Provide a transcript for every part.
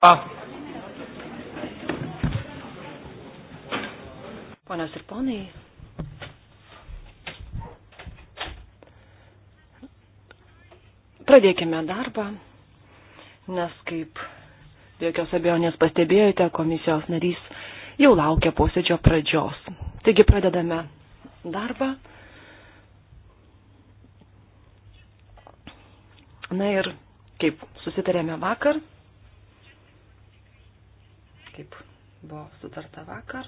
A. Ponios ir ponai. Pradėkime darbą, nes kaip be jokios abejonės pastebėjote, komisijos narys jau laukia posėdžio pradžios. Taigi pradedame darbą. Na ir kaip susitarėme vakar, kaip buvo sutarta vakar.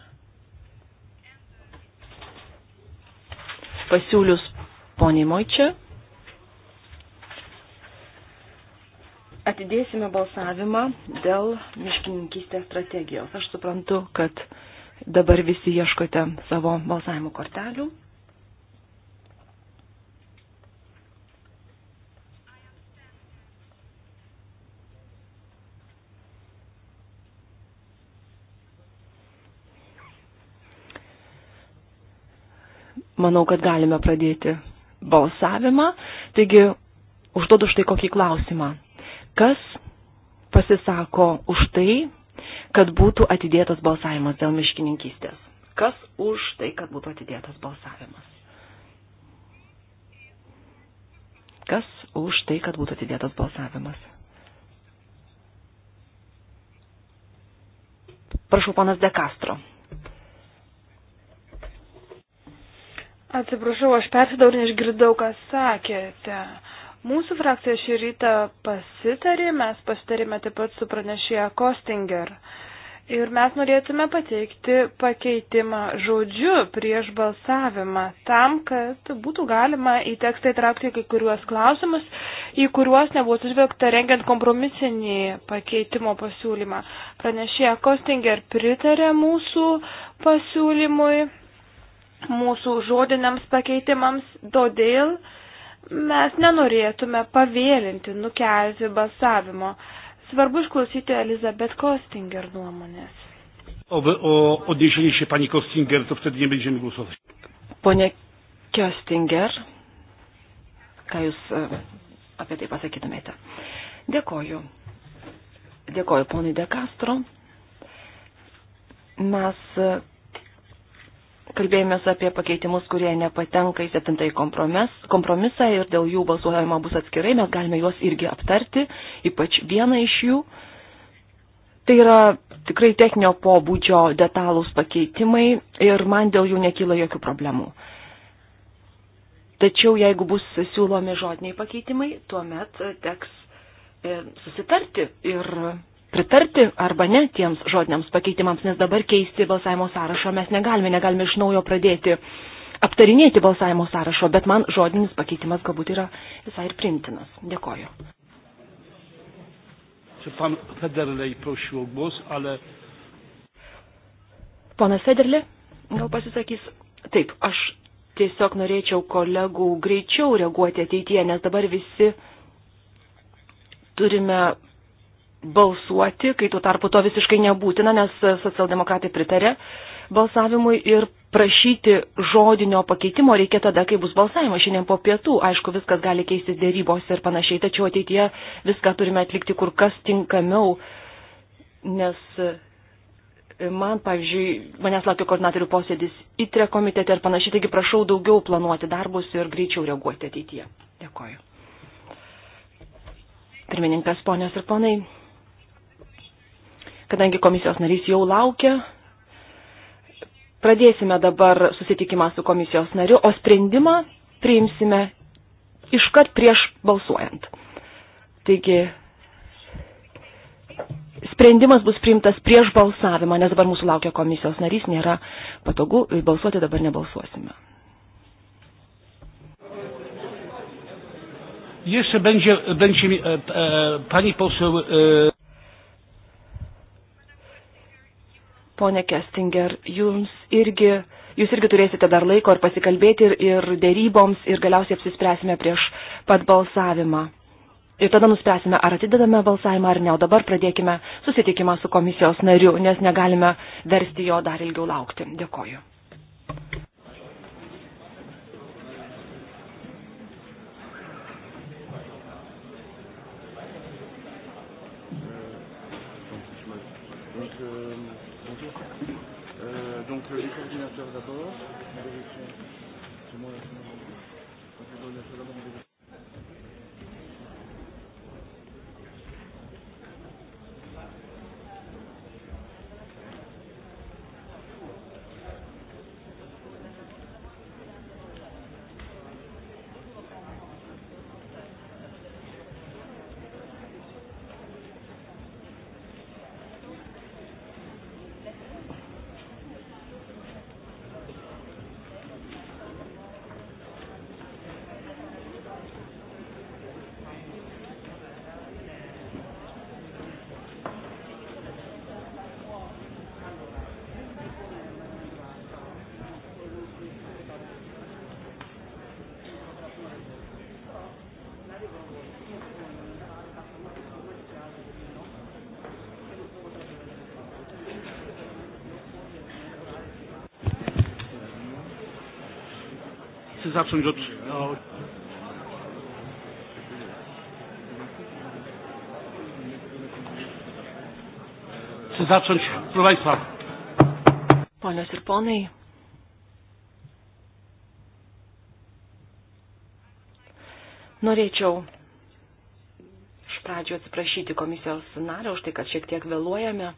Pasiūlius poniai Moičia. Atidėsime balsavimą dėl miškininkystės strategijos. Aš suprantu, kad dabar visi ieškote savo balsavimo kortelių. manau, kad galime pradėti balsavimą. Taigi, užduodu štai kokį klausimą. Kas pasisako už tai, kad būtų atidėtas balsavimas dėl miškininkystės? Kas už tai, kad būtų atidėtas balsavimas? Kas už tai, kad būtų atidėtas balsavimas? Prašau, panas De Castro. Atsiprašau, aš persidau ir neišgirdau, ką sakėte. Mūsų frakcija šį rytą pasitarė, mes pasitarėme taip pat su pranešėja Kostinger. Ir mes norėtume pateikti pakeitimą žodžiu prieš balsavimą tam, kad būtų galima į tekstą įtraukti kai kuriuos klausimus, į kuriuos nebuvo atsižvelgta rengiant kompromisinį pakeitimo pasiūlymą. Pranešėja Kostinger pritarė mūsų pasiūlymui mūsų žodiniams pakeitimams, todėl mes nenorėtume pavėlinti, nukelti balsavimo. Svarbu išklausyti Elizabeth Kostinger nuomonės. O, o odniesienie się pani Kostinger, to wtedy nie będziemy głosować. Pone Kostinger, ką jūs e, apie tai pasakytumėte? Dėkoju. Dėkoju ponui De Castro. Mes e, Kalbėjomės apie pakeitimus, kurie nepatenka į septintąjį kompromisą ir dėl jų balsuojama bus atskirai, mes galime juos irgi aptarti, ypač vieną iš jų. Tai yra tikrai techninio pobūdžio detalūs pakeitimai ir man dėl jų nekyla jokių problemų. Tačiau jeigu bus siūlomi žodiniai pakeitimai, tuomet teks e, susitarti ir pritarti arba ne tiems žodiniams pakeitimams, nes dabar keisti balsavimo sąrašo mes negalime, negalime iš naujo pradėti aptarinėti balsavimo sąrašo, bet man žodinis pakeitimas galbūt yra visai ir primtinas. Dėkoju. Ponas Federlė, gal pasisakys? Taip, aš tiesiog norėčiau kolegų greičiau reaguoti ateityje, nes dabar visi turime balsuoti, kai tuo tarpu to visiškai nebūtina, nes socialdemokratai pritarė balsavimui ir prašyti žodinio pakeitimo reikia tada, kai bus balsavimas šiandien po pietų. Aišku, viskas gali keistis dėrybos ir panašiai, tačiau ateityje viską turime atlikti kur kas tinkamiau, nes e, man, pavyzdžiui, manęs laukia koordinatorių posėdis įtre komitete ir panašiai, taigi prašau daugiau planuoti darbus ir greičiau reaguoti ateityje. Dėkoju. Pirmininkas, ponios ir ponai kadangi komisijos narys jau laukia, pradėsime dabar susitikimą su komisijos nariu, o sprendimą priimsime iškart prieš balsuojant. Taigi, sprendimas bus priimtas prieš balsavimą, nes dabar mūsų laukia komisijos narys, nėra patogu, balsuoti dabar nebalsuosime. Jeszcze będzie, będzie e, e, pani poseł. E... Pone Kestinger, jums irgi, jūs irgi turėsite dar laiko ir pasikalbėti ir, ir dėryboms ir galiausiai apsispręsime prieš pat balsavimą. Ir tada nuspręsime, ar atidedame balsavimą ar ne, o dabar pradėkime susitikimą su komisijos nariu, nes negalime versti jo dar ilgiau laukti. Dėkoju. Les coordinateurs d'abord. Tout le monde a son nom. Les coordinateurs d'abord. zacząć od. Chcę zacząć, proszę Państwa. Ponios ir ponai, norėčiau iš pradžio atsiprašyti komisijos nario už tai, kad šiek tiek vėluojame.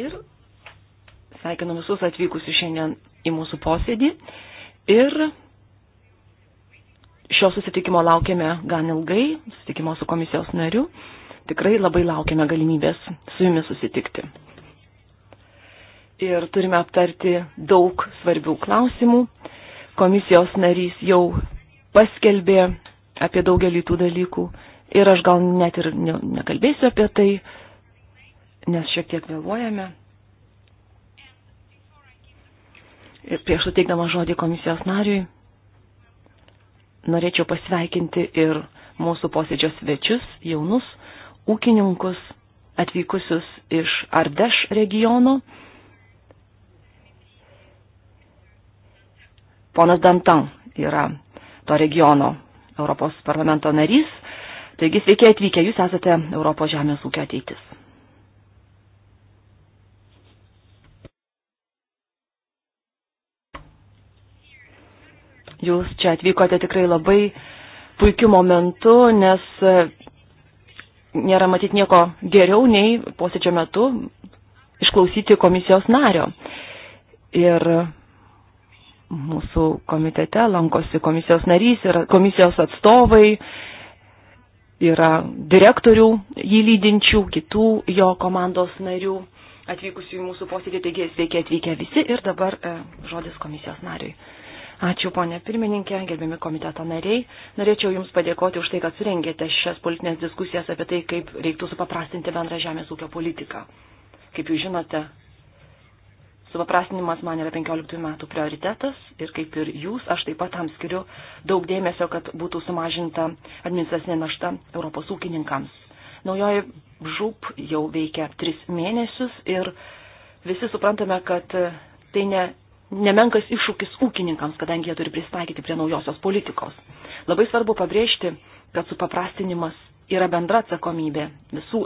Ir sveikinu visus atvykusius šiandien į mūsų posėdį ir šio susitikimo laukėme gan ilgai, susitikimo su komisijos nariu. Tikrai labai laukėme galimybės su jumis susitikti. Ir turime aptarti daug svarbių klausimų. Komisijos narys jau paskelbė apie daugelį tų dalykų ir aš gal net ir nekalbėsiu apie tai, nes šiek tiek vėluojame. Ir prieš suteikdama žodį komisijos nariui, norėčiau pasveikinti ir mūsų posėdžio svečius, jaunus ūkininkus, atvykusius iš Ardeš regiono. Ponas Dantan yra to regiono Europos parlamento narys. Taigi sveiki atvykę, jūs esate Europos žemės ūkio ateitis. Jūs čia atvykote tikrai labai puikiu momentu, nes e, nėra matyti nieko geriau nei posėdžio metu išklausyti komisijos nario. Ir mūsų komitete lankosi komisijos narys, yra komisijos atstovai, yra direktorių jį lydinčių, kitų jo komandos narių atvykusių į mūsų posėdį, taigi sveiki atvykę visi ir dabar e, žodis komisijos nariui. Ačiū, ponė pirmininkė, gerbiami komiteto nariai. Norėčiau Jums padėkoti už tai, kad surengėte šias politinės diskusijas apie tai, kaip reiktų supaprastinti bendrą žemės ūkio politiką. Kaip Jūs žinote, supaprastinimas man yra 15 metų prioritetas ir kaip ir Jūs, aš taip pat tam skiriu daug dėmesio, kad būtų sumažinta administracinė našta Europos ūkininkams. Naujoji žūp jau veikia 3 mėnesius ir visi suprantame, kad tai ne nemenkas iššūkis ūkininkams, kadangi jie turi pristaikyti prie naujosios politikos. Labai svarbu pabrėžti, kad supaprastinimas yra bendra atsakomybė visų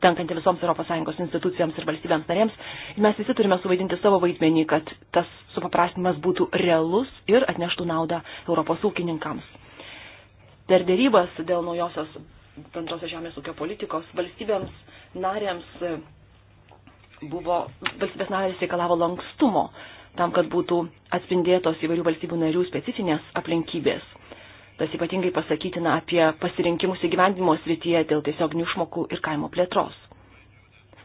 tenkanti visoms ES institucijoms ir valstybėms narėms. Ir mes visi turime suvaidinti savo vaidmenį, kad tas supaprastinimas būtų realus ir atneštų naudą Europos ūkininkams. Per dėrybas dėl naujosios bendrosios žemės ūkio politikos valstybėms narėms e, buvo, valstybės narės reikalavo lankstumo tam, kad būtų atspindėtos įvairių valstybių narių specifinės aplinkybės. Tas ypatingai pasakytina apie pasirinkimus įgyvendimo srityje dėl tiesioginių išmokų ir kaimo plėtros.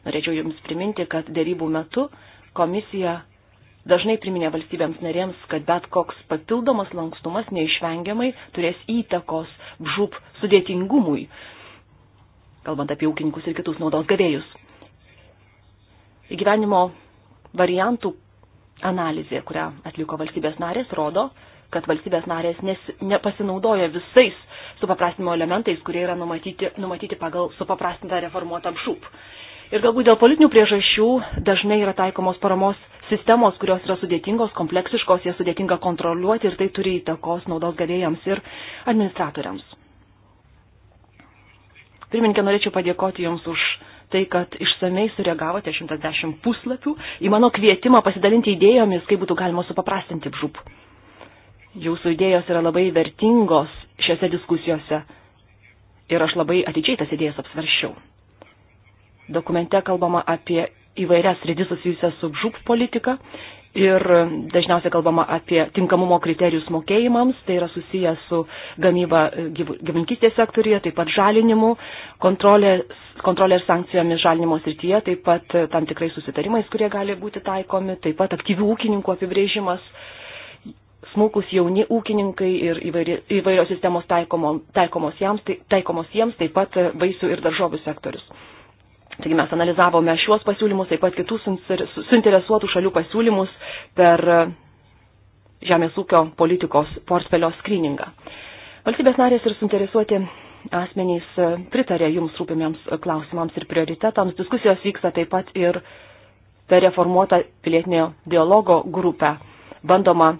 Norėčiau Jums priminti, kad dėrybų metu komisija dažnai priminė valstybėms narėms, kad bet koks papildomas lankstumas neišvengiamai turės įtakos bžūp sudėtingumui, kalbant apie ūkininkus ir kitus naudos gavėjus. Įgyvenimo variantų Analizė, kurią atliko valstybės narės, rodo, kad valstybės narės nes, nepasinaudoja visais supaprastinimo elementais, kurie yra numatyti, numatyti pagal supaprastintą reformuotą apšūp. Ir galbūt dėl politinių priežasčių dažnai yra taikomos paramos sistemos, kurios yra sudėtingos, kompleksiškos, jas sudėtinga kontroliuoti ir tai turi įtakos naudos gavėjams ir administratoriams. Pirminkė, norėčiau padėkoti Jums už tai, kad išsamei sureagavote 110 puslapių į mano kvietimą pasidalinti idėjomis, kaip būtų galima supaprastinti žūp. Jūsų idėjos yra labai vertingos šiose diskusijose ir aš labai atidžiai tas idėjas apsvaršiau. Dokumente kalbama apie įvairias rytis susijusias su žūp politika Ir dažniausiai kalbama apie tinkamumo kriterijus mokėjimams, tai yra susiję su gamyba e, gyvulinkystės sektorija, taip pat žalinimu, kontrolė, kontrolė ir sankcijomis žalinimo srityje, taip pat e, tam tikrai susitarimais, kurie gali būti taikomi, taip pat aktyvių ūkininkų apibrėžimas, smulkus jauni ūkininkai ir įvairi, įvairios sistemos taikomo, taikomos, jiems, tai, taikomos jiems, taip pat e, vaisių ir daržovių sektorius. Taigi mes analizavome šiuos pasiūlymus, taip pat kitų suinteresuotų šalių pasiūlymus per e, žemės ūkio politikos portfelio skriningą. Valstybės narės ir suinteresuoti asmenys e, pritarė jums rūpimiems e, klausimams ir prioritetams. Diskusijos vyksta taip pat ir per reformuotą pilietinio dialogo grupę. Bandoma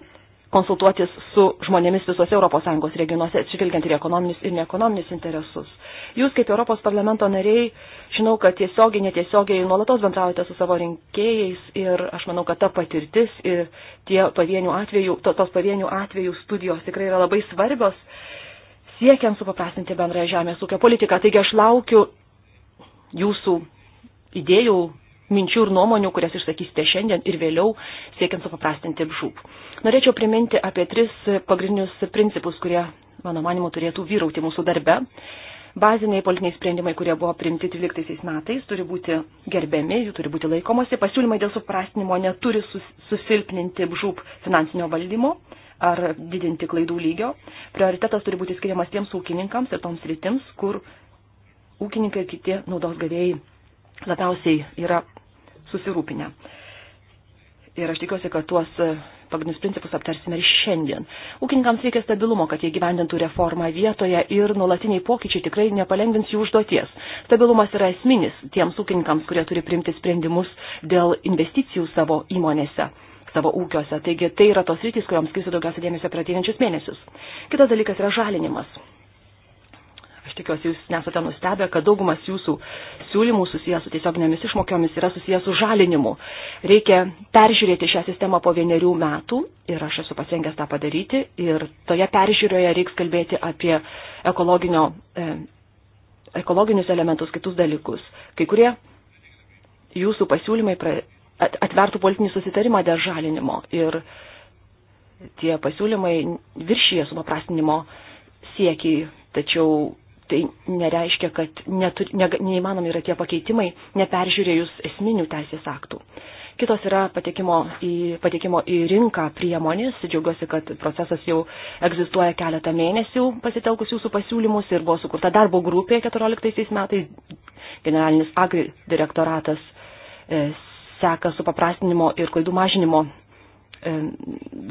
konsultuotis su žmonėmis visose ES regionuose, atsižvelgiant ir ekonominius ir neekonominius interesus. Jūs kaip Europos parlamento nariai, žinau, kad tiesiogiai, netiesiogiai nuolatos bendraujate su savo rinkėjais ir aš manau, kad ta patirtis ir tie pavienių atvejų, to, tos pavienių atvejų studijos tikrai yra labai svarbios siekiant supaprastinti bendrąją žemės ūkio politiką. Taigi aš laukiu jūsų idėjų, minčių ir nuomonių, kurias išsakysite šiandien ir vėliau siekiant supaprastinti žūb. Norėčiau priminti apie tris pagrindinius principus, kurie, mano manimu, turėtų vyrauti mūsų darbe. Baziniai politiniai sprendimai, kurie buvo priimti 12 metais, turi būti gerbiami, jų turi būti laikomasi. Pasiūlymai dėl suprastinimo neturi susilpninti žūb finansinio valdymo ar didinti klaidų lygio. Prioritetas turi būti skiriamas tiems ūkininkams ir toms rytims, kur ūkininkai ir kiti naudos gavėjai labiausiai yra susirūpinę. Ir aš tikiuosi, kad tuos pagrindinius principus aptarsime ir šiandien. Ūkininkams reikia stabilumo, kad jie gyvendintų reformą vietoje ir nuolatiniai pokyčiai tikrai nepalengvins jų užduoties. Stabilumas yra esminis tiems ūkininkams, kurie turi priimti sprendimus dėl investicijų savo įmonėse savo ūkiuose. Taigi tai yra tos rytis, kuriuoms skirsiu daugiausia dėmesio per ateinančius mėnesius. Kitas dalykas yra žalinimas. Aš tikiuosi, jūs nesate nustebę, kad daugumas jūsų siūlymų susijęs su tiesioginėmis išmokiomis yra susijęs su žalinimu. Reikia peržiūrėti šią sistemą po vienerių metų ir aš esu pasirengęs tą padaryti. Ir toje peržiūroje reiks kalbėti apie ekologinio, e, ekologinius elementus, kitus dalykus. Kai kurie jūsų pasiūlymai pra, at, atvertų politinį susitarimą dėl žalinimo. Ir tie pasiūlymai viršyje supaprastinimo siekį, tačiau tai nereiškia, kad netur, ne, neįmanomi yra tie pakeitimai, neperžiūrėjus esminių teisės aktų. Kitos yra patekimo į, patekimo į rinką priemonės. Džiaugiuosi, kad procesas jau egzistuoja keletą mėnesių pasitelkus jūsų pasiūlymus ir buvo sukurta darbo grupė 14 metais. Generalinis Agri direktoratas e, seka su paprastinimo ir klaidų mažinimo e,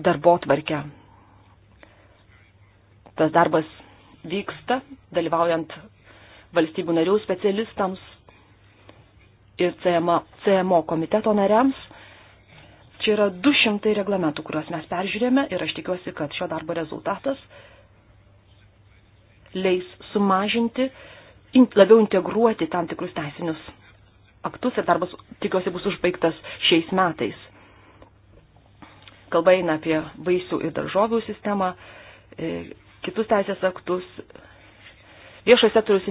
darbo tvarkę. Tas darbas vyksta, dalyvaujant valstybių narių specialistams ir CMO, CMO komiteto nariams. Čia yra 200 reglamentų, kuriuos mes peržiūrėme ir aš tikiuosi, kad šio darbo rezultatas leis sumažinti, labiau integruoti tam tikrus teisinius aktus ir darbas tikiuosi bus užbaigtas šiais metais. Kalba eina apie vaisių ir daržovių sistemą, e, kitus teisės aktus. Viešo sektoriaus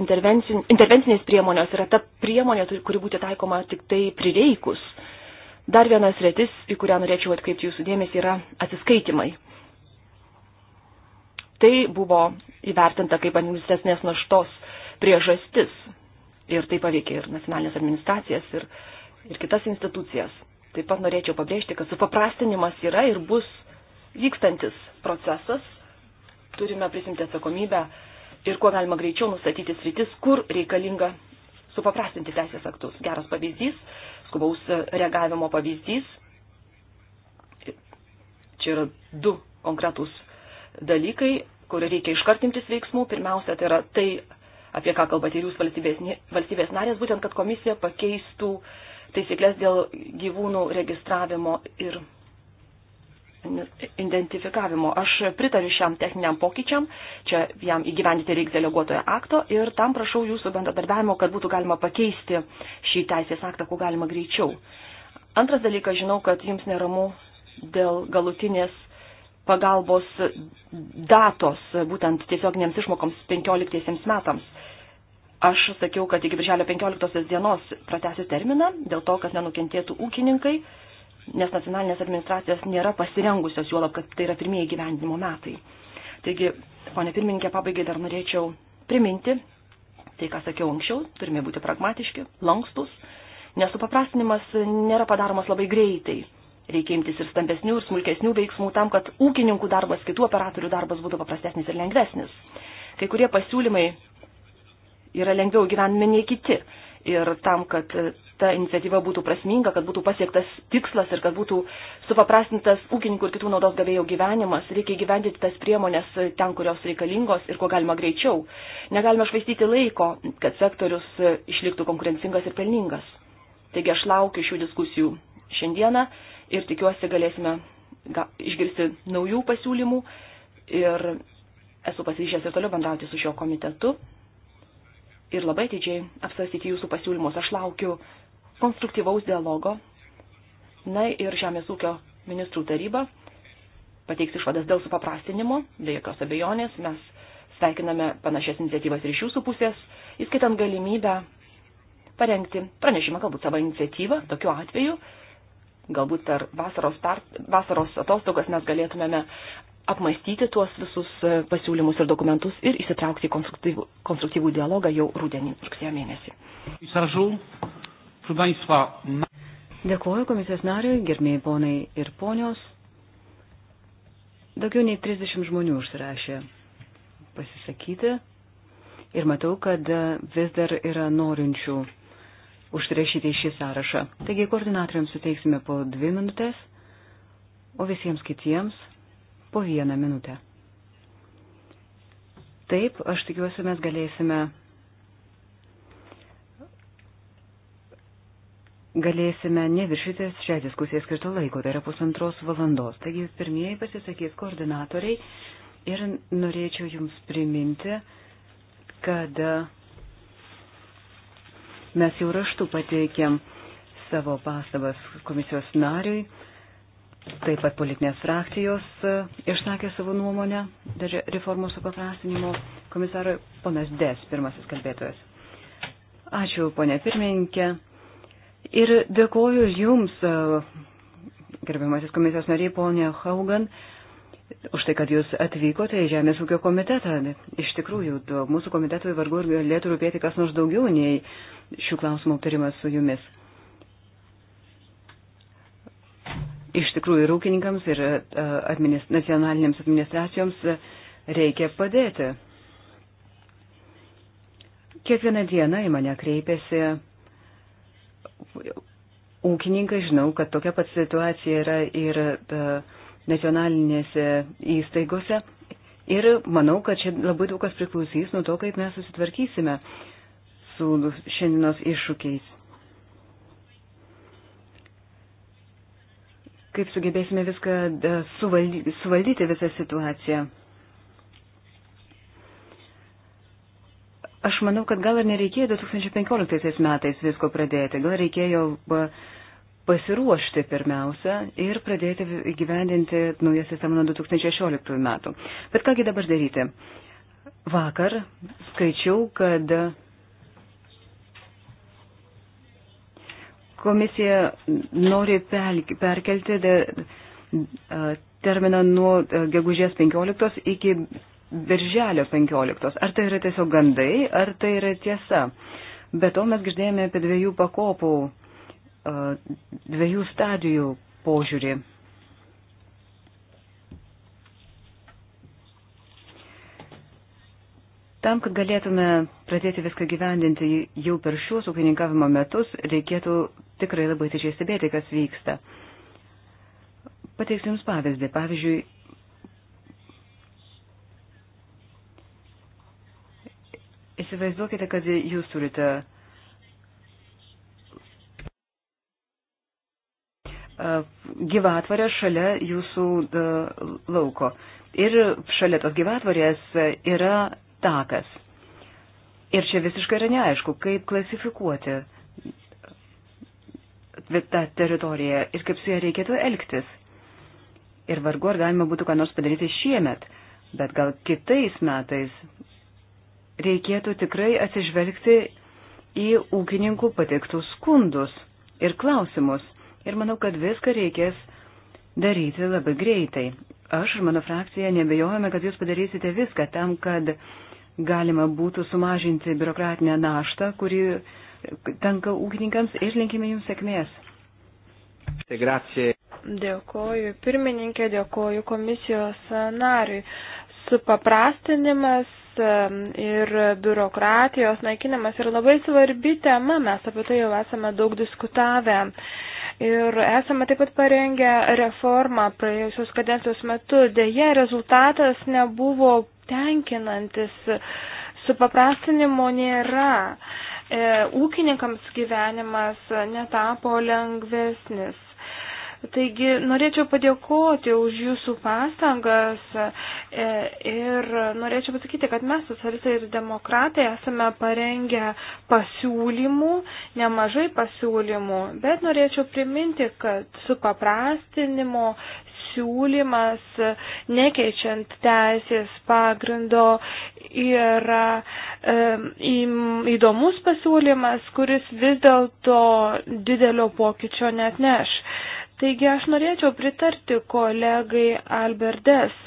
intervencinės priemonės yra ta priemonė, kuri būti taikoma tik tai prireikus. Dar vienas retis, į kurią norėčiau atkreipti jūsų dėmesį, yra atsiskaitimai. Tai buvo įvertinta kaip administracinės naštos priežastis ir tai paveikė ir nacionalinės administracijas, ir, ir kitas institucijas. Taip pat norėčiau pabrėžti, kad supaprastinimas yra ir bus vykstantis procesas turime prisimti atsakomybę ir kuo galima greičiau nustatyti sritis, kur reikalinga supaprastinti teisės aktus. Geras pavyzdys, skubaus reagavimo pavyzdys. Čia yra du konkretūs dalykai, kur reikia iškartimtis veiksmų. Pirmiausia, tai yra tai, apie ką kalbate ir jūs valstybės, valstybės narės, būtent, kad komisija pakeistų taisyklės dėl gyvūnų registravimo ir identifikavimo. Aš pritariu šiam techniniam pokyčiam, čia jam įgyvendyti reiks deleguotojo akto ir tam prašau jūsų bendradarbiavimo, kad būtų galima pakeisti šį teisės aktą, kuo galima greičiau. Antras dalykas, žinau, kad jums neramu dėl galutinės pagalbos datos, būtent tiesioginėms išmokoms 15 metams. Aš sakiau, kad iki birželio 15 dienos pratesiu terminą, dėl to, kad nenukentėtų ūkininkai nes nacionalinės administracijos nėra pasirengusios, juolab, kad tai yra pirmieji gyvendimo metai. Taigi, ponė pirmininkė, pabaigai dar norėčiau priminti tai, ką sakiau anksčiau, turime būti pragmatiški, lankstus, nes supaprastinimas nėra padaromas labai greitai. Reikia imtis ir stambesnių, ir smulkesnių veiksmų tam, kad ūkininkų darbas, kitų operatorių darbas būtų paprastesnis ir lengvesnis. Kai kurie pasiūlymai yra lengviau gyvenime nei kiti ir tam, kad ta iniciatyva būtų prasminga, kad būtų pasiektas tikslas ir kad būtų supaprastintas ūkininkų ir kitų naudos gavėjų gyvenimas, reikia gyvendyti tas priemonės ten, kurios reikalingos ir kuo galima greičiau. Negalime švaistyti laiko, kad sektorius išliktų konkurencingas ir pelningas. Taigi aš laukiu šių diskusijų šiandieną ir tikiuosi galėsime išgirsti naujų pasiūlymų ir esu pasiryžęs ir toliau bendrauti su šio komitetu ir labai atidžiai apsvarstyti jūsų pasiūlymus. Aš laukiu konstruktyvaus dialogo. Na ir Žemės ūkio ministrų taryba pateiks išvadas dėl supaprastinimo, be jokios abejonės. Mes sveikiname panašias iniciatyvas ir iš jūsų pusės, įskaitant galimybę parengti pranešimą, galbūt savo iniciatyvą, tokiu atveju, galbūt per vasaros, per, vasaros atostogas mes galėtumėme apmastyti tuos visus e, pasiūlymus ir dokumentus ir įsitraukti į konstruktyvų, konstruktyvų dialogą jau rūdienį, rugsėjo mėnesį. Dėkuoju komisijos nariui, gerbėjai ponai ir ponios. Daugiau nei 30 žmonių užsirašė pasisakyti ir matau, kad vis dar yra norinčių užsirašyti į šį sąrašą. Taigi koordinatoriams suteiksime po dvi minutės, o visiems kitiems po vieną minutę. Taip, aš tikiuosi, mes galėsime, galėsime neviršyti šią diskusiją skirto laiko, tai yra pusantros valandos. Taigi pirmieji pasisakys koordinatoriai ir norėčiau Jums priminti, kad mes jau raštu pateikėm savo pastabas komisijos nariui Taip pat politinės frakcijos e, išsakė savo nuomonę dėl reformų supaprastinimo. Komisaro ponas Des, pirmasis kalbėtojas. Ačiū, ponė pirmininkė. Ir dėkoju Jums, e, gerbiamasis komisijos nariai, ponė Haugan, už tai, kad Jūs atvykote į Žemės ūkio komitetą. Iš tikrųjų, mūsų komitetui vargu ir galėtų rūpėti kas nors daugiau nei šių klausimų aptarimas su Jumis. Iš tikrųjų, ir ūkininkams, ir e, administ, nacionalinėms administracijoms e, reikia padėti. Kiekvieną dieną į mane kreipiasi ūkininkai, žinau, kad tokia pat situacija yra ir e, nacionalinėse įstaigose. Ir manau, kad čia labai daug kas priklausys nuo to, kaip mes susitvarkysime su šiandienos iššūkiais. kaip sugebėsime viską e, suvaldyti, suvaldyti visą situaciją. Aš manau, kad gal ir nereikėjo 2015 metais visko pradėti, gal reikėjo e, pasiruošti pirmiausia ir pradėti gyvendinti naują sistemą nuo 2016 metų. Bet kągi dabar daryti? Vakar skaičiau, kad Komisija nori perkelti terminą nuo gegužės 15 iki birželio 15. Ar tai yra tiesiog gandai, ar tai yra tiesa? Be to mes girdėjome apie dviejų pakopų, dviejų stadijų požiūrį. Tam, kad galėtume pradėti viską gyvendinti jau per šiuos ūkininkavimo metus, reikėtų tikrai labai tačiai stebėti, kas vyksta. Pateiksiu Jums pavyzdį. Pavyzdžiui, įsivaizduokite, kad Jūs turite e, gyvatvarę šalia Jūsų e, lauko. Ir šalia tos gyvatvarės yra takas. Ir čia visiškai yra neaišku, kaip klasifikuoti tą teritoriją ir kaip su ją reikėtų elgtis. Ir vargu ar galima būtų ką nors padaryti šiemet, bet gal kitais metais reikėtų tikrai atsižvelgti į ūkininkų pateiktus skundus ir klausimus. Ir manau, kad viską reikės daryti labai greitai. Aš ir mano frakcija nebejojame, kad jūs padarysite viską tam, kad galima būtų sumažinti biurokratinę naštą, kuri tenka ūkininkams ir linkime jums sėkmės. Tai dėkoju pirmininkė, dėkoju komisijos nariui. Supaprastinimas ir biurokratijos naikinimas yra labai svarbi tema, mes apie tai jau esame daug diskutavę. Ir esame taip pat parengę reformą praėjusios kadencijos metu. Deja, rezultatas nebuvo tenkinantis, supaprastinimo nėra. E, ūkininkams gyvenimas netapo lengvesnis. Taigi norėčiau padėkoti už jūsų pastangas e, ir norėčiau pasakyti, kad mes, socialistai ir demokratai, esame parengę pasiūlymų, nemažai pasiūlymų, bet norėčiau priminti, kad su paprastinimo siūlymas, nekeičiant teisės pagrindo, yra e, įdomus pasiūlymas, kuris vis dėlto didelio pokyčio net neš. E, Taigi aš norėčiau pritarti kolegai Alberdes.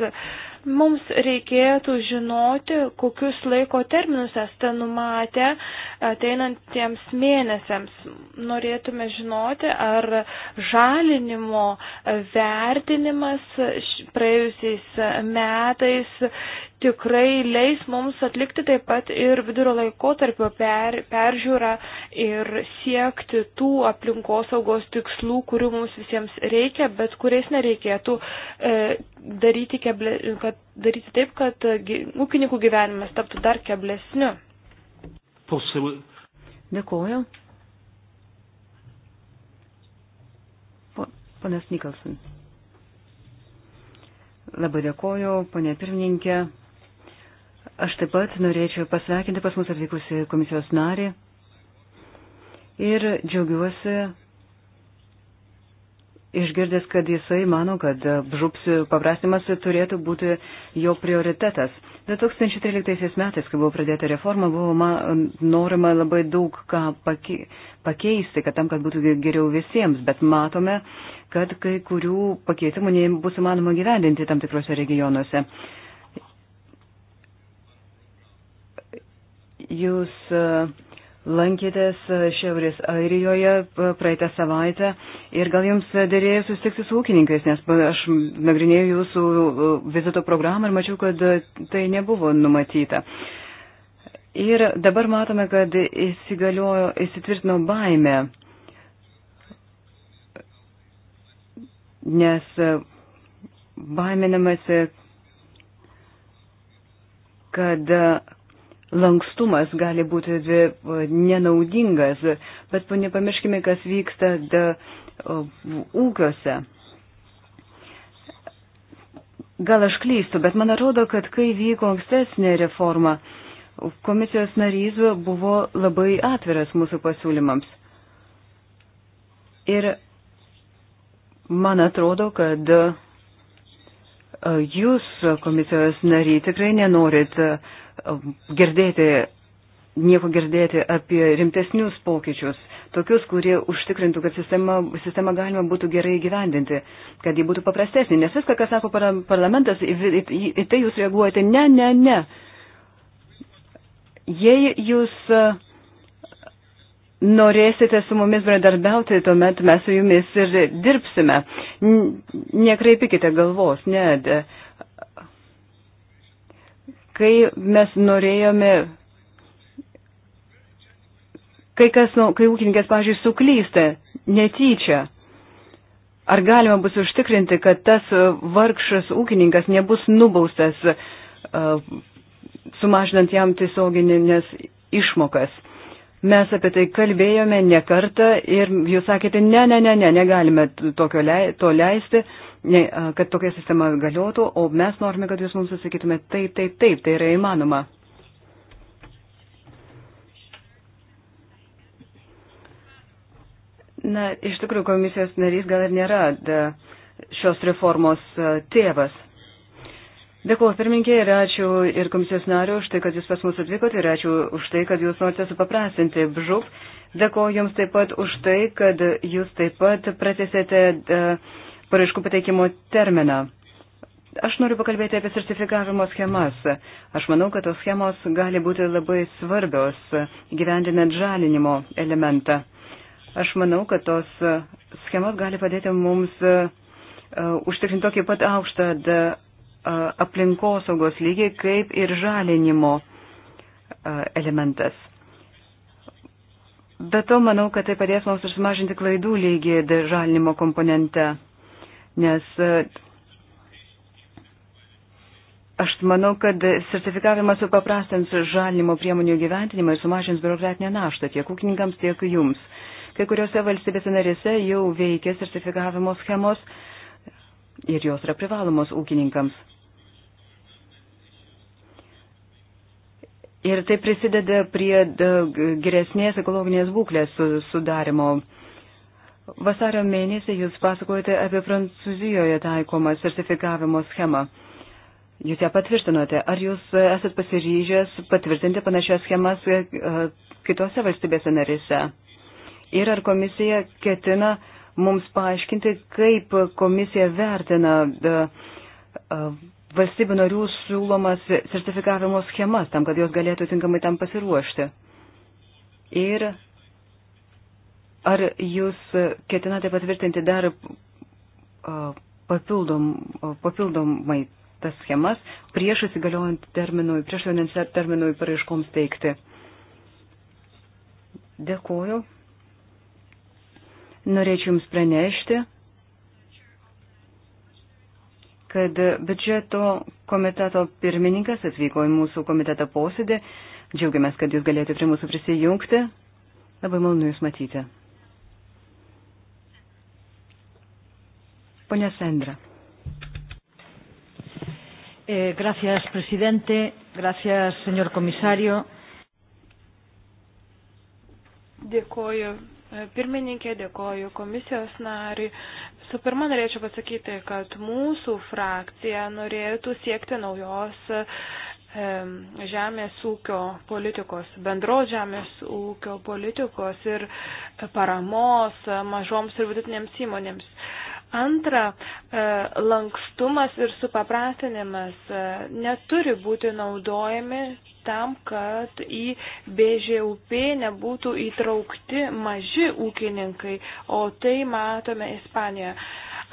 Mums reikėtų žinoti, kokius laiko terminus esate numatę ateinantiems mėnesiams. Norėtume žinoti, ar žalinimo vertinimas praėjusiais metais tikrai leis mums atlikti taip pat ir vidurio laikotarpio per, peržiūrą ir siekti tų aplinkosaugos tikslų, kurių mums visiems reikia, bet kuriais nereikėtų e, daryti, keble, kad, daryti taip, kad ūkininkų gyvenimas taptų dar keblesniu. Dėkuoju. Panas Nikolson. Labai dėkoju, ponė pirmininkė. Aš taip pat norėčiau pasveikinti pas mus atvykusi komisijos narį ir džiaugiuosi išgirdęs, kad jisai mano, kad žups paprastimas turėtų būti jo prioritetas. 2013 metais, kai buvo pradėta reforma, buvo ma, um, norima labai daug ką pakeisti, kad tam, kad būtų geriau visiems, bet matome, kad kai kurių pakeitimų nebus įmanoma gyvendinti tam tikrose regionuose. Jūs e, lankėtės e, Šiaurės Airijoje praeitą savaitę ir gal jums dėrėjo susitikti su ūkininkais, nes aš nagrinėjau jūsų e, vizito programą ir mačiau, kad tai nebuvo numatyta. Ir dabar matome, kad įsitvirtino baime, nes baiminamasi, kad lankstumas gali būti e, nenaudingas, bet nepamirškime, kas vyksta da, ūkiuose. Gal aš klystu, bet man atrodo, kad kai vyko ankstesnė reforma, komisijos narys buvo labai atviras mūsų pasiūlymams. Ir man atrodo, kad e, jūs, komisijos nariai, tikrai nenorit uh, girdėti, nieko girdėti apie rimtesnius pokyčius, tokius, kurie užtikrintų, kad sistema, sistema galima būtų gerai gyvendinti, kad ji būtų paprastesnė. Nes viską, ką sako parlamentas, į tai jūs reaguojate ne, ne, ne. Jei jūs e, norėsite su mumis bendradarbiauti, tuomet mes su jumis ir dirbsime. Nekreipikite galvos, ne kai mes norėjome kai, kas, nu, kai ūkininkas, pažiūrėjau, suklysta netyčia, ar galima bus užtikrinti, kad tas vargšas ūkininkas nebus nubaustas, uh, sumažinant jam tiesioginės išmokas? Mes apie tai kalbėjome ne kartą ir jūs sakėte, ne, ne, ne, ne, negalime tokio lei, to leisti, ne, kad tokia sistema galiotų, o mes norime, kad jūs mums atsakytumėte taip, taip, taip, tai yra įmanoma. Na, iš tikrųjų, komisijos narys gal ir nėra da, šios reformos tėvas. Dėkuoju pirmininkė ir ačiū ir komisijos nariu už tai, kad jūs pas mus atvykote ir ačiū už tai, kad jūs norite supaprastinti BŽUP. Dėkuoju jums taip pat už tai, kad jūs taip pat pratėsėte paraiškų pateikimo terminą. Aš noriu pakalbėti apie sertifikavimo schemas. Aš manau, kad tos schemos gali būti labai svarbios gyvendinant žalinimo elementą. Aš manau, kad tos schemos gali padėti mums e, užtikrinti tokį pat aukštą e, aplinkosaugos lygį kaip ir žalinimo e, elementas. Be to, manau, kad tai padės mums ir sumažinti klaidų lygį žalinimo komponente nes e, aš manau, kad sertifikavimas supaprastins žalinimo priemonių gyventinimą ir sumažins biurokratinę naštą tiek ūkininkams, tiek jums. Kai kuriuose valstybėse narėse jau veikia sertifikavimo schemos ir jos yra privalomos ūkininkams. Ir tai prisideda prie geresnės ekologinės būklės sudarimo. Su Vasario mėnesį jūs pasakojate apie Prancūzijoje taikomą sertifikavimo schemą. Jūs ją patvirtinote. Ar jūs esat pasiryžęs patvirtinti panašias schemas e, kitose valstybėse narėse? Ir ar komisija ketina mums paaiškinti, kaip komisija vertina e, e, valstybių narių siūlomas sertifikavimo schemas, tam, kad jos galėtų tinkamai tam pasiruošti? Ir Ar jūs ketinate patvirtinti dar papildom, papildomai tas schemas prieš įsigaliojant terminui, prieš jau terminui paraiškoms teikti? Dėkuoju. Norėčiau Jums pranešti, kad biudžeto komiteto pirmininkas atvyko į mūsų komiteto posėdį. Džiaugiamės, kad Jūs galėjote prie mūsų prisijungti. Labai malonu Jūs matyti. Pone Sandra. Eh, gracias, presidente. Gracias, señor komisario. Dėkoju e, pirmininkė, dėkoju komisijos nariui. Su pirma, norėčiau pasakyti, kad mūsų frakcija norėtų siekti naujos e, žemės ūkio politikos, bendros žemės ūkio politikos ir paramos mažoms ir vidutinėms įmonėms. Antra, e, lankstumas ir supaprastinimas e, neturi būti naudojami tam, kad į BŽUP nebūtų įtraukti maži ūkininkai, o tai matome Ispanijoje.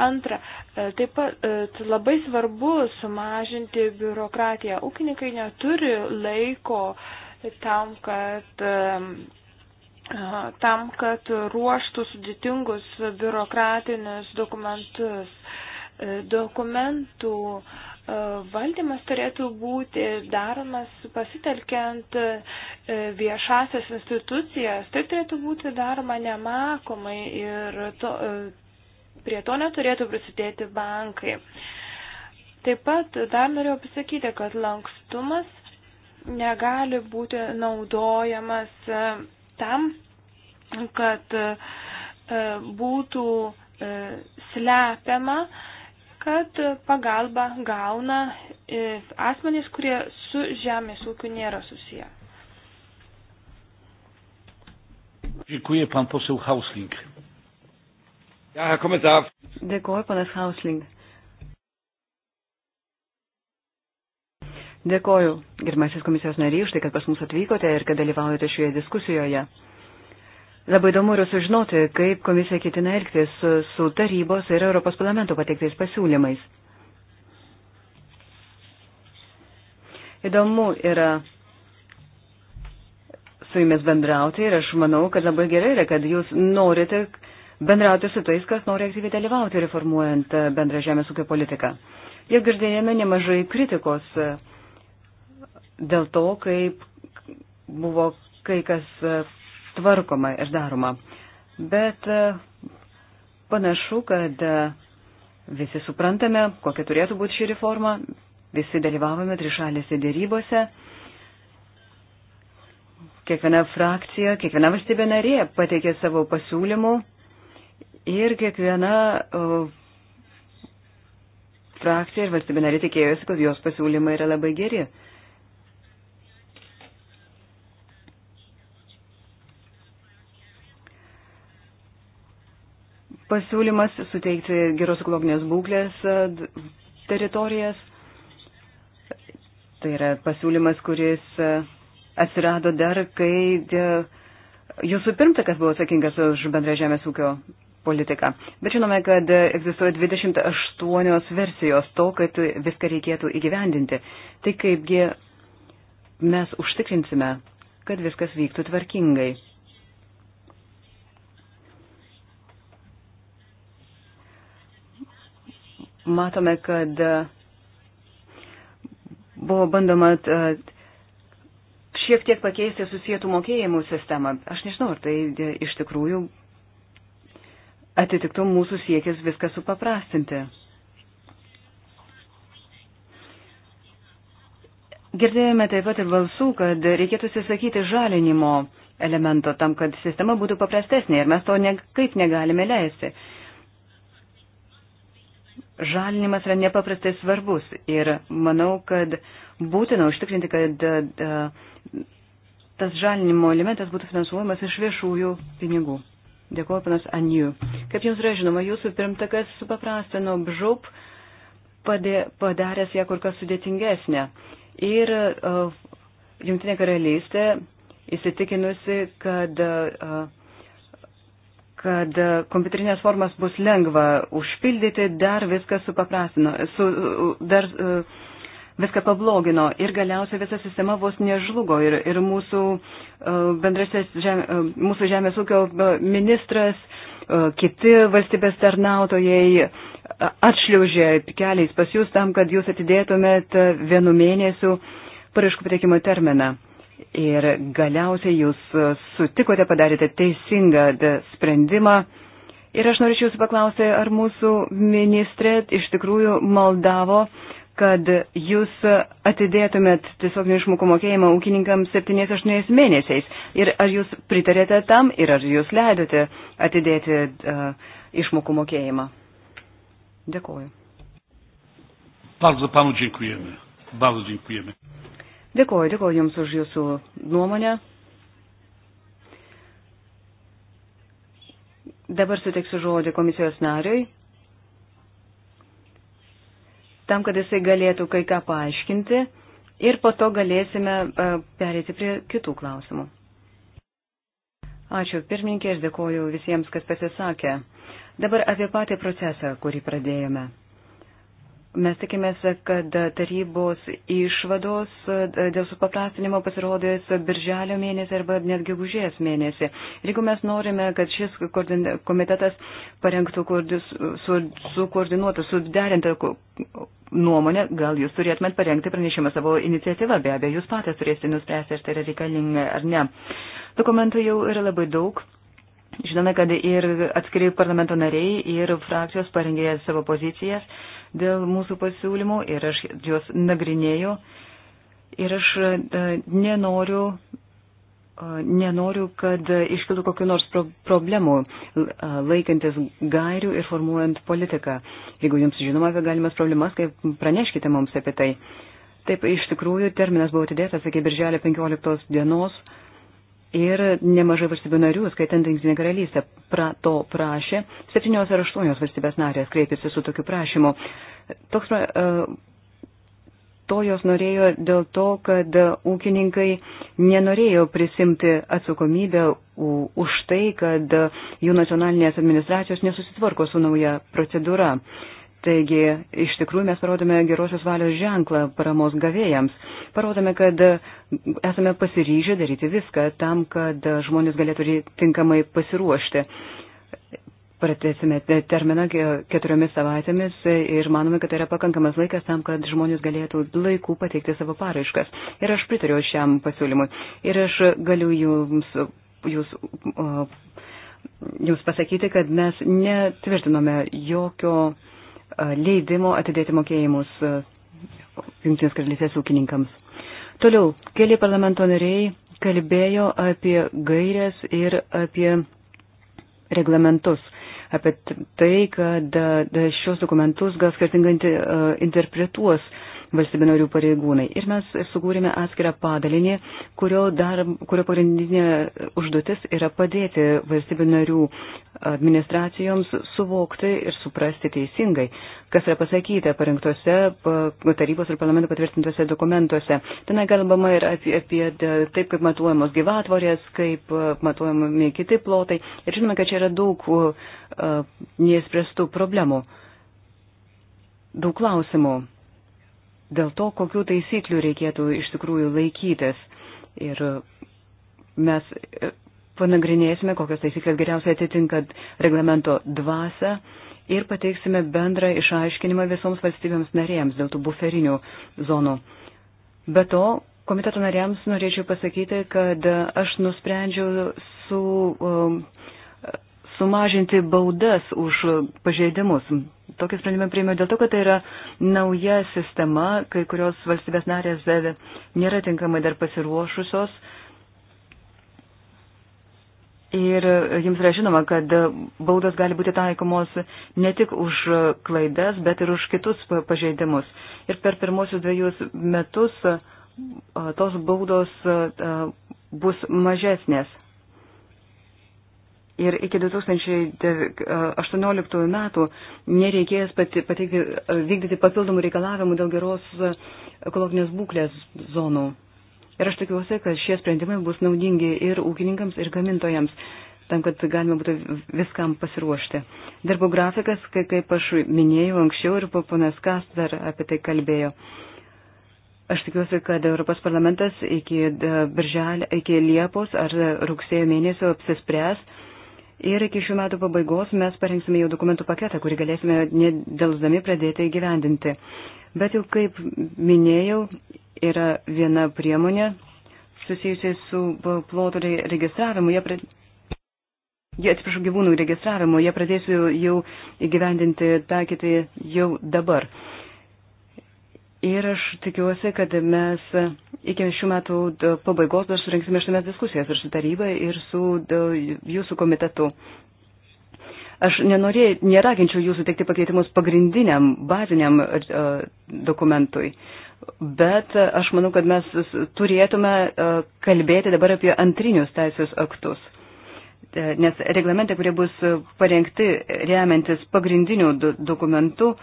Antra, e, taip pat labai svarbu sumažinti biurokratiją. Ūkininkai neturi laiko tam, kad tam, kad ruoštų sudėtingus biurokratinius dokumentus. E, dokumentų valdymas turėtų būti daromas pasitelkiant e, viešasias institucijas. Tai turėtų būti daroma nemakomai ir to, e, prie to neturėtų prisidėti bankai. Taip pat dar norėjau pasakyti, kad lankstumas negali būti naudojamas tam, kad e, būtų e, slepiama, kad pagalba gauna e, asmenys, kurie su žemės ūkiu nėra susiję. Dziękuję pan poseł Hausling. Ja, Herr Kommissar. Dėkuoju, panas Hausling. Dėkoju, girmasis komisijos nariai, už tai, kad pas mus atvykote ir kad dalyvaujate šioje diskusijoje. Labai įdomu yra sužinoti, kaip komisija ketina elgtis su, su tarybos ir Europos parlamento pateiktais pasiūlymais. Įdomu yra su jumis bendrauti ir aš manau, kad labai gerai yra, kad jūs norite bendrauti su tais, kas nori aktyviai dalyvauti reformuojant bendrą žemės ūkio politiką. Jau girdėjome nemažai kritikos dėl to, kaip buvo kai kas e, tvarkoma ir daroma. Bet e, panašu, kad e, visi suprantame, kokia turėtų būti ši reforma, visi dalyvavome trišalėse dėrybose. Kiekviena frakcija, kiekviena valstybė narė pateikė savo pasiūlymų ir kiekviena uh, frakcija ir valstybė narė tikėjosi, kad jos pasiūlymai yra labai geri. Uh, pasiūlymas suteikti geros ekologinės būklės e, teritorijas. Tai yra pasiūlymas, kuris e, atsirado dar, kai e, jūsų pirmtakas buvo atsakingas už bendrą žemės ūkio politiką. Bet žinome, kad egzistuoja 28 versijos to, kad viską reikėtų įgyvendinti. Tai kaipgi mes užtikrinsime, kad viskas vyktų tvarkingai. matome, kad e, buvo bandoma e, šiek tiek pakeisti susijėtų mokėjimų sistemą. Aš nežinau, ar tai e, iš tikrųjų atitiktų mūsų siekis viską supaprastinti. Girdėjome taip pat ir balsų, kad reikėtų susakyti žalinimo elemento tam, kad sistema būtų paprastesnė ir mes to niekaip negalime leisti žalinimas yra nepaprastai svarbus ir manau, kad būtina užtikrinti, kad e, e, tas žalinimo elementas būtų finansuojamas iš viešųjų pinigų. Dėkuoju, panas Anju. Kaip jums yra žinoma, jūsų pirmtakas supaprastino bžup, padė, padaręs ją kur kas sudėtingesnę. Ir uh, e, Junktinė karalystė įsitikinusi, kad uh, kad kompiuterinės formas bus lengva užpildyti, dar viską supaprastino, su, dar uh, viską pablogino ir galiausiai visa sistema vos nežlugo ir, ir mūsų uh, bendrasis žem, uh, mūsų žemės ūkio ministras, kiti valstybės tarnautojai atšliaužė keliais pas jūs tam, kad jūs atidėtumėt vienu mėnesiu paraiškų pateikimo terminą. Ir galiausiai jūs sutikote, padarėte teisingą sprendimą. Ir aš norėčiau jūsų paklausti, ar mūsų ministrė iš tikrųjų maldavo, kad jūs atidėtumėt tiesiog neišmokų mokėjimą ūkininkams 7-8 mėnesiais. Ir ar jūs pritarėte tam ir ar jūs leidote atidėti uh, išmokų mokėjimą? Dėkuoju. Bardzo panu dziękujemy. Bardzo dziękujemy. Dėkuoju, dėkuoju Jums už Jūsų nuomonę. Dabar suteiksiu žodį komisijos nariui, tam, kad jisai galėtų kai ką paaiškinti ir po to galėsime e, perėti prie kitų klausimų. Ačiū pirmininkė, aš dėkoju visiems, kas pasisakė. Dabar apie patį procesą, kurį pradėjome. Mes tikimės, kad tarybos išvados dėl supaprastinimo pasirodys birželio mėnesį arba net gegužės mėnesį. Ir jeigu mes norime, kad šis komitetas parengtų sukoordinuotą, su, su suderintą nuomonę, gal jūs turėtumėt parengti pranešimą savo iniciatyvą, be abejo, jūs patys turėsite nuspręsti, ar tai yra reikalinga ar ne. Dokumentų jau yra labai daug. Žinome, kad ir atskiri parlamento nariai, ir frakcijos parengė savo pozicijas dėl mūsų pasiūlymų ir aš juos nagrinėjau. Ir aš e, nenoriu, e, nenoriu, kad iškiltų kokiu nors pro problemu e, laikantis gairių ir formuojant politiką. Jeigu jums žinoma apie galimas problemas, kaip praneškite mums apie tai. Taip, iš tikrųjų, terminas buvo atidėtas iki birželio 15 dienos. Ir nemažai valstybių narių, skaitant Jungtinę karalystę, pra, to prašė. Septynios ar aštuonios valstybės narės kreipėsi su tokiu prašymu. Toks, uh, to jos norėjo dėl to, kad ūkininkai nenorėjo prisimti atsakomybę už tai, kad jų nacionalinės administracijos nesusitvarko su nauja procedūra. Uh, Taigi, iš tikrųjų mes parodome gerosios valios ženklą paramos gavėjams. Parodome, kad esame pasiryžę daryti viską tam, kad žmonės galėtų tinkamai pasiruošti. Pratesime terminą keturiomis savaitėmis ir manome, kad tai yra pakankamas laikas tam, kad žmonės galėtų laiku pateikti savo paraiškas. Ir aš pritariu šiam pasiūlymui. Ir aš galiu jums. jūs Jums pasakyti, kad mes netvirtinome jokio uh, leidimo atidėti mokėjimus Junktinės karalystės ūkininkams. Toliau, keli parlamento nariai kalbėjo apie gairias ir apie reglamentus, apie tai, kad šios dokumentus gal skirtingai interpretuos uh, valstybių narių pareigūnai. Ir mes sukūrėme atskirą padalinį, kurio, dar, kurio pagrindinė užduotis yra padėti valstybių narių administracijoms suvokti ir suprasti teisingai, kas yra pasakyta parengtose tarybos ir parlamento patvirtintose dokumentuose. Tenai kalbama ir apie, apie taip, kaip matuojamos gyvatvorės, kaip e, matuojami kiti plotai. Ir žinome, kad čia yra daug uh, neįspręstų problemų, daug klausimų dėl to, kokių taisyklių reikėtų iš tikrųjų laikytis. Ir mes e, panagrinėsime, kokios taisyklės geriausiai atitinka reglamento dvasę ir pateiksime bendrą išaiškinimą visoms valstybėms narėms dėl tų buferinių zonų. Be to, komiteto nariams norėčiau pasakyti, kad aš nusprendžiau su. Um, uh, sumažinti baudas už pažeidimus. Tokį sprendimą priėmiau dėl to, kad tai yra nauja sistema, kai kurios valstybės narės nėra tinkamai dar pasiruošusios. Ir jums yra žinoma, kad baudos gali būti taikomos ne tik už klaidas, bet ir už kitus pažeidimus. Ir per pirmosius dviejus metus tos baudos bus mažesnės ir iki 2018 e, metų nereikės pateikti, e, vykdyti papildomų reikalavimų dėl geros e, ekologinės būklės zonų. Ir aš tikiuosi, kad šie sprendimai bus naudingi ir ūkininkams, ir gamintojams, tam, kad galima būtų viskam pasiruošti. Darbo grafikas, kaip aš minėjau anksčiau ir ponas Kas dar apie tai kalbėjo. Aš tikiuosi, kad Europos parlamentas iki, birželio, iki Liepos ar rugsėjo mėnesio apsispręs Ir iki šių metų pabaigos mes parengsime jau dokumentų paketą, kurį galėsime nedelsdami pradėti įgyvendinti. Bet jau kaip minėjau, yra viena priemonė susijusi su plotų registravimu. Jie, pred... jie atsiprašau, gyvūnų registravimu. Jie pradėsiu jau įgyvendinti, taikyti jau dabar. Uh, Ir aš tikiuosi, kad mes iki šių metų pabaigos dar surinksime šiame diskusijas ir su taryba, ir su jūsų komitetu. Aš nenorėjau, neraginčiau jūsų teikti pakeitimus pagrindiniam, baziniam e, dokumentui, bet aš manau, kad mes turėtume e, kalbėti dabar apie antrinius teisės aktus e, nes reglamentai, kurie bus parengti remiantis pagrindinių dokumentų,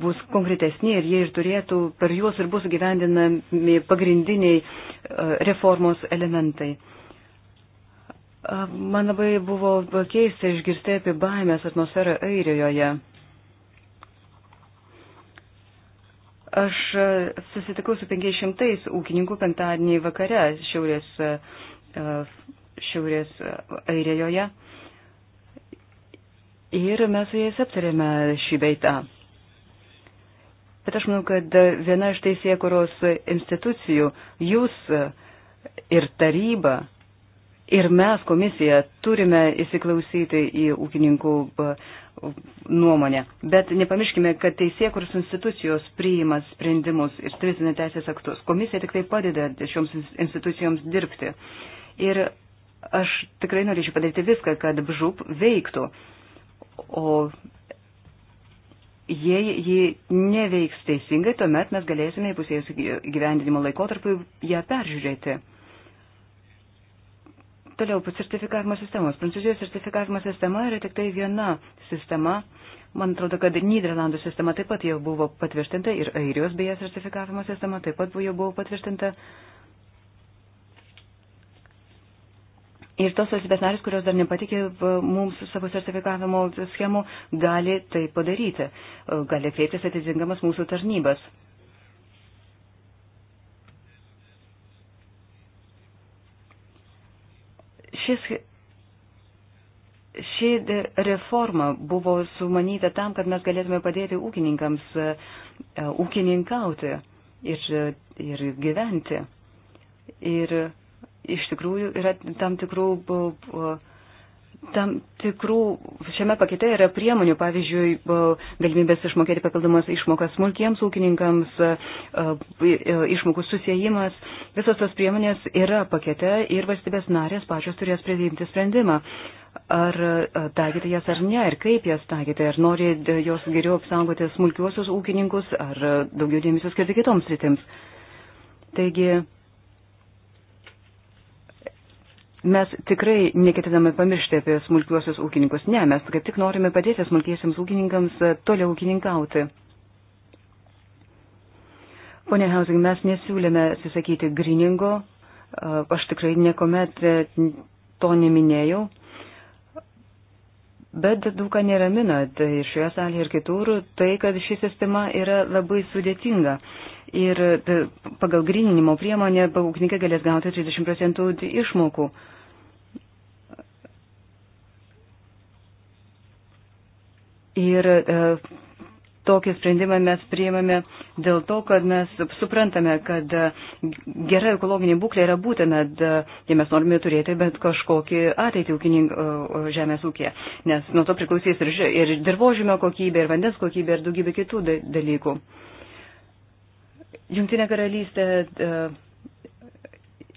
bus konkretesni ir jie ir turėtų, per juos ir bus gyvendinami pagrindiniai e, reformos elementai. E, man labai buvo keista išgirsti apie baimės atmosferą Airijoje. Aš e, susitikau su 500 ūkininkų penktadienį vakare šiaurės, šiaurės Airijoje ir mes su jais aptarėme šį beitą. Bet aš manau, kad viena iš teisėkuros institucijų, jūs ir taryba, ir mes komisija turime įsiklausyti į ūkininkų nuomonę. Bet nepamirškime, kad teisėkuros institucijos priima sprendimus ir tvirtina teisės aktus. Komisija tik tai padeda šioms institucijoms dirbti. Ir aš tikrai norėčiau padaryti viską, kad BŽUP veiktų. O jei ji neveiks teisingai, tuomet mes galėsime į pusės gyvendinimo laikotarpį ją peržiūrėti. Toliau, sertifikavimo sistemos. Prancūzijos sertifikavimo sistema yra tik tai viena sistema. Man atrodo, kad Niderlandų sistema taip pat jau buvo patvirtinta ir Airijos beje sertifikavimo sistema taip pat jau buvo patvirtinta. Uh, Ir tos valstybės narės, kurios dar nepatikė mums savo sertifikavimo schemų, gali tai padaryti, e, gali kreiptis atitinkamas mūsų tarnybas. Šis, ši reforma buvo sumanyta tam, kad mes galėtume padėti ūkininkams e, ūkininkauti ir, ir gyventi. Ir iš tikrųjų yra tam tikrų, tam tikrų šiame pakete yra priemonių, pavyzdžiui, galimybės išmokėti papildomas išmokas smulkiems ūkininkams, išmokų susijimas. Visos tos priemonės yra pakete ir valstybės narės pačios turės priimti sprendimą. Ar taikyti jas ar ne, ir kaip jas taikyti, ar nori jos geriau apsaugoti smulkiuosius ūkininkus, ar daugiau dėmesio skirti kitoms rytims. Taigi, Mes tikrai neketiname pamiršti apie smulkiuosius ūkininkus. Ne, mes kaip tik norime padėti smulkiesiams ūkininkams e, toliau ūkininkauti. Pone Hausing, mes nesiūlėme atsisakyti griningo. E, aš tikrai niekuomet e, to neminėjau. Bet daug ką neramina, tai šioje salėje ir kitur, tai, kad ši sistema yra labai sudėtinga. Ir pagal grininimo priemonę ūkininkai galės gauti 30 procentų išmokų. Uh, Ir e, tokį sprendimą mes priimame dėl to, kad mes suprantame, kad e, gera ekologinė būklė yra būtina, jei mes norime turėti bent kažkokį ateitį ūkininko e, žemės ūkė, nes nuo to priklausys ir, ir dirbožymio kokybė, ir vandens kokybė, ir daugybė kitų dalykų. Jungtinė karalystė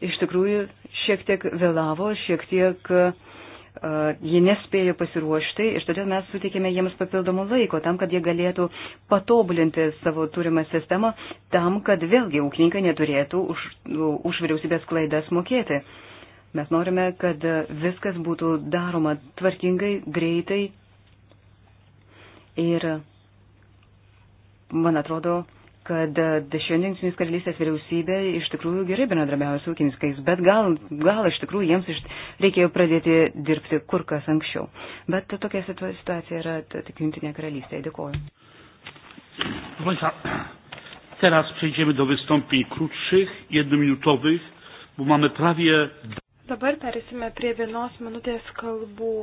iš tikrųjų šiek tiek vėlavo, šiek tiek uh, jie nespėjo pasiruošti ir todėl mes suteikėme jiems papildomų laiko tam, kad jie galėtų patobulinti savo turimą sistemą, tam, kad vėlgi ūkininkai neturėtų už, už vyriausybės klaidas mokėti. Mes norime, kad viskas būtų daroma tvarkingai, greitai ir, man atrodo, kad e, šiandien Junktinės karalystės vyriausybė iš tikrųjų gerai bendradarbiavo su ūkininkais, bet gal, gal iš tikrųjų jiems iš, reikėjo pradėti dirbti kur kas anksčiau. Bet tokia situacija yra tik Junktinė karalystė. Dėkuoju. Teraz przejdziemy do wystąpień krótszych, jednominutowych, bo mamy prawie. Dabar perėsime prie vienos minutės kalbų.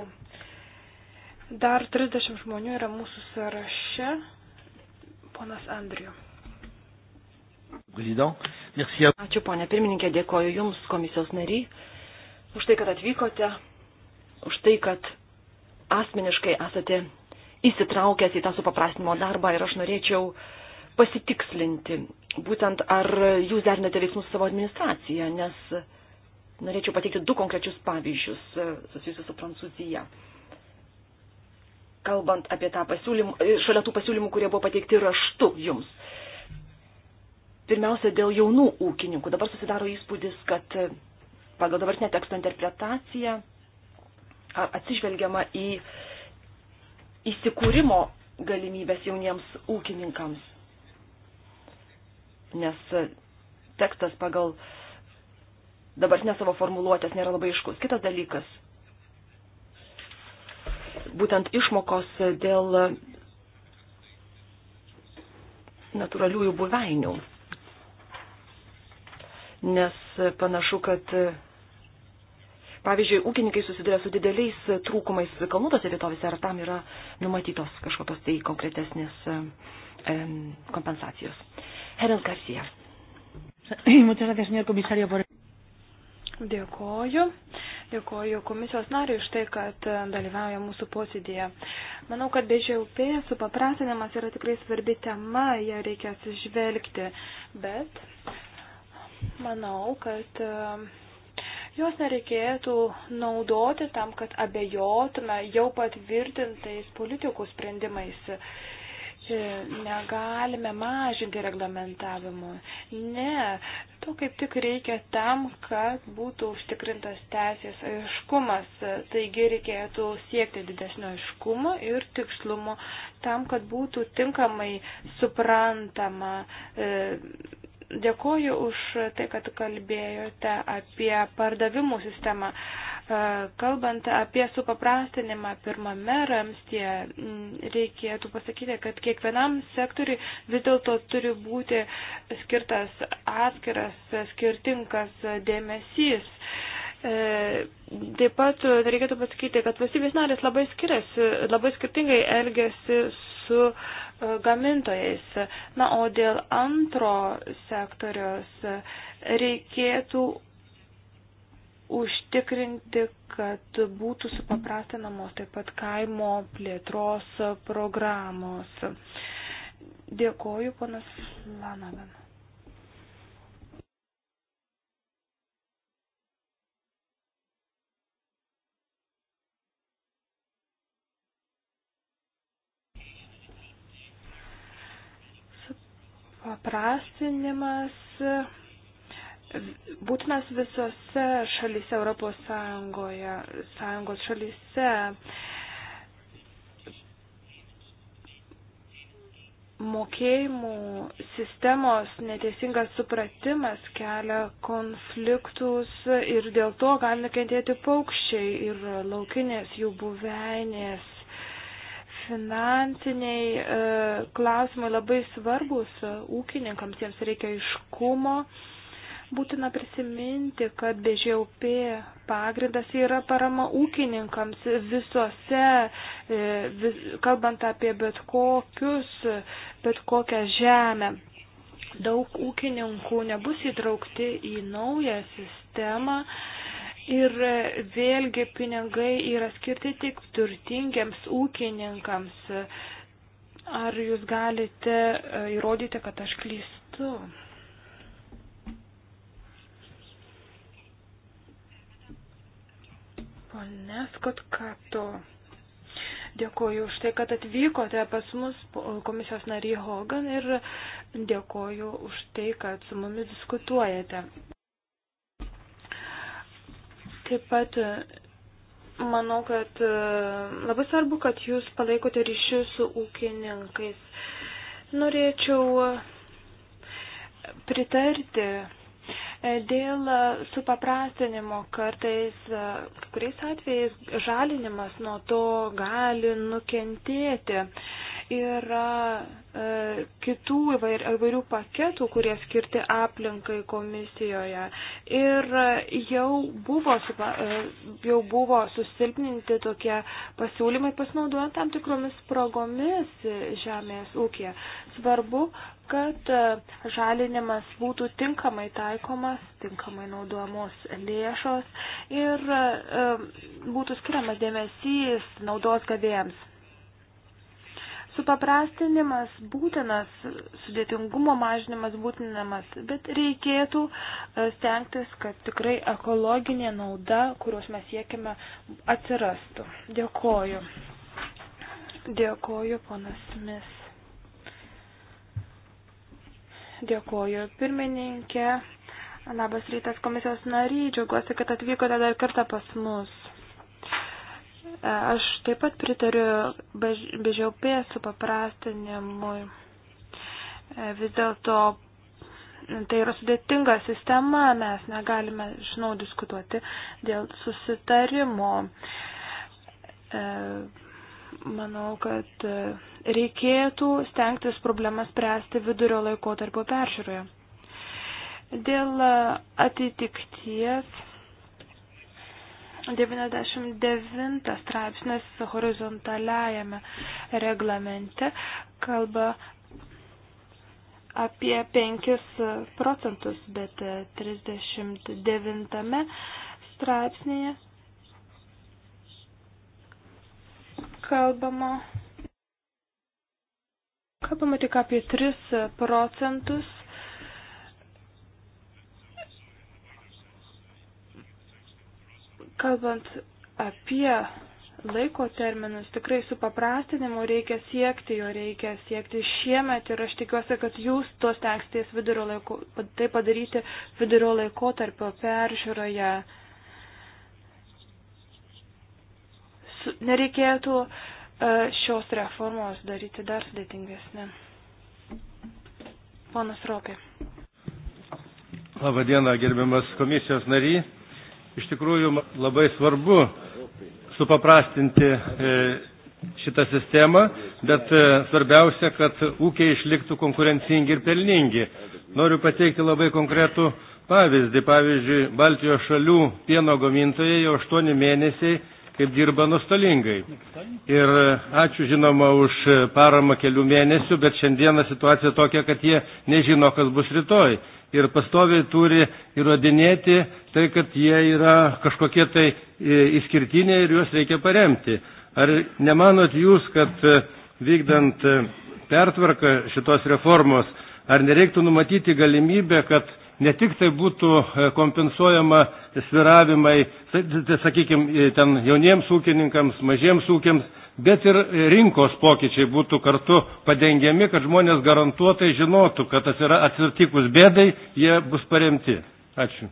Dar 30 žmonių yra mūsų sąraše. Ponas Andriu. Ačiū, ponė pirmininkė, dėkoju Jums, komisijos nariai, už tai, kad atvykote, už tai, kad asmeniškai esate įsitraukęs į tą supaprastinimo darbą ir aš norėčiau pasitikslinti, būtent ar Jūs derinate veiksmus savo administraciją, nes norėčiau pateikti du konkrečius pavyzdžius e, susijusius su Prancūzija kalbant apie tą pasiūlymą, šalia tų pasiūlymų, kurie buvo pateikti raštu jums pirmiausia dėl jaunų ūkininkų. Dabar susidaro įspūdis, kad e, pagal dabartinę teksto interpretaciją atsižvelgiama į įsikūrimo galimybės jauniems ūkininkams. Nes e, tekstas pagal dabartinę savo formuluotės nėra labai iškus. Kitas dalykas. Būtent išmokos dėl e, natūraliųjų buveinių nes panašu, kad Pavyzdžiui, ūkininkai susiduria su dideliais trūkumais kalnuotose vietovėse, ar tam yra numatytos kažkokios tai konkretesnės kompensacijos. Helen Garcia. Muchas gracias, señor comisario, por... Dėkoju. Dėkoju komisijos nariui už tai, kad dalyvauja mūsų posėdėje. Manau, kad BŽUP supaprastinimas yra tikrai svarbi tema, ją reikia atsižvelgti, bet Manau, kad e, jos nereikėtų naudoti tam, kad abejotume jau patvirtintais politikų sprendimais. E, negalime mažinti reglamentavimo. Ne, to kaip tik reikia tam, kad būtų užtikrintas teisės aiškumas. Taigi reikėtų siekti didesnio aiškumo ir tikslumo tam, kad būtų tinkamai suprantama. E, Dėkuoju už tai, kad kalbėjote apie pardavimų sistemą. E, kalbant apie supaprastinimą pirmame ramstie, reikėtų pasakyti, kad kiekvienam sektoriui vis dėlto turi būti skirtas atskiras, skirtingas dėmesys. E, taip pat reikėtų pasakyti, kad valstybės narės labai skiriasi, labai skirtingai elgesi su uh, E, gamintojais. Na, o dėl antro sektorius e, reikėtų užtikrinti, kad būtų supaprastinamos taip pat kaimo plėtros programos. Dėkoju, ponas Lanagan. supaprastinimas būtinas visose šalyse Europos Sąjungoje, Sąjungos šalyse. Mokėjimų sistemos neteisingas supratimas kelia konfliktus ir dėl to gali nukentėti paukščiai ir laukinės jų buveinės finansiniai e, klausimai labai svarbus e, ūkininkams, jiems reikia iškumo. Būtina prisiminti, kad BŽUP pagrindas yra parama ūkininkams visose, e, vis, kalbant apie bet kokius, bet kokią žemę. Daug ūkininkų nebus įtraukti į naują sistemą, Ir vėlgi pinigai yra skirti tik turtingiams ūkininkams. Ar jūs galite e, įrodyti, kad aš klystu? Pones Kotkato. Dėkoju už tai, kad atvykote pas mus komisijos nary Hogan ir dėkoju už tai, kad su mumis diskutuojate. Taip pat e, manau, kad e, labai svarbu, kad jūs palaikote ryšius su ūkininkais. Norėčiau e, pritarti dėl supaprastinimo kartais, kai kuriais atvejais žalinimas nuo to gali nukentėti. Yra e, kitų įvair, įvairių paketų, kurie skirti aplinkai komisijoje. Ir jau buvo, e, jau buvo susilpninti tokie pasiūlymai pasinaudojant tam tikromis spragomis žemės ūkė. Svarbu, kad žalinimas būtų tinkamai taikomas, tinkamai naudojamos lėšos ir e, būtų skiriamas dėmesys naudos gavėjams. Supaprastinimas būtinas, sudėtingumo mažinimas būtinamas, bet reikėtų e, stengtis, kad tikrai ekologinė nauda, kurios mes siekime, atsirastų. Dėkoju. Dėkoju, ponas Mis. Dėkoju, pirmininkė. Labas rytas komisijos nariai, džiaugiuosi, kad atvykote dar kartą pas mus. Aš taip pat pritariu BŽP supaprastinimui. E, vis dėlto tai yra sudėtinga sistema, mes negalime, žinau, diskutuoti dėl susitarimo. E, manau, kad reikėtų stengtis problemas spręsti vidurio laiko tarpo peržiūroje. Dėl atitikties 99 straipsnis horizontaliajame reglamente kalba apie 5 procentus, bet 39 straipsnėje kalbama, kalbama tik apie 3 procentus Kalbant apie laiko terminus, tikrai su paprastinimu reikia siekti, jo reikia siekti šiemet ir aš tikiuosi, kad jūs tos teksties vidurio laiko, tai padaryti vidurio laiko tarpio peržiūroje. Nereikėtų e, šios reformos daryti dar sudėtingesnė. Ponas Ropė. Labadiena, gerbiamas komisijos nariai. Iš tikrųjų labai svarbu supaprastinti e, šitą sistemą, bet e, svarbiausia, kad ūkiai išliktų konkurencingi ir pelningi. Noriu pateikti labai konkretų pavyzdį. Pavyzdžiui, Baltijos šalių pieno gamintojai jau 8 mėnesiai kaip dirba nustolingai. Ir ačiū žinoma už paramą kelių mėnesių, bet šiandieną situacija tokia, kad jie nežino, kas bus rytoj ir pastoviai turi įrodinėti tai, kad jie yra kažkokie tai e, išskirtiniai ir juos reikia paremti. Ar nemanot jūs, kad e, vykdant e, pertvarką šitos reformos, ar nereiktų numatyti galimybę, kad ne tik tai būtų kompensuojama sviravimai, tai, tai, sakykime, ten jauniems ūkininkams, mažiems ūkiams, bet ir rinkos pokyčiai būtų kartu padengiami, kad žmonės garantuotai žinotų, kad atsitikus bėdai jie bus paremti. Ačiū.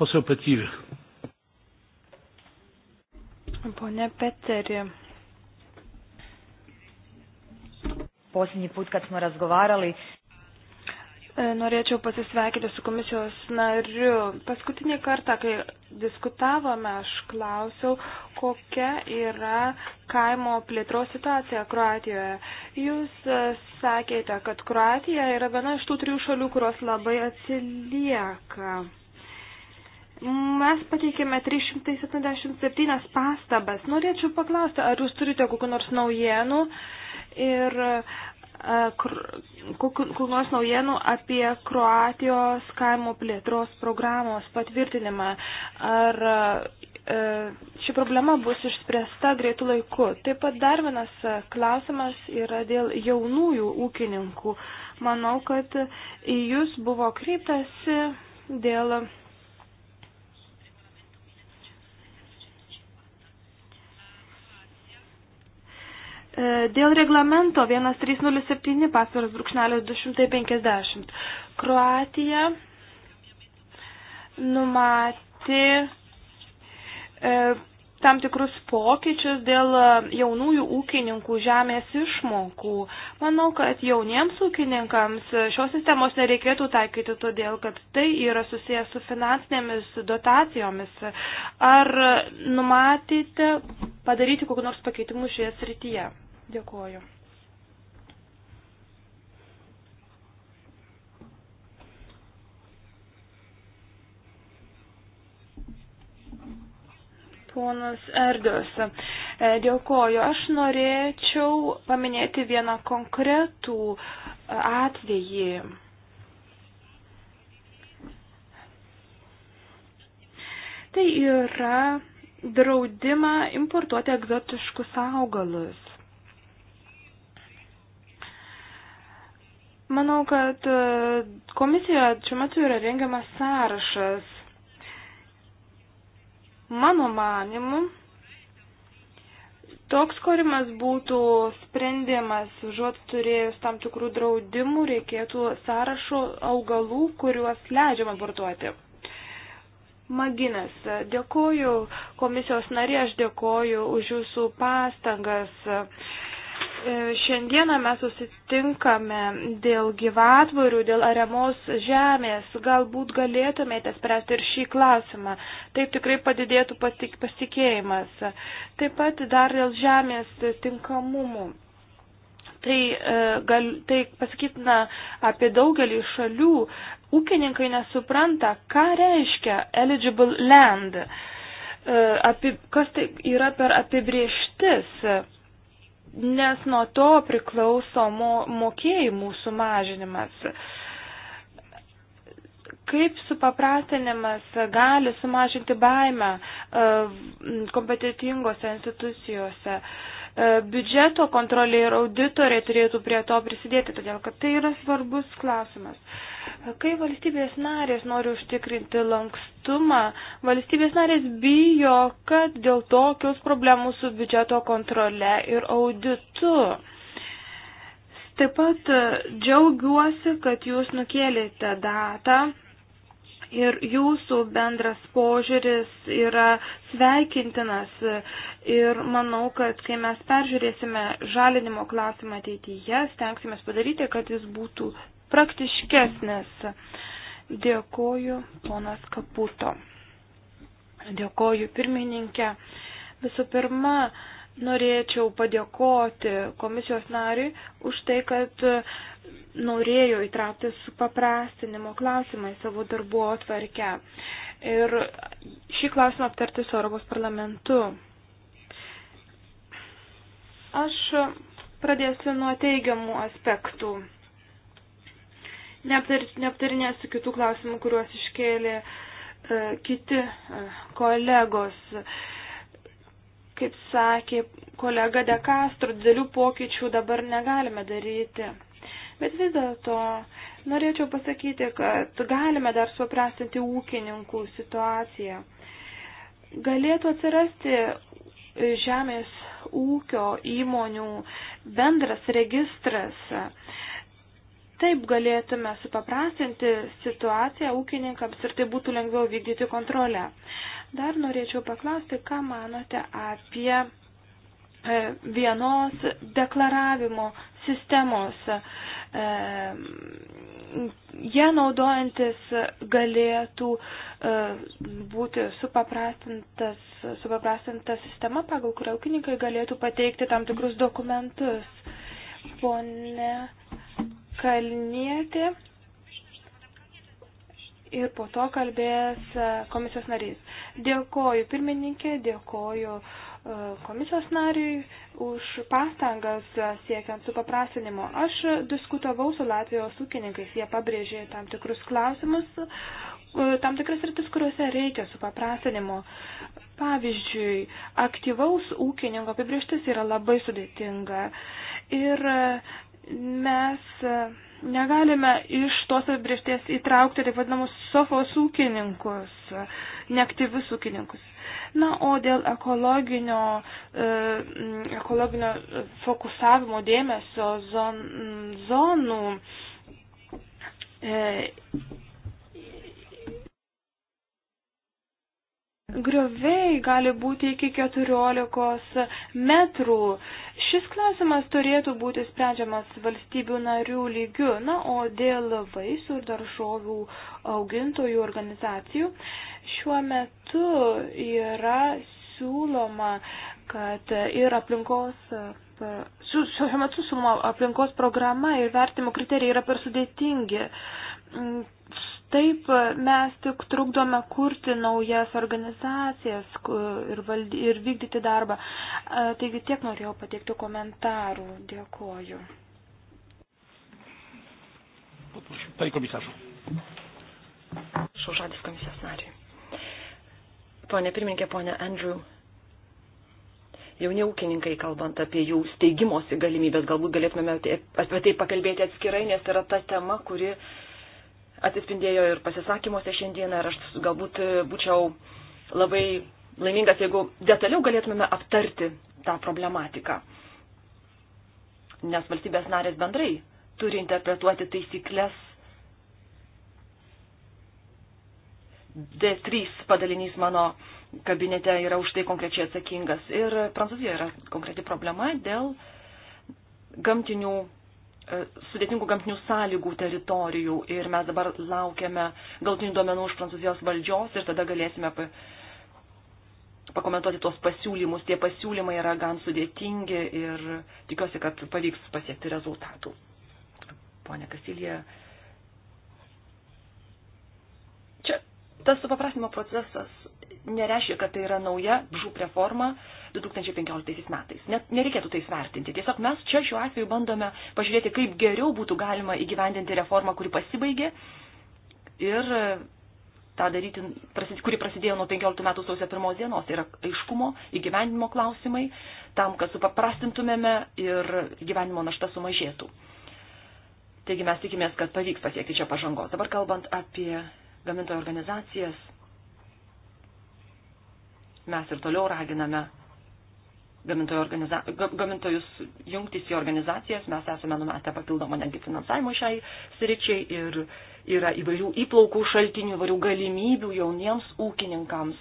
Poseł Petir. Pone Peteri. Posljednji put kad smo razgovarali E, norėčiau pasisveikinti su komisijos nariu. Paskutinį kartą, kai diskutavome, aš klausiau, kokia yra kaimo plėtros situacija Kroatijoje. Jūs e, sakėte, kad Kroatija yra viena iš tų trijų šalių, kurios labai atsilieka. Mes pateikėme 377 pastabas. Norėčiau paklausti, ar jūs turite kokiu nors naujienų ir uh, E, kokių nors naujienų apie Kroatijos kaimo plėtros programos patvirtinimą. Ar e, ši problema bus išspręsta greitų laiku? Taip pat dar vienas klausimas yra dėl jaunųjų ūkininkų. Manau, kad į jūs buvo kreiptasi dėl E, dėl reglamento 1307 pasvaras brūkšnelis 250. Kroatija numatė e, tam tikrus pokyčius dėl jaunųjų ūkininkų žemės išmokų. Manau, kad jauniems ūkininkams šios sistemos nereikėtų taikyti, todėl kad tai yra susijęs su finansinėmis dotacijomis. Ar numatėte padaryti kokiu nors pakeitimu šioje srityje? Dėkuoju. Ponas Erdius, e, dėkoju. Aš norėčiau paminėti vieną konkretų e, atvejį. Tai yra draudimą importuoti egzotiškus augalus. Manau, kad e, komisijoje šiuo metu yra rengiamas sąrašas. Mano manimu, toks korimas būtų sprendimas, užuot turėjus tam tikrų draudimų, reikėtų sąrašo augalų, kuriuos leidžiama vartoti. Maginas, dėkoju komisijos narė, aš dėkoju už jūsų pastangas E, šiandieną mes susitinkame dėl gyvatvorių, dėl ariamos žemės. Galbūt galėtumėte spręsti ir šį klausimą. Taip tikrai padidėtų pasitikėjimas. Taip pat dar dėl žemės tinkamumų. Tai, e, gal, tai pasakytina apie daugelį šalių. Ūkininkai nesupranta, ką reiškia eligible land, e, apie, kas tai yra per apibrieštis nes nuo to priklauso mo, mokėjimų sumažinimas. Kaip supaprastinimas gali sumažinti baimę e, kompetitingose institucijose? Uh, E, biudžeto kontrolė ir auditorė turėtų prie to prisidėti, todėl kad tai yra svarbus klausimas. Kai valstybės narės nori užtikrinti lankstumą, valstybės narės bijo, kad dėl to kils problemų su biudžeto kontrole ir auditu. Taip pat džiaugiuosi, kad jūs nukėlėte datą ir jūsų bendras požiūris yra sveikintinas ir manau, kad kai mes peržiūrėsime žalinimo klausimą ateityje, stengsime padaryti, kad jis būtų praktiškesnis. Dėkoju, ponas Kaputo. Dėkoju, pirmininkė. Visų pirma, norėčiau padėkoti komisijos nariui už tai, kad norėjo įtraukti su paprastinimo klausimai savo darbo atvarkę ir šį klausimą aptarti su Europos parlamentu. Aš pradėsiu nuo teigiamų aspektų. Neaptar, neaptarinėsiu kitų klausimų, kuriuos iškėlė e, kiti e, kolegos. Kaip sakė kolega De Castro, didelių pokyčių dabar negalime daryti. Bet vis dėlto norėčiau pasakyti, kad galime dar suprastinti ūkininkų situaciją. Galėtų atsirasti žemės ūkio įmonių bendras registras. Taip galėtume supaprastinti situaciją ūkininkams ir tai būtų lengviau vykdyti kontrolę. Dar norėčiau paklausti, ką manote apie e, vienos deklaravimo sistemos. E, jie naudojantis galėtų e, būti supaprastintas, supaprastinta sistema, pagal kurią ūkininkai galėtų pateikti tam tikrus dokumentus. Pone Kalnietė ir po to kalbės e, komisijos narys. Dėkoju pirmininkė, dėkoju uh, E, komisijos nariui už pastangas siekiant supaprastinimo. Aš diskutavau su Latvijos ūkininkais, jie pabrėžė tam tikrus klausimus, e, tam tikras rytis, kuriuose reikia supaprastinimo. Pavyzdžiui, aktyvaus ūkininko apibrieštis yra labai sudėtinga ir mes negalime iš tos apibriešties įtraukti taip vadinamus sofos ūkininkus, neaktyvius ūkininkus. Na, o dėl ekologinio, e, ekologinio fokusavimo dėmesio zon, zonų e, Griovėjai gali būti iki 14 metrų. Šis klausimas turėtų būti sprendžiamas valstybių narių lygių. Na, o dėl vaisių ir daržovių augintojų organizacijų šiuo metu yra siūloma, kad ir aplinkos šiuo metu siūloma aplinkos programa ir vertimo kriterijai yra per sudėtingi Taip mes tik trukdome kurti naujas organizacijas ir, valdy, ir vykdyti darbą. Taigi tiek norėjau pateikti komentarų. Dėkoju. Pani komisarzu. Šau žodis komisijos nariui. Pone pirmininkė, pone Andrew, jauni ūkininkai, kalbant apie jų steigimosi galimybės, galbūt galėtume apie tai pakalbėti atskirai, nes tai yra ta tema, kuri uh, atsispindėjo ir pasisakymuose šiandieną ir aš galbūt būčiau labai laimingas, jeigu detaliau galėtumėme aptarti tą problematiką. Nes valstybės narės bendrai turi interpretuoti taisyklės D3 padalinys mano kabinete yra už tai konkrečiai atsakingas. Ir Prancūzijoje yra konkreti problema dėl gamtinių E, sudėtingų gamtinių sąlygų teritorijų ir mes dabar laukiame galtinių duomenų iš Prancūzijos valdžios ir tada galėsime pakomentuoti tuos pasiūlymus. Tie pasiūlymai yra gan sudėtingi ir tikiuosi, kad pavyks pasiekti rezultatų. Pone Kasilija, čia tas supaprastinimo procesas nereiškia, kad tai yra nauja žūp reforma. Uh, 2015 metais. Net nereikėtų tai svertinti. Tiesiog mes čia šiuo atveju bandome pažiūrėti, kaip geriau būtų galima įgyvendinti reformą, kuri pasibaigė ir e, tą daryti, kuri prasidėjo nuo 15 metų sausio pirmos dienos. Tai yra aiškumo, įgyvendinimo klausimai, tam, kad supaprastintumėme ir gyvenimo našta sumažėtų. Taigi mes tikimės, kad pavyks pasiekti čia pažangos. Dabar kalbant apie gamintojų organizacijas, mes ir toliau raginame organiza... gamintojus jungtis į organizacijas. Mes esame numatę papildomą netgi finansavimo šiai sričiai ir yra įvairių įplaukų šaltinių, įvairių galimybių jauniems ūkininkams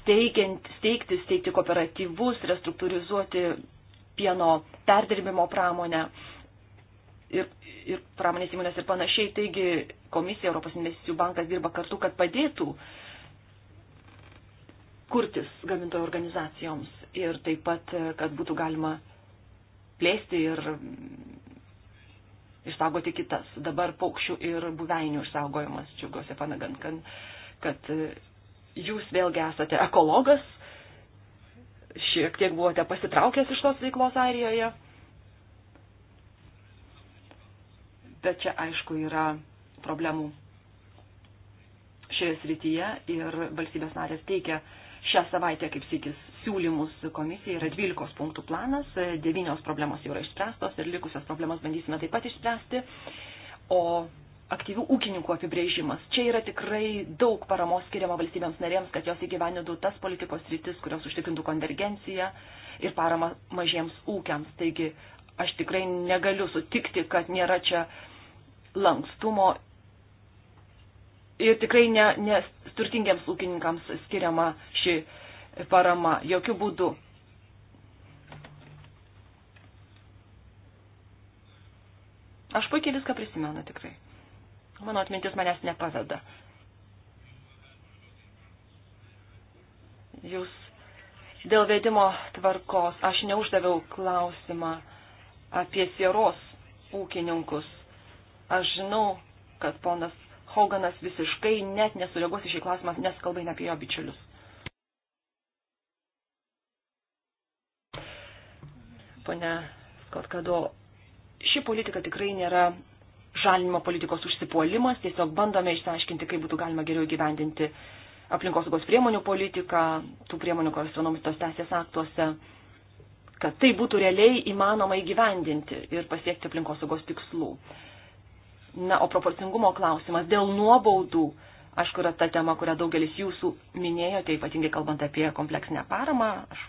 steigiant, steigti, steigti kooperatyvus, restruktūrizuoti pieno perdirbimo pramonę ir, ir pramonės įmonės ir panašiai. Taigi komisija Europos investicijų bankas dirba kartu, kad padėtų kurtis gamintojų organizacijoms ir taip pat, kad būtų galima plėsti ir išsaugoti kitas. Dabar paukščių ir buveinių išsaugojimas, džiugiuosi panagant, kad, kad jūs vėlgi esate ekologas, šiek tiek buvote pasitraukęs iš tos veiklos Airijoje. Bet čia aišku yra problemų šioje srityje ir valstybės narės teikia šią savaitę kaip sykis siūlymus komisijai. Yra 12 punktų planas, 9 e, problemos jau yra išspręstos ir likusios problemas bandysime taip pat išspręsti. O aktyvių ūkininkų apibrėžimas. Čia yra tikrai daug paramos skiriama valstybėms narėms, kad jos įgyvendintų tas politikos rytis, kurios užtikrintų konvergenciją ir paramą mažiems ūkiams. Taigi aš tikrai negaliu sutikti, kad nėra čia lankstumo ir tikrai ne, ne turtingiems ūkininkams skiriama ši parama, jokių būdų. Aš puikiai viską prisimenu tikrai. Mano atmintis manęs nepaveda. Jūs dėl vedimo tvarkos, aš neuždaviau klausimą apie sieros ūkininkus. Aš žinau, kad ponas Hoganas visiškai net nesureaguos į šį klausimą, nes kalba eina apie jo bičiulius. ponia Skotkado, ši politika tikrai nėra žalinimo politikos užsipuolimas, tiesiog bandome išsiaiškinti, kaip būtų galima geriau gyvendinti aplinkosaugos priemonių politiką, tų priemonių, kurios yra numatytos teisės aktuose, kad tai būtų realiai įmanoma įgyvendinti ir pasiekti aplinkosaugos tikslų. Na, o proporcingumo klausimas dėl nuobaudų, aišku, yra ta tema, kurią daugelis jūsų minėjote, ypatingai kalbant apie kompleksinę paramą, aš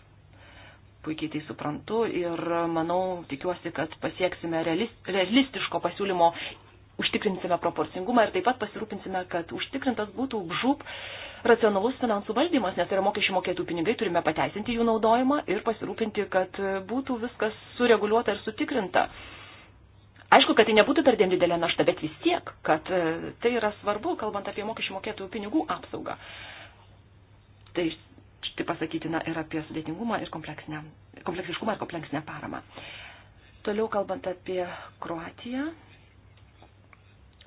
puikiai tai suprantu ir manau, tikiuosi, kad pasieksime realistiško pasiūlymo, užtikrinsime proporcingumą ir taip pat pasirūpinsime, kad užtikrintas būtų žūp racionalus finansų valdymas, nes tai yra mokesčių mokėtų pinigai, turime pateisinti jų naudojimą ir pasirūpinti, kad būtų viskas sureguliuota ir sutikrinta. Aišku, kad tai nebūtų perdėm didelė našta, bet vis tiek, kad e, tai yra svarbu, kalbant apie mokesčių mokėtų pinigų apsaugą. Tai tai pasakytina ir apie sudėtingumą ir kompleksiškumą ir kompleksinę paramą. Toliau kalbant apie Kroatiją.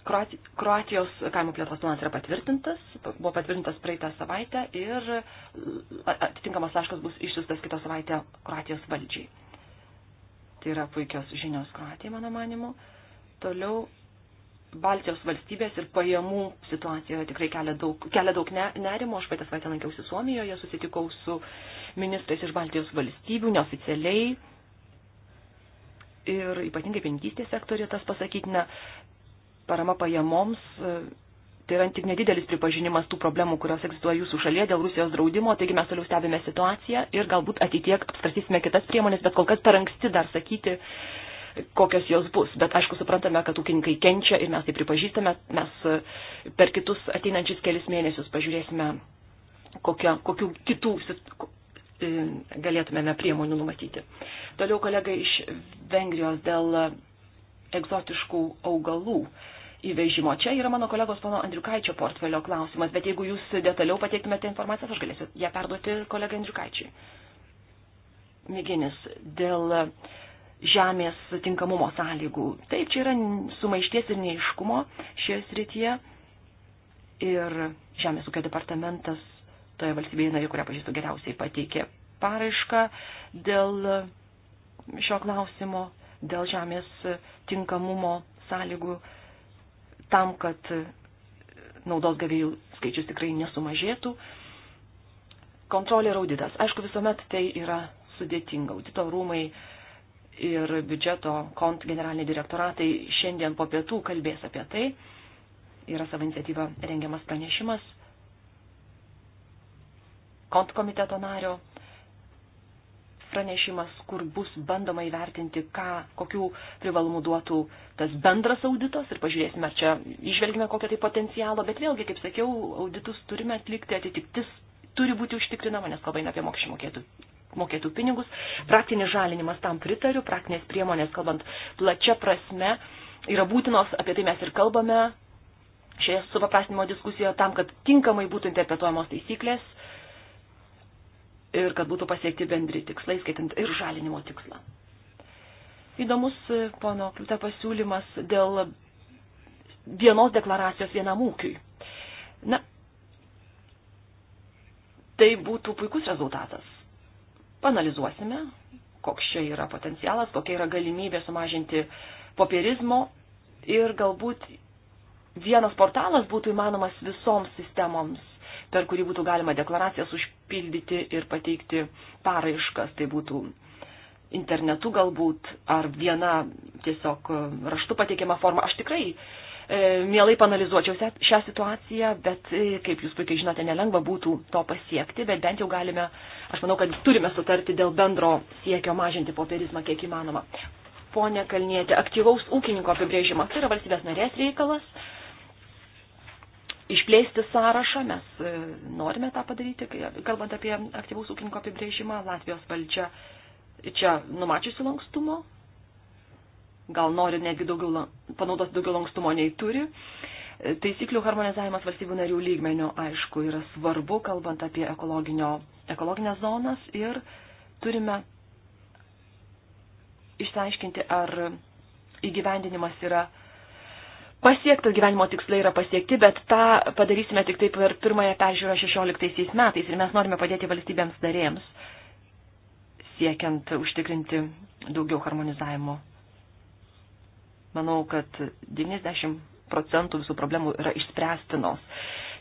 Kroati, Kroatijos kaimo plėtros planas yra patvirtintas, buvo patvirtintas praeitą savaitę ir atitinkamas laiškas bus išsiustas kitą savaitę Kroatijos valdžiai. Tai yra puikios žinios Kroatijai, mano manimu. Toliau Baltijos valstybės ir pajamų situacijoje tikrai kelia daug, kelia daug ne, nerimo. Aš pati savaitę lankiausi Suomijoje, susitikau su ministrais iš Baltijos valstybių neoficialiai. Ir ypatingai pinigystės sektorė tas pasakytina, parama pajamoms, e, tai yra tik nedidelis pripažinimas tų problemų, kurios egzistuoja jūsų šalyje dėl Rusijos draudimo, taigi mes toliau stebime situaciją ir galbūt ateitie apstartysime kitas priemonės, bet kol kas per anksti dar sakyti, kokios jos bus. Bet aišku, suprantame, kad ūkininkai kenčia ir mes tai pripažįstame. Mes e, per kitus ateinančius kelius mėnesius pažiūrėsime, kokio, kokių kitų e, galėtumėme priemonių numatyti. Toliau kolega iš Vengrijos dėl egzotiškų augalų įvežimo. Čia yra mano kolegos pono Andriukaičio portfelio klausimas, bet jeigu jūs detaliau pateiktumėte informaciją, aš galėsiu ją perduoti kolegai Andriukaičiui. Mėginis, dėl uh, žemės tinkamumo sąlygų. Taip, čia yra sumaišties ir neiškumo šioje srityje. Ir Žemės ūkio departamentas toje valstybėje narėje, kurią pažįstu geriausiai, pateikė paraišką dėl šio klausimo, dėl žemės tinkamumo sąlygų tam, kad naudos gavėjų skaičius tikrai nesumažėtų. Kontrolė ir auditas. Aišku, visuomet tai yra sudėtinga. Audito rūmai uh, ir biudžeto kont generaliniai direktoratai šiandien po pietų kalbės apie tai. Yra savo iniciatyva rengiamas pranešimas kont komiteto nario pranešimas, kur bus bandoma įvertinti, ką, kokių privalumų duotų tas bendras auditas ir pažiūrėsime, ar čia išvelgime kokią tai potencialo, bet vėlgi, kaip sakiau, auditus turime atlikti, atitiktis turi būti užtikrinama, nes kalba eina apie mokesčių mokėtų, mokėtų pinigus. Praktinis žalinimas tam pritariu, praktinės priemonės, kalbant plačia prasme, yra būtinos, apie tai mes ir kalbame šioje supaprastinimo diskusijoje tam, kad tinkamai būtų interpretuojamos taisyklės ir kad būtų pasiekti bendri tikslai, skaitant ir žalinimo tikslą. Įdomus e, pono Kliūtė pasiūlymas dėl vienos deklaracijos vienam ūkiui. Na, tai būtų puikus rezultatas. Panalizuosime, koks čia yra potencialas, kokia yra galimybė sumažinti popierizmo ir galbūt vienas portalas būtų įmanomas visoms sistemoms, per kurį būtų galima deklaracijas užpildyti ir pateikti paraiškas. Tai būtų internetu galbūt ar viena tiesiog raštu pateikiama forma. Aš tikrai E, mielai panalizuočiau šią situaciją, bet, e, kaip jūs puikiai žinote, nelengva būtų to pasiekti, bet bent jau galime, aš manau, kad turime sutarti dėl bendro siekio mažinti popierizmą kiek įmanoma. Pone Kalnietė, aktyvaus ūkininko apibrėžimas tai yra valstybės narės reikalas. Išplėsti sąrašą mes e, norime tą padaryti, kalbant apie aktyvaus ūkininko apibrėžimą, Latvijos valdžia čia numačiusi lankstumo, gal nori netgi daugiau, panaudoti daugiau lankstumo nei turi. E, taisyklių harmonizavimas valstybių narių lygmenio, aišku, yra svarbu, kalbant apie ekologinės zonas ir turime išsiaiškinti, ar įgyvendinimas yra pasiektas, gyvenimo tikslai yra pasiekti, bet tą padarysime tik taip per pirmąją peržiūrą 16 metais ir mes norime padėti valstybėms narėms siekiant užtikrinti daugiau harmonizavimo Manau, kad 90 procentų visų problemų yra išspręstinos.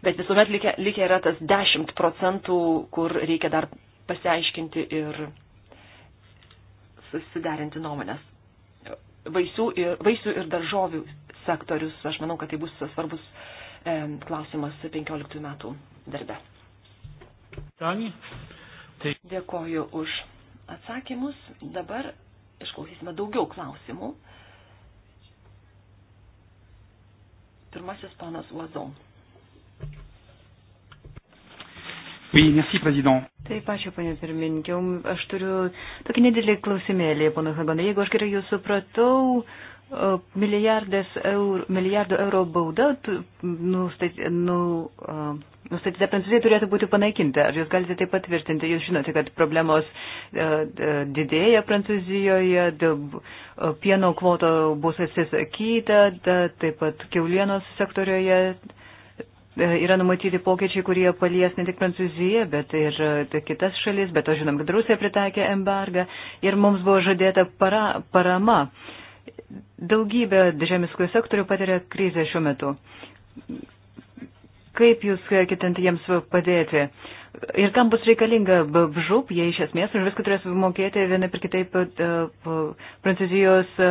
Bet visuomet likia, likia yra tas 10 procentų, kur reikia dar pasiaiškinti ir susiderinti nuomonės. Vaisių ir, vaisių ir daržovių sektorius, aš manau, kad tai bus svarbus e, klausimas 15 metų darbe. Tai- Dėkoju už atsakymus. Dabar išklausysime daugiau klausimų. Pirmasis panas Vazon. Oui, merci, président. Taip, ačiū, panė pirmininkė. Um, aš turiu tokį nedidelį klausimėlį, pana Hagonai. Jeigu aš gerai jūs supratau, uh, milijardų eurų, eurų bauda nustatė, nu, uh, nustatyta Prancūzija turėtų būti panaikinta. Ar jūs galite tai patvirtinti? Jūs žinote, kad problemos e, e, didėja Prancūzijoje, e, pieno kvoto bus atsisakyta, taip pat keulienos sektorioje yra numatyti pokyčiai, kurie palies ne tik Prancūziją, bet ir kitas šalis, bet to žinom, kad Rusija pritaikė embargą ir mums buvo žadėta para, parama. Daugybė žemės ūkio sektorių patiria krizę šiuo metu. Kaip jūs ketinti jiems padėti? Ir kam bus reikalinga žūp, jei iš esmės už viską turės mokėti vienai per kitaip e, Prancūzijos e,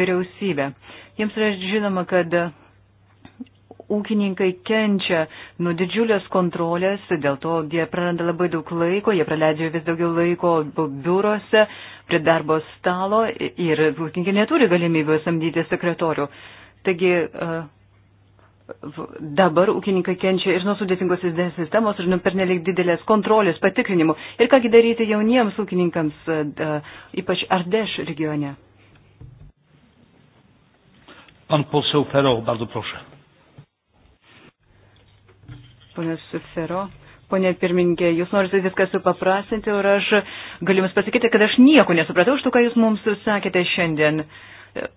vyriausybė. Jiems yra žinoma, kad ūkininkai kenčia nuo didžiulės kontrolės, dėl to jie praranda labai daug laiko, jie praleidžia vis daugiau laiko biurose, prie darbo stalo ir ūkininkai neturi galimybės samdyti sekretorių. Taigi, uh, dabar ūkininkai kenčia ir nuo sudėtingos sistemos, ir nuo pernelyg didelės kontrolės patikrinimų. Ir kągi daryti jauniems ūkininkams, e, e, ypač Ardeš regione? Pan poseł Ferro, bardzo proszę. Ponas Ferro, ponė pirmininkė, jūs norite viską supaprastinti ir aš galiu jums pasakyti, kad aš nieko nesupratau iš to, ką jūs mums sakėte šiandien. Uh,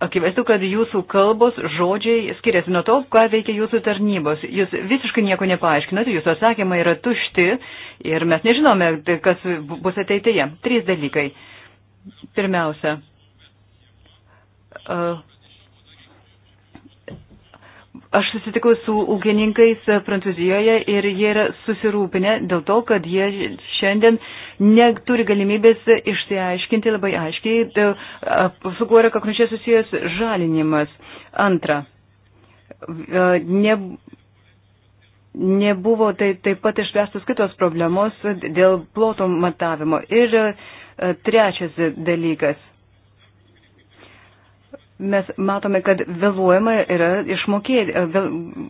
akivaizdu, kad jūsų kalbos, žodžiai skiriasi nuo to, ką veikia jūsų tarnybos. Jūs visiškai nieko nepaaiškinate, jūsų atsakymai yra tušti ir mes nežinome, kas bus ateityje. Trys dalykai. Pirmiausia, aš susitikau su ūkininkais Prancūzijoje ir jie yra susirūpinę dėl to, kad jie šiandien neturi galimybės išsiaiškinti labai aiškiai, e, su kuo yra konkrečiai susijęs žalinimas. Antra, e, ne, nebuvo tai, taip pat išspręstos kitos problemos dėl ploto matavimo. Ir e, trečias dalykas mes matome, kad vėluojama yra išmokėjimai, vėl,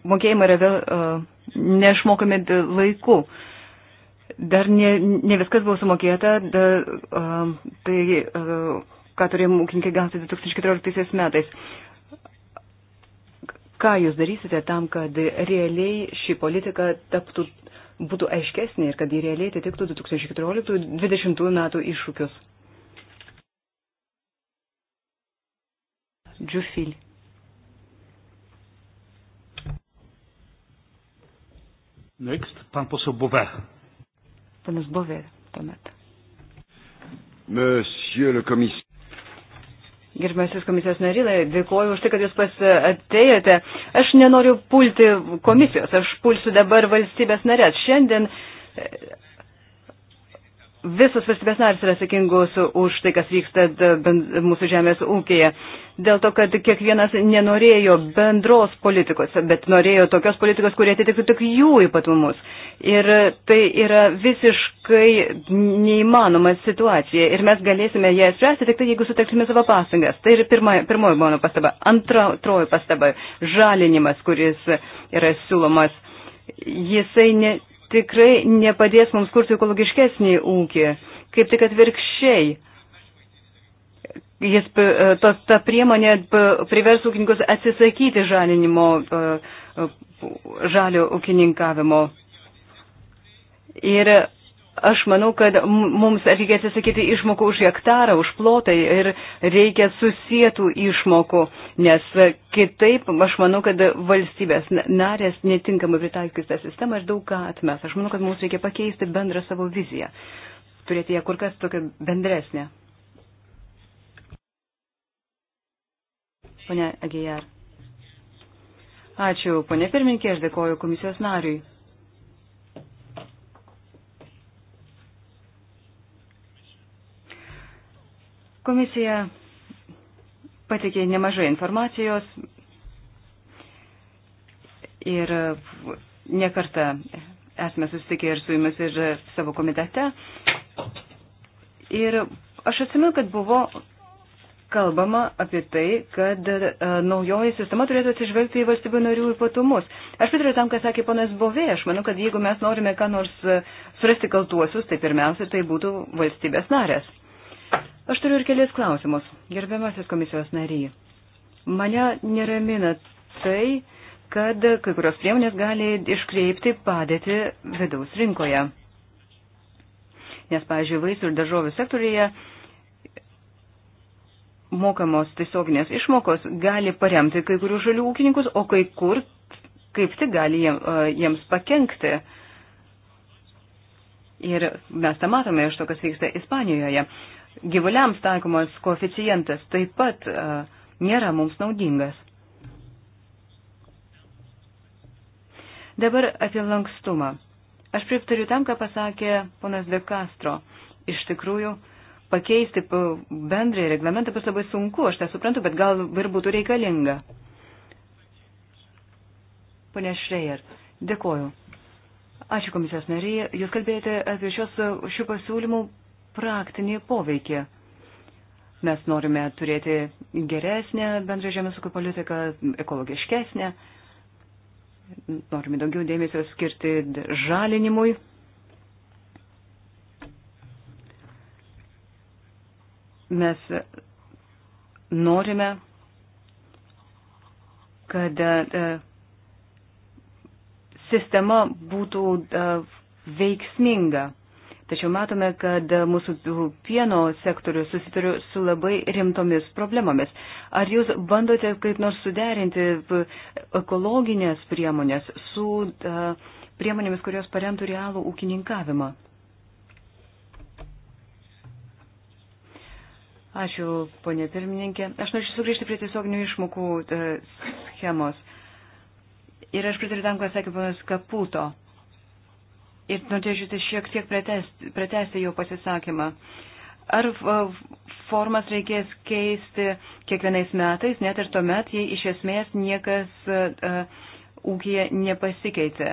mokėjimai yra vėl, uh, neišmokami laiku. Dar ne, ne viskas buvo sumokėta, da, uh, tai uh, ką turėjom ūkininkai gauti 2014 metais. Ką jūs darysite tam, kad realiai ši politika taptų, būtų aiškesnė ir kad ji realiai atitiktų 2014-2020 metų iššūkius? Džufilį. Next, pan poseł Bowe. Panas Bovė tuomet. Monsieur le commissaire. Gerbiamasis komisijos narilai, dėkuoju už tai, kad jūs pas atėjote. Aš nenoriu pulti komisijos, aš pulsiu dabar valstybės narės. Šiandien visos valstybės narės yra atsakingos už tai, kas vyksta mūsų žemės ūkėje. Dėl to, kad kiekvienas nenorėjo bendros politikos, bet norėjo tokios politikos, kurie atitiktų tik jų ypatumus. Ir tai yra visiškai neįmanoma situacija. Ir mes galėsime ją spręsti tik tai, jeigu sutelksime savo pastangas. Tai yra pirmoji mano pastaba. Antroji pastaba - žalinimas, kuris yra siūlomas. Jisai ne, tikrai nepadės mums kurti ekologiškesnį ūkį, kaip tik atvirkščiai. Jis, e, to, ta priemonė privers ūkininkus atsisakyti žalinimo, e, e, žalio ūkininkavimo. Ir Aš manau, kad mums reikia atsisakyti išmokų už hektarą, už plotą ir reikia susietų išmokų, nes kitaip aš manau, kad valstybės narės netinkamai pritaikys tą sistemą ir daug ką atmes. Aš manau, kad mums reikia pakeisti bendrą savo viziją, turėti ją kur kas tokią bendresnę. Pone Agijar. Ačiū, ponė pirmininkė, aš dėkoju komisijos nariui. Komisija patikė nemažai informacijos ir nekartą esame susitikę ir su jumis ir savo komitete. Ir aš atsimenu, kad buvo kalbama apie tai, kad e, naujoji sistema turėtų atsižvelgti į valstybių narių ypatumus. Aš pritariu tam, ką sakė ponas Bovė. Aš manau, kad jeigu mes norime ką nors e, surasti kaltuosius, tai pirmiausia, tai būtų valstybės narės. Aš turiu ir kelis klausimus. Gerbiamasis komisijos nariai, mane neramina tai, kad kai kurios priemonės gali iškreipti padėti vidaus rinkoje. Nes, pavyzdžiui, vaisių ir daržovių sektorėje mokamos tiesioginės išmokos gali paremti kai kurių žalių ūkininkus, o kai kur kaip tik gali jiems pakenkti. Ir mes tą matome iš to, kas vyksta Ispanijoje gyvuliams taikomas koeficientas taip pat e, nėra mums naudingas. Dabar apie lankstumą. Aš pritariu tam, ką pasakė ponas De Castro. Iš tikrųjų, pakeisti bendrąjį reglamentą bus labai sunku, aš tą suprantu, bet gal ir būtų reikalinga. Pone Šrejer, dėkoju. Ačiū komisijos nariai, jūs kalbėjote apie šios, šių pasiūlymų praktinį poveikį. Mes norime turėti geresnę bendrą žemės ūkio politiką, ekologiškesnę, norime daugiau dėmesio skirti žalinimui. Mes norime, kad e, sistema būtų e, veiksminga. Tačiau matome, kad mūsų pieno sektorius susituriu su labai rimtomis problemomis. Ar jūs bandote kaip nors suderinti ekologinės priemonės su e, priemonėmis, kurios paremtų realų ūkininkavimą? Ačiū, ponė pirmininkė. Aš norėčiau sugrįžti prie tiesioginių išmokų e, schemos. Ir aš pritariu tam, ką sakė ponas Kaputo ir norėčiau šiek tiek pratesti, pratesti jau pasisakymą. Ar formas reikės keisti kiekvienais metais, net ir tuomet, jei iš esmės niekas uh, e, e, ūkija nepasikeitė?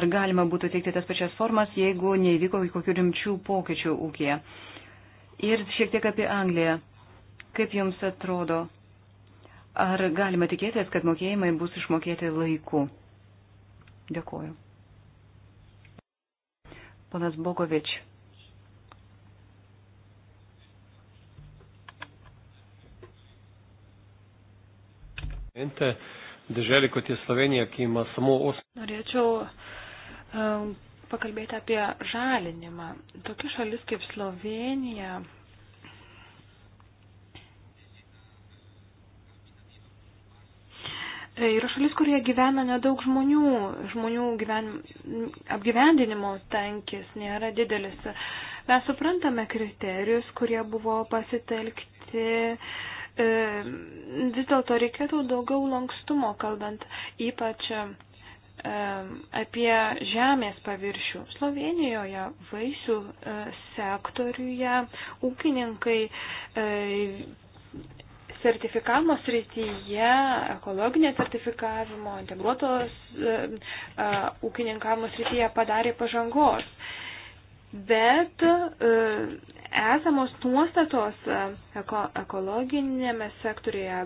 Ar galima būtų teikti tas pačias formas, jeigu neįvyko kokių rimčių pokyčių ūkija? Ir šiek tiek apie Angliją. Kaip jums atrodo, ar galima tikėtis, kad mokėjimai bus išmokėti laiku? Dėkuoju. Ponas Bogovič. Drželė, kad į Sloveniją, kai ima samo 8. Norėčiau um, pakalbėti apie žalinimą. Tokia šalis kaip Slovenija Yra šalis, kurie gyvena nedaug žmonių, žmonių gyven... apgyvendinimo tankis nėra didelis. Mes suprantame kriterijus, kurie buvo pasitelkti. E, vis dėlto reikėtų daugiau lankstumo, kalbant ypač e, apie žemės paviršių. Slovenijoje vaisių e, sektoriuje ūkininkai sertifikavimo srityje, ekologinio sertifikavimo, integruotos e, e, ūkininkavimo srityje padarė pažangos. Bet e, esamos nuostatos eko, ekologinėme sektorėje,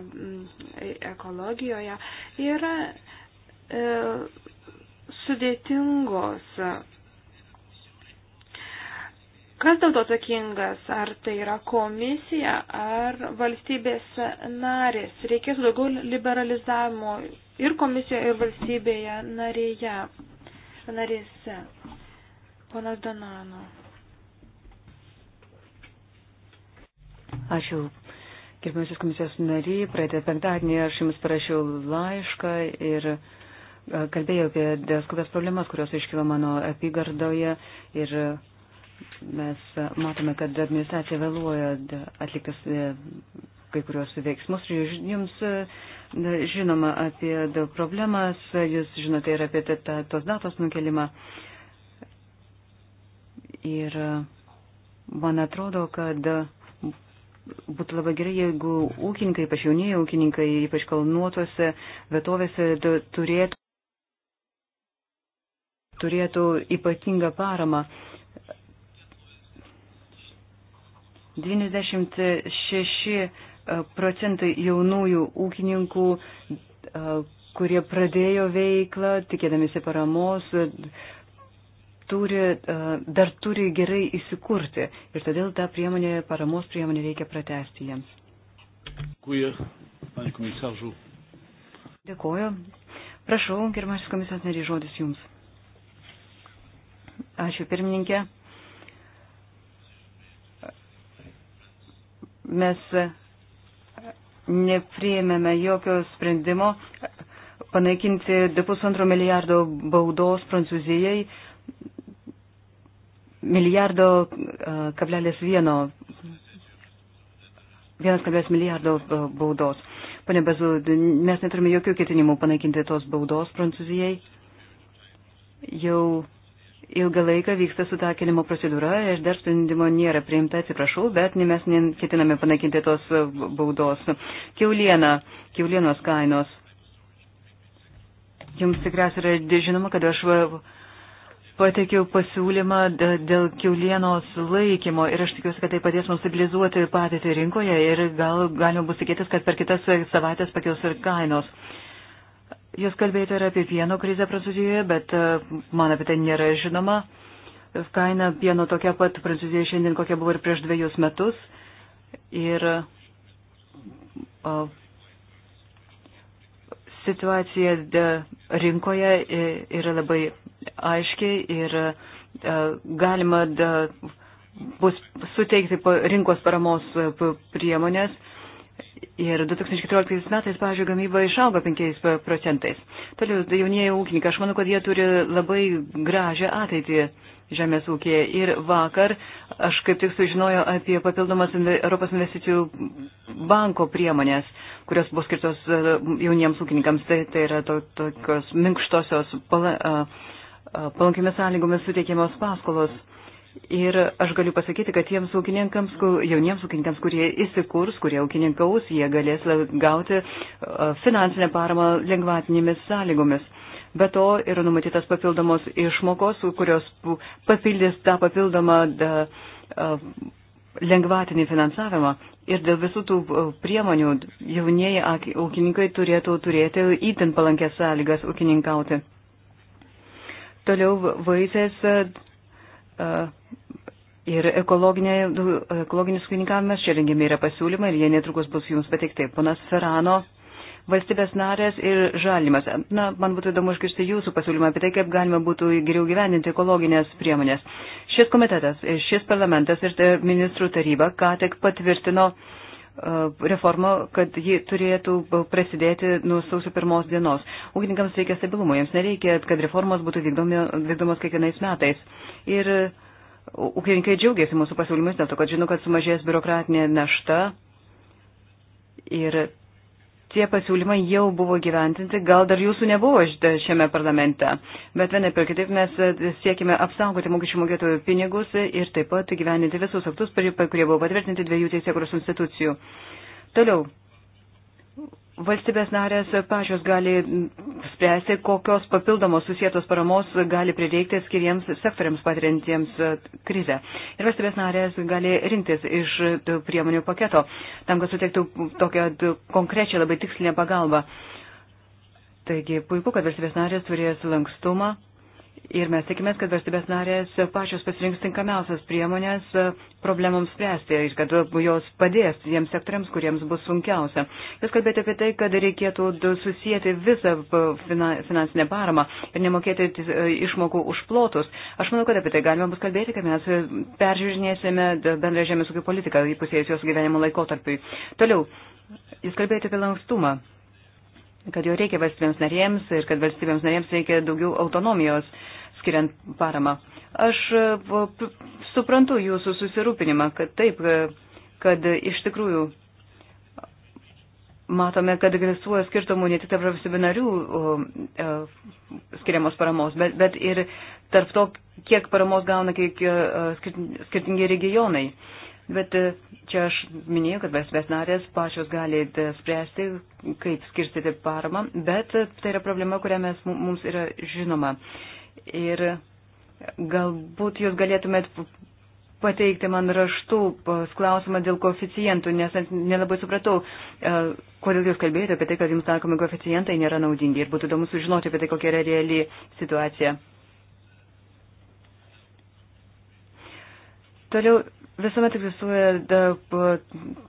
ekologijoje yra sudėtingos Kas dėl to atsakingas? Ar tai yra komisija, ar valstybės narės? Reikės daugiau liberalizavimo ir komisijoje, ir valstybėje narėje, narėse. Ponas Donano. Ačiū. Gerbiamasis komisijos nariai, praeitą penktadienį aš jums parašiau laišką ir e, kalbėjau apie skubės problemas, kurios iškilo mano apygardoje ir mes e, matome, kad administracija vėluoja atliktas e, kai kurios veiksmus. Jums e, žinoma apie problemas, jūs žinote ir apie tos datos nukelimą. Ir man atrodo, kad būtų labai gerai, jeigu ūkininkai, ypač jaunieji ūkininkai, ypač kalnuotose vietovėse turėtų turėtų ypatingą paramą. Uh, 96 e, procentai jaunųjų ūkininkų, e, kurie pradėjo veiklą, tikėdamėsi paramos, turi, e, dar turi gerai įsikurti. Ir todėl tą priemonę, paramos priemonę reikia pratesti jiems. Dėkuoju. Prašau, gerbiamasis komisijos nariai, žodis jums. Ačiū pirmininkė. mes nepriėmėme jokio sprendimo panaikinti pusantro milijardo baudos Prancūzijai, milijardo kablelės vieno, vienas kablelės milijardo baudos. Pane Bezu, mes neturime jokių ketinimų panaikinti tos baudos Prancūzijai. Jau ilgą laiką vyksta sutakinimo procedūra ir dar sprendimo nėra priimta, atsiprašau, bet mes ketiname panaikinti tos e, baudos. Keuliena, keulienos kainos. Jums tikriausiai yra žinoma, kad aš e, pateikiau pasiūlymą dėl keulienos laikymo ir aš tikiuosi, kad tai padės mums stabilizuoti patį tai rinkoje ir gal galima bus tikėtis, kad per kitas savaitės pakils ir kainos. Jūs kalbėjote ir apie pieno krizę Prancūzijoje, bet e, man apie tai nėra žinoma. Kaina pieno tokia pat Prancūzijoje šiandien, kokia buvo ir prieš dviejus metus. Ir o, e, situacija de, rinkoje e, yra labai aiški ir a, galima de, bus suteikti rinkos paramos priemonės Ir 2014 metais, pavyzdžiui, gamyba išaugo 5 procentais. Toliau, tai jaunieji ūkininkai, aš manau, kad jie turi labai gražią ateitį žemės ūkėje. Ir vakar aš kaip tik sužinojau apie papildomas Europos investicijų banko priemonės, kurios bus skirtos e, jauniems ūkininkams. Tai, tai yra to, tokios minkštosios pala, palankiomis sąlygomis suteikiamos paskolos. Uh, Ir aš galiu pasakyti, kad tiems ūkininkams, jauniems ūkininkams, kurie įsikurs, kurie ūkininkaus, jie galės gauti finansinę paramą lengvatinėmis sąlygomis. Be to yra numatytas papildomos išmokos, kurios papildys tą papildomą da, lengvatinį finansavimą. Ir dėl visų tų priemonių jaunieji ūkininkai turėtų turėti įtin palankės sąlygas ūkininkauti. Toliau vaisės E, ir ekologinis kūnininkavimas, čia rengiami yra pasiūlymai ir jie netrukus bus jums pateikti. Ponas Ferrano, valstybės narės ir žalimas. Na, man būtų įdomu išgirsti jūsų pasiūlymą apie tai, kaip galima būtų geriau gyveninti ekologinės priemonės. Šis komitetas, e, šis parlamentas ir e, ministrų taryba ką tik patvirtino reforma, kad ji turėtų prasidėti nuo sausio pirmos dienos. Ūkininkams reikia stabilumo, jiems nereikia, kad reformos būtų vykdomi, vykdomos kiekvienais metais ir ūkininkai džiaugiasi mūsų pasiūlymais dėl to, kad žino, kad sumažės biurokratinė našta ir tie pasiūlymai jau buvo gyventinti, gal dar jūsų nebuvo šiame parlamente, bet vienai per kitaip mes e, siekime apsaugoti mokesčių mokėtojų pinigus ir taip pat gyveninti visus aktus, kurie buvo patvirtinti dviejų teisėkuros institucijų. Toliau, Valstybės narės pačios gali spręsti, kokios papildomos susijėtos paramos gali prireikti skiriems sektoriams patiriantiems e, krizę. Ir valstybės narės gali rinktis iš priemonių paketo, tam, kad suteiktų tokią konkrečią labai tikslinę pagalbą. Taigi puiku, kad valstybės narės turės lankstumą Ir mes tikimės, kad valstybės narės pačios pasirinks tinkamiausias priemonės e, problemams spręsti ir kad jos padės tiems sektoriams, kuriems bus sunkiausia. Jūs kalbėjote apie tai, kad reikėtų susijęti visą finansinę paramą ir nemokėti e, išmokų už plotus. Aš manau, kad apie tai galima bus kalbėti, kad mes e, peržiūrinėsime bendrą žemės ūkio politiką įpusėjus jos gyvenimo laikotarpiui. Toliau, jūs kalbėjote apie lankstumą kad jo reikia valstybėms narėms ir kad valstybėms narėms reikia daugiau autonomijos skiriant paramą. Aš e, suprantu jūsų susirūpinimą, kad taip, e, kad iš tikrųjų matome, kad egzistuoja skirtumų ne tik tarp valstybių narių e, skiriamos paramos, bet, bet ir tarp to, kiek paramos gauna kiek, skirtingi regionai. Bet e, čia aš minėjau, kad valstybės narės pačios gali e, spręsti, kaip skirstyti paramą, bet e, tai yra problema, kurią mes, mums yra žinoma. Ir galbūt jūs galėtumėt pateikti man raštų klausimą dėl koficijantų, nes nelabai supratau, kodėl jūs kalbėjote apie tai, kad jums taikomi koficijantai nėra naudingi ir būtų įdomu sužinoti apie tai, kokia yra reali situacija. Toliau Visuomet egzistuoja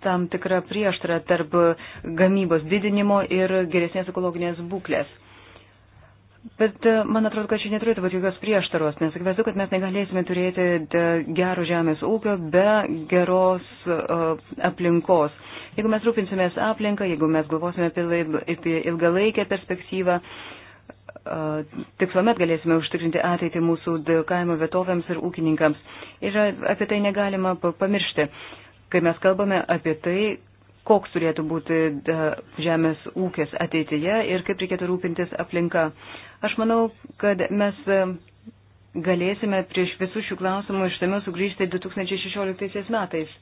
tam tikra prieštara tarp gamybos didinimo ir geresnės ekologinės būklės. Bet e, man atrodo, kad čia neturėtų būti jokios prieštaros, nes akivaizdu, kad mes negalėsime turėti gero žemės ūkio be geros uh, aplinkos. Jeigu mes rūpinsimės aplinką, jeigu mes galvosime apie ilgalaikę perspektyvą, uh, tik tuomet galėsime užtikrinti ateitį mūsų kaimo vietovėms ir ūkininkams. Ir apie tai negalima pamiršti, kai mes kalbame apie tai, koks turėtų būti žemės ūkis ateityje ir kaip reikėtų rūpintis aplinka. Aš manau, kad mes e, galėsime prieš visus šių klausimų ištamiau sugrįžti 2016 metais,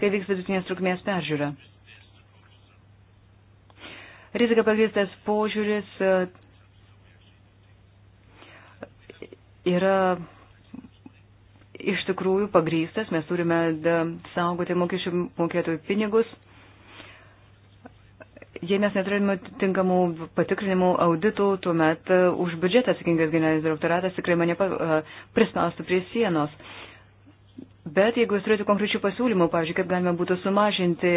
kai vyks vidutinės trukmės peržiūra rizika pagristas požiūris e, yra iš tikrųjų pagrystas, mes turime saugoti mokesčių mokėtojų pinigus. Jei mes neturime tinkamų patikrinimų auditų, tuomet e, už biudžetą atsakingas generalinis direktoratas tikrai mane e, prispaustų prie sienos. Uh, Bet jeigu jūs turite konkrečių pasiūlymų, pavyzdžiui, kaip galima būtų sumažinti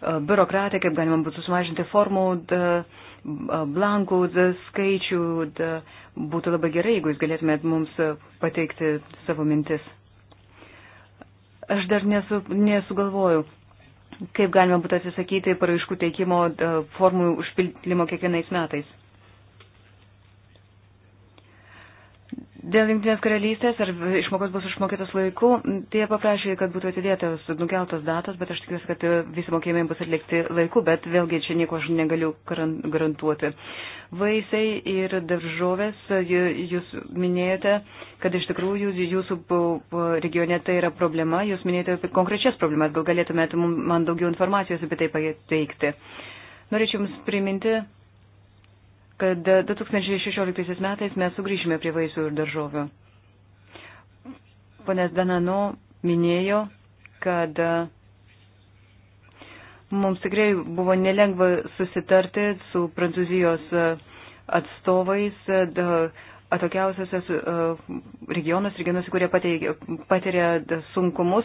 biurokratiją, kaip galima būtų sumažinti formų, da, blankų da, skaičių, da, būtų labai gerai, jeigu jūs galėtumėt mums pateikti savo mintis. Aš dar nesu, nesugalvoju, kaip galima būtų atsisakyti paraiškų teikimo formų užpildymo kiekvienais metais. Dėl Junktinės karalystės, ar išmokos bus išmokėtos laiku, tie paprašė, kad būtų atidėtos nukeltos datos, bet aš tikiuosi, kad visi mokėjimai bus atlikti laiku, bet vėlgi čia nieko aš negaliu garantuoti. Vaisiai ir daržovės, jūs minėjote, kad iš tikrųjų jūsų regione tai yra problema, jūs minėjote apie konkrečias problemas, gal galėtumėte man daugiau informacijos apie tai pateikti. Norėčiau Jums priminti kad 2016 metais mes sugrįžime prie vaisių ir daržovių. Ponas Danano minėjo, kad e, mums tikrai buvo nelengva susitarti su prancūzijos e, atstovais e, atokiausiosios e, regionus, regionus, kurie patiria sunkumus.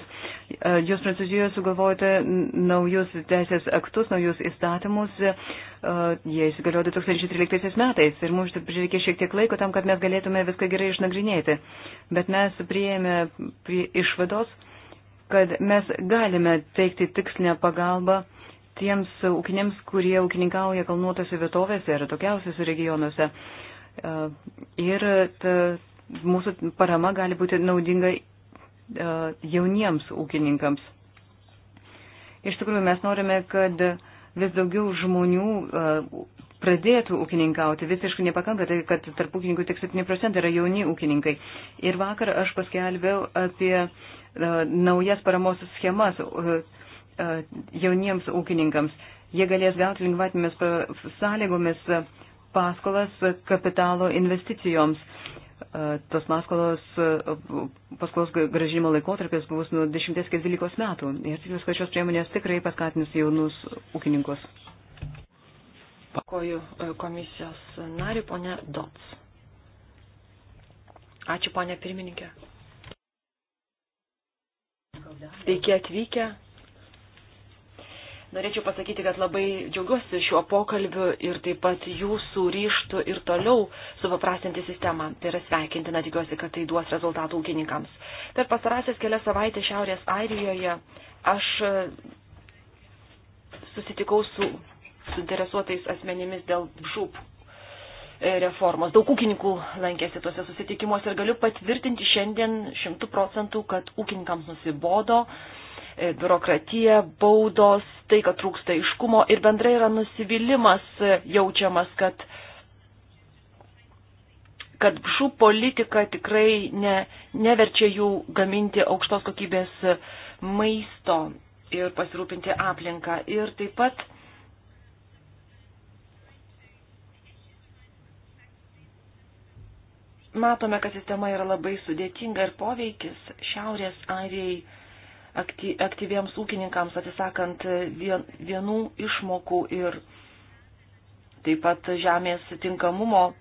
E, jūs Prancūzijoje sugalvojate naujus teisės aktus, naujus įstatymus. E, jie įsigaliojo 2013 metais ir mums prireikė šiek tiek laiko tam, kad mes galėtume viską gerai išnagrinėti. Bet mes prieėmė prie išvados, kad mes galime teikti tikslinę pagalbą tiems ūkinėms, kurie ūkininkauja kalnuotose vietovėse ir atokiausiose regionuose. E, ir ta, mūsų parama gali būti naudinga e, jauniems ūkininkams. Iš tikrųjų, mes norime, kad vis daugiau žmonių e, pradėtų ūkininkauti. Visiškai nepakanka tai, kad tarp ūkininkų tik 7 procentai yra jauni ūkininkai. Ir vakar aš paskelbėjau apie naujas paramos schemas jauniems ūkininkams. Jie galės gauti lengvatinėmis sąlygomis paskolas kapitalo investicijoms. E, tos paskolos, e, paskolos gražinimo laikotarpis bus nuo 10 iki 12 metų. Ir tikiuosi, kad šios priemonės tikrai paskatins jaunus ūkininkus. Pakoju e, komisijos nariu, ponė Dots. Ačiū, ponė pirmininkė. Sveiki atvykę Norėčiau pasakyti, kad labai džiaugiuosi šiuo pokalbiu ir taip pat jūsų ryštų ir toliau supaprastinti sistemą. Tai yra sveikintina, tikiuosi, kad tai duos rezultatų ūkininkams. Per pasarasias kelias savaitės Šiaurės Airijoje aš e, susitikau su suinteresuotais asmenimis dėl žūp e, reformos. Daug ūkininkų lankėsi tuose susitikimuose ir galiu patvirtinti šiandien šimtų procentų, kad ūkininkams nusibodo E, biurokratija, baudos, tai, kad trūksta iškumo ir bendrai yra nusivylimas e, jaučiamas, kad, kad šių politika tikrai ne, neverčia jų gaminti aukštos kokybės maisto ir pasirūpinti aplinką. Ir taip pat matome, kad sistema yra labai sudėtinga ir poveikis Šiaurės Airijai aktyviems ūkininkams, atsisakant vienų išmokų ir taip pat žemės tinkamumo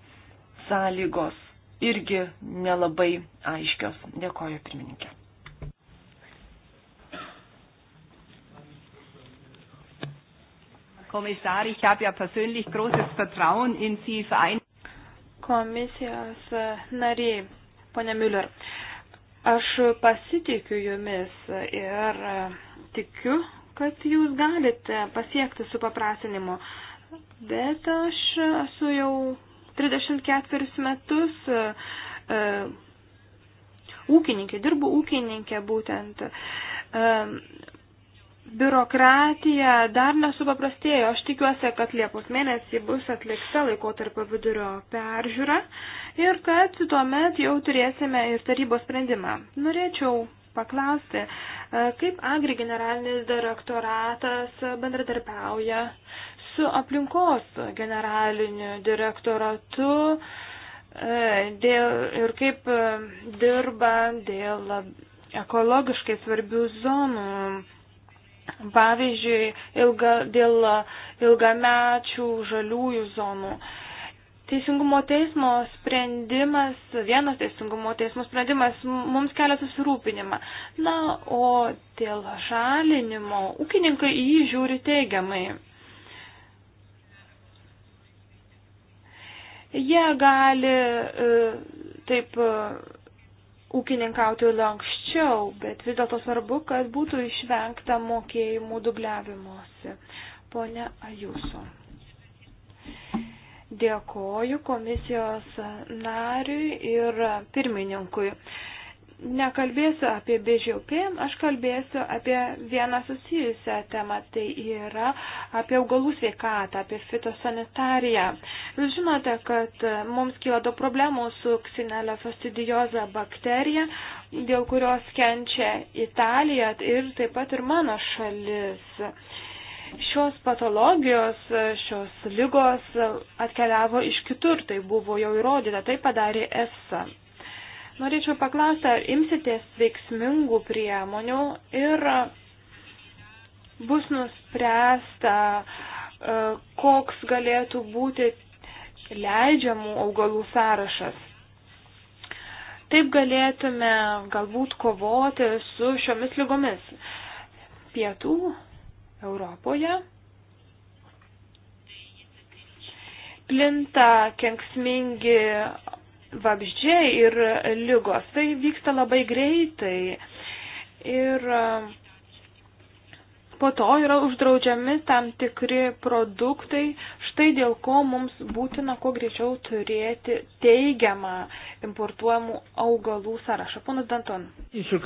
sąlygos irgi nelabai aiškios. Dėkoju, pirmininkė. Komisar, ich habe ja persönlich großes Vertrauen in Sie verein. Komisijos nariai, ponia Müller, Aš pasitikiu jumis ir tikiu, kad jūs galite pasiekti su paprasinimu, bet aš esu jau 34 metus e, ūkininkė, dirbu ūkininkė būtent. E, biurokratija dar nesupaprastėjo. Aš tikiuosi, kad Liepos mėnesį bus atlikta laikotarpio vidurio peržiūra ir kad tuomet jau turėsime ir tarybos sprendimą. Norėčiau paklausti, kaip Agri generalinis direktoratas bendradarbiauja su aplinkos generaliniu direktoratu dėl, ir kaip dirba dėl ekologiškai svarbių zonų pavyzdžiui, ilga, dėl ilgamečių žaliųjų zonų. Teisingumo teismo sprendimas, vienas teisingumo teismo sprendimas mums kelia susirūpinimą. Na, o dėl žalinimo ūkininkai į jį žiūri teigiamai. Jie gali e, taip e, ūkininkauti lankščiai anksčiau, bet vis dėlto svarbu, kad būtų išvengta mokėjimų dubliavimuose. Pone Ajuso. Dėkoju komisijos nariui ir pirmininkui nekalbėsiu apie BŽP, aš kalbėsiu apie vieną susijusią temą, tai yra apie augalų sveikatą, apie fitosanitariją. Jūs žinote, kad mums kyla daug problemų su ksinelio fastidijoza bakterija, dėl kurios kenčia Italija ir taip pat ir mano šalis. Šios patologijos, šios lygos atkeliavo iš kitur, tai buvo jau įrodyta, tai padarė ESA. Norėčiau paklausti, ar imsitės veiksmingų priemonių ir bus nuspręsta, e, koks galėtų būti leidžiamų augalų sąrašas. Taip galėtume galbūt kovoti su šiomis lygomis. Pietų Europoje plinta kenksmingi vabždžiai ir lygos. Tai vyksta labai greitai. Ir e, po to yra uždraudžiami tam tikri produktai, štai dėl ko mums būtina kuo greičiau turėti teigiamą importuojamų augalų sąrašą. Ponas Danton. Ačiū,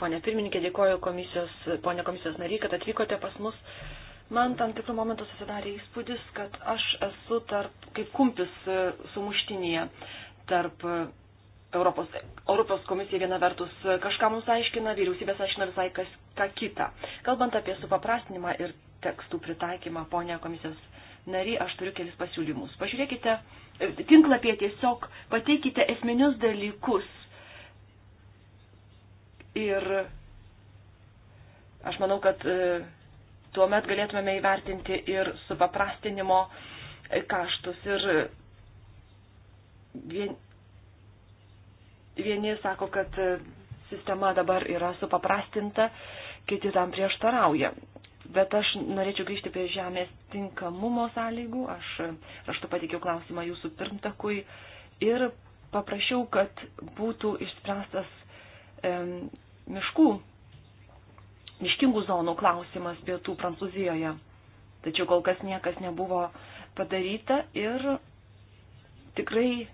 ponė pirmininkė, dėkoju komisijos, ponė komisijos nariai, kad atvykote pas mus. Man tam tikrų momentų susidarė įspūdis, kad aš esu tarp, kaip kumpis e, sumuštinėje. Uh, tarp Europos, Europos komisija viena vertus kažką mums aiškina, vyriausybės aiškina visai kas, ką kitą. Kalbant apie supaprastinimą ir tekstų pritaikymą, ponia komisijos nariai, aš turiu kelis pasiūlymus. Pažiūrėkite, e, tinklapyje tiesiog pateikite esminius dalykus. Ir aš manau, kad e, tuomet galėtumėme įvertinti ir supaprastinimo kaštus ir vien, vieni sako, kad sistema dabar yra supaprastinta, kiti tam prieštarauja. Bet aš norėčiau grįžti prie žemės tinkamumo sąlygų. Aš raštu pateikiau klausimą jūsų pirmtakui ir paprašiau, kad būtų išspręstas e, miškų, miškingų zonų klausimas pietų Prancūzijoje. Tačiau kol kas niekas nebuvo padaryta ir tikrai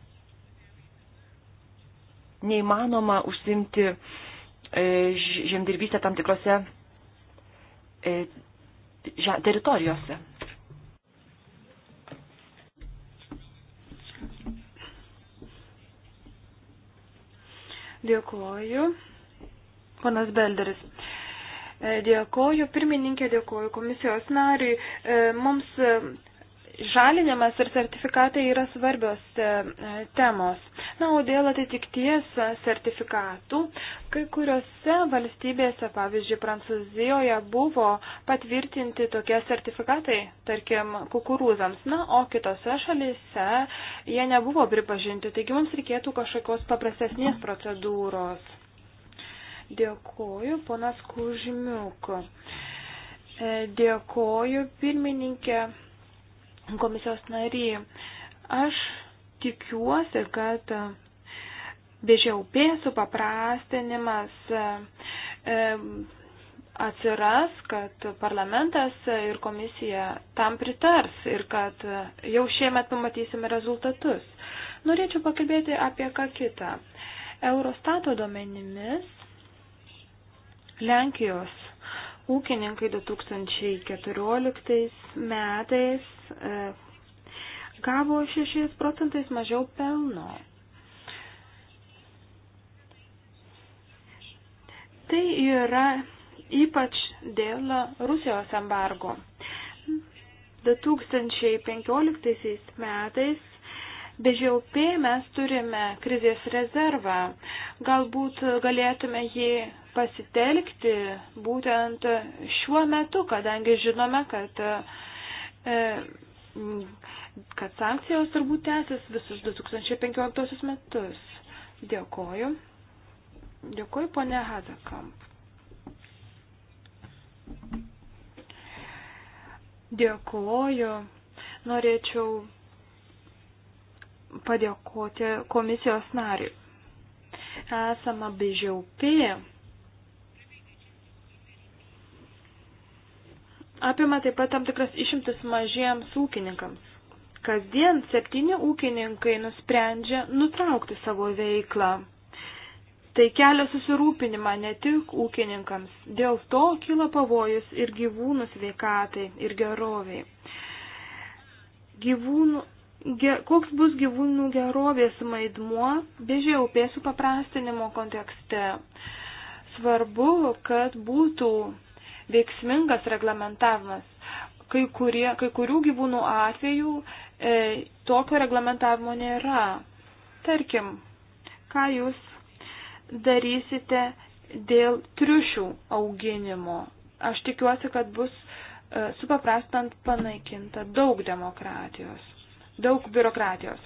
neįmanoma užsimti e, žemdirbystę tam tikrose e, teritorijose. Dėkuoju. Panas Belderis. E, dėkoju pirmininkė, dėkoju komisijos nariui. Mums žalinimas ir sertifikatai yra svarbios e, temos. Na, o dėl atitikties sertifikatų, kai kuriuose valstybėse, pavyzdžiui, Prancūzijoje buvo patvirtinti tokie sertifikatai, tarkim, kukurūzams, na, o kitose šalyse jie nebuvo pripažinti, taigi mums reikėtų kažkokios paprastesnės procedūros. Dėkuoju, ponas Kužmiuk. E, Dėkuoju, pirmininkė komisijos nariai. Aš tikiuosi, kad BŽUP supaprastinimas e, e, atsiras, kad parlamentas ir komisija tam pritars ir kad jau šiemet pamatysime rezultatus. Norėčiau pakalbėti apie ką kitą. Eurostato duomenimis Lenkijos ūkininkai 2014 metais e, gavo 6 procentais mažiau pelno. Tai yra ypač dėl Rusijos embargo. 2015 metais BŽUP mes turime krizės rezervą. Galbūt galėtume jį pasitelkti būtent šiuo metu, kadangi žinome, kad, e, kad sankcijos turbūt tęsis visus 2015 metus. Dėkoju. Dėkoju, ponė Hazakamp. Dėkoju. Norėčiau padėkoti komisijos nariui. Esama BŽP apima taip pat tam tikras išimtis mažiems ūkininkams. Kasdien septyni ūkininkai nusprendžia nutraukti savo veiklą. Tai kelia susirūpinimą ne tik ūkininkams, dėl to kyla pavojus ir gyvūnų sveikatai ir geroviai. Gyvūnų, ge, koks bus gyvūnų gerovės maidmuo bežė upėsų paprastinimo kontekste? Svarbu, kad būtų veiksmingas reglamentavimas. Kai, kurie, kai kurių gyvūnų atveju e, tokio reglamentavimo nėra. Tarkim, ką jūs darysite dėl triušių auginimo. Aš tikiuosi, kad bus e, supaprastant panaikinta daug demokratijos, daug biurokratijos.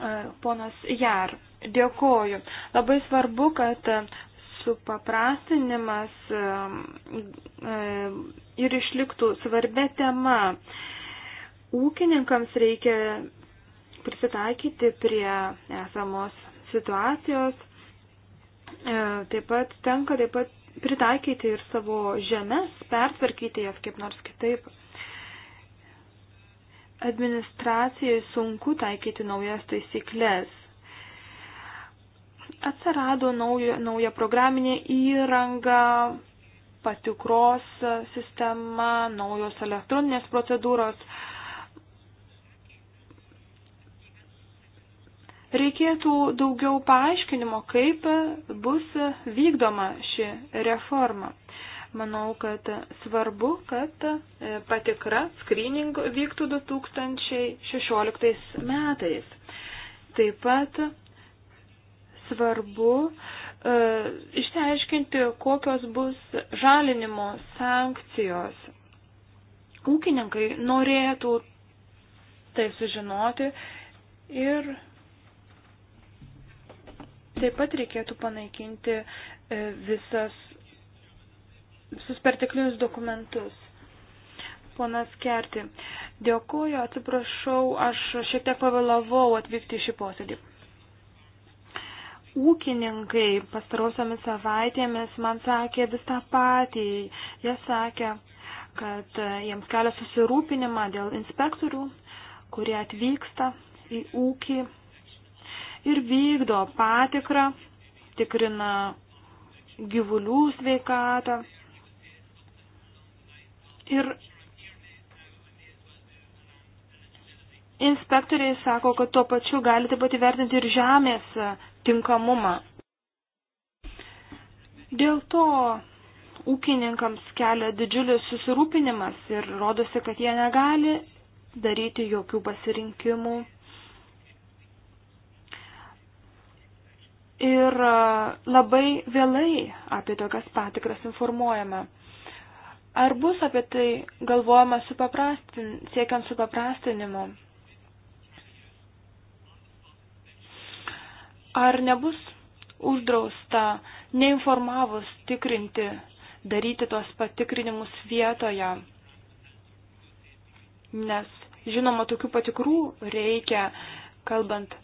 E, ponas Jar, dėkoju. Labai svarbu, kad supaprastinimas um, um, ir išliktų svarbia tema. Ūkininkams reikia prisitaikyti prie esamos situacijos. E, taip pat tenka taip pat pritaikyti ir savo žemės, pertvarkyti jas kaip nors kitaip. Administracijai sunku taikyti naujas taisyklės Atsirado nauja, nauja programinė įranga, patikros sistema, naujos elektroninės procedūros. Reikėtų daugiau paaiškinimo, kaip bus vykdoma ši reforma. Manau, kad svarbu, kad patikra screening vyktų 2016 metais. Taip pat svarbu e, išsiaiškinti, kokios bus žalinimo sankcijos. Ūkininkai norėtų tai sužinoti ir taip pat reikėtų panaikinti e, visas, visus perteklinius dokumentus. Ponas Kerti, dėkuoju, atsiprašau, aš šiek tiek pavėlavau atvykti į šį posėdį ūkininkai pastarosiamis savaitėmis man sakė vis tą patį. Jie sakė, kad e, jiems kelia susirūpinimą dėl inspektorių, kurie atvyksta į ūkį ir vykdo patikrą, tikrina gyvulių sveikatą. Ir inspektoriai sako, kad tuo pačiu galite pat įvertinti ir žemės tinkamumą. Dėl to ūkininkams kelia didžiulis susirūpinimas ir rodosi, kad jie negali daryti jokių pasirinkimų. Ir e, labai vėlai apie tokias patikras informuojame. Ar bus apie tai galvojama supaprastin, siekiant supaprastinimo? Ar nebus uždrausta neinformavus tikrinti, daryti tuos patikrinimus vietoje? Nes, žinoma, tokių patikrų reikia, kalbant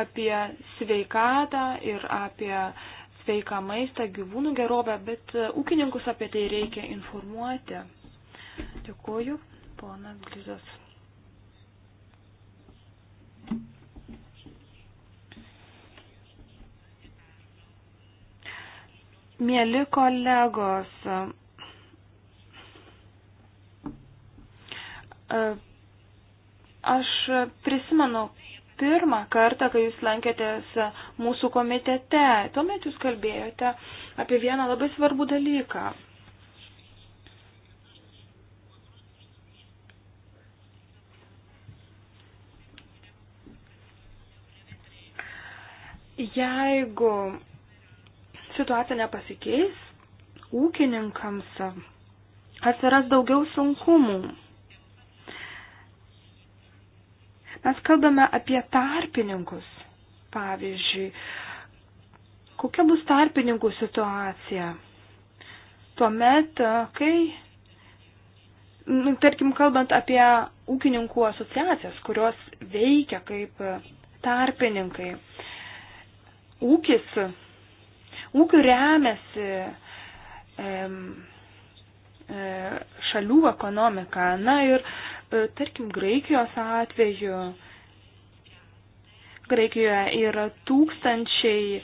apie sveikatą ir apie sveiką maistą, gyvūnų gerovę, bet e, ūkininkus apie tai reikia informuoti. Dėkuoju, ponas Grizas. Mėly kolegos, e, aš prisimenu pirmą kartą, kai jūs lankėtės mūsų komitete. Tuomet jūs kalbėjote apie vieną labai svarbų dalyką. Jeigu situacija nepasikeis, ūkininkams atsiras daugiau sunkumų. Mes kalbame apie tarpininkus. Pavyzdžiui, kokia bus tarpininkų situacija? Tuomet, e, kai, nu, tarkim, kalbant apie ūkininkų asociacijas, kurios veikia kaip tarpininkai, ūkis ūkių remiasi e, šalių ekonomika. Na ir, e, tarkim, Graikijos atveju, Graikijoje yra tūkstančiai e,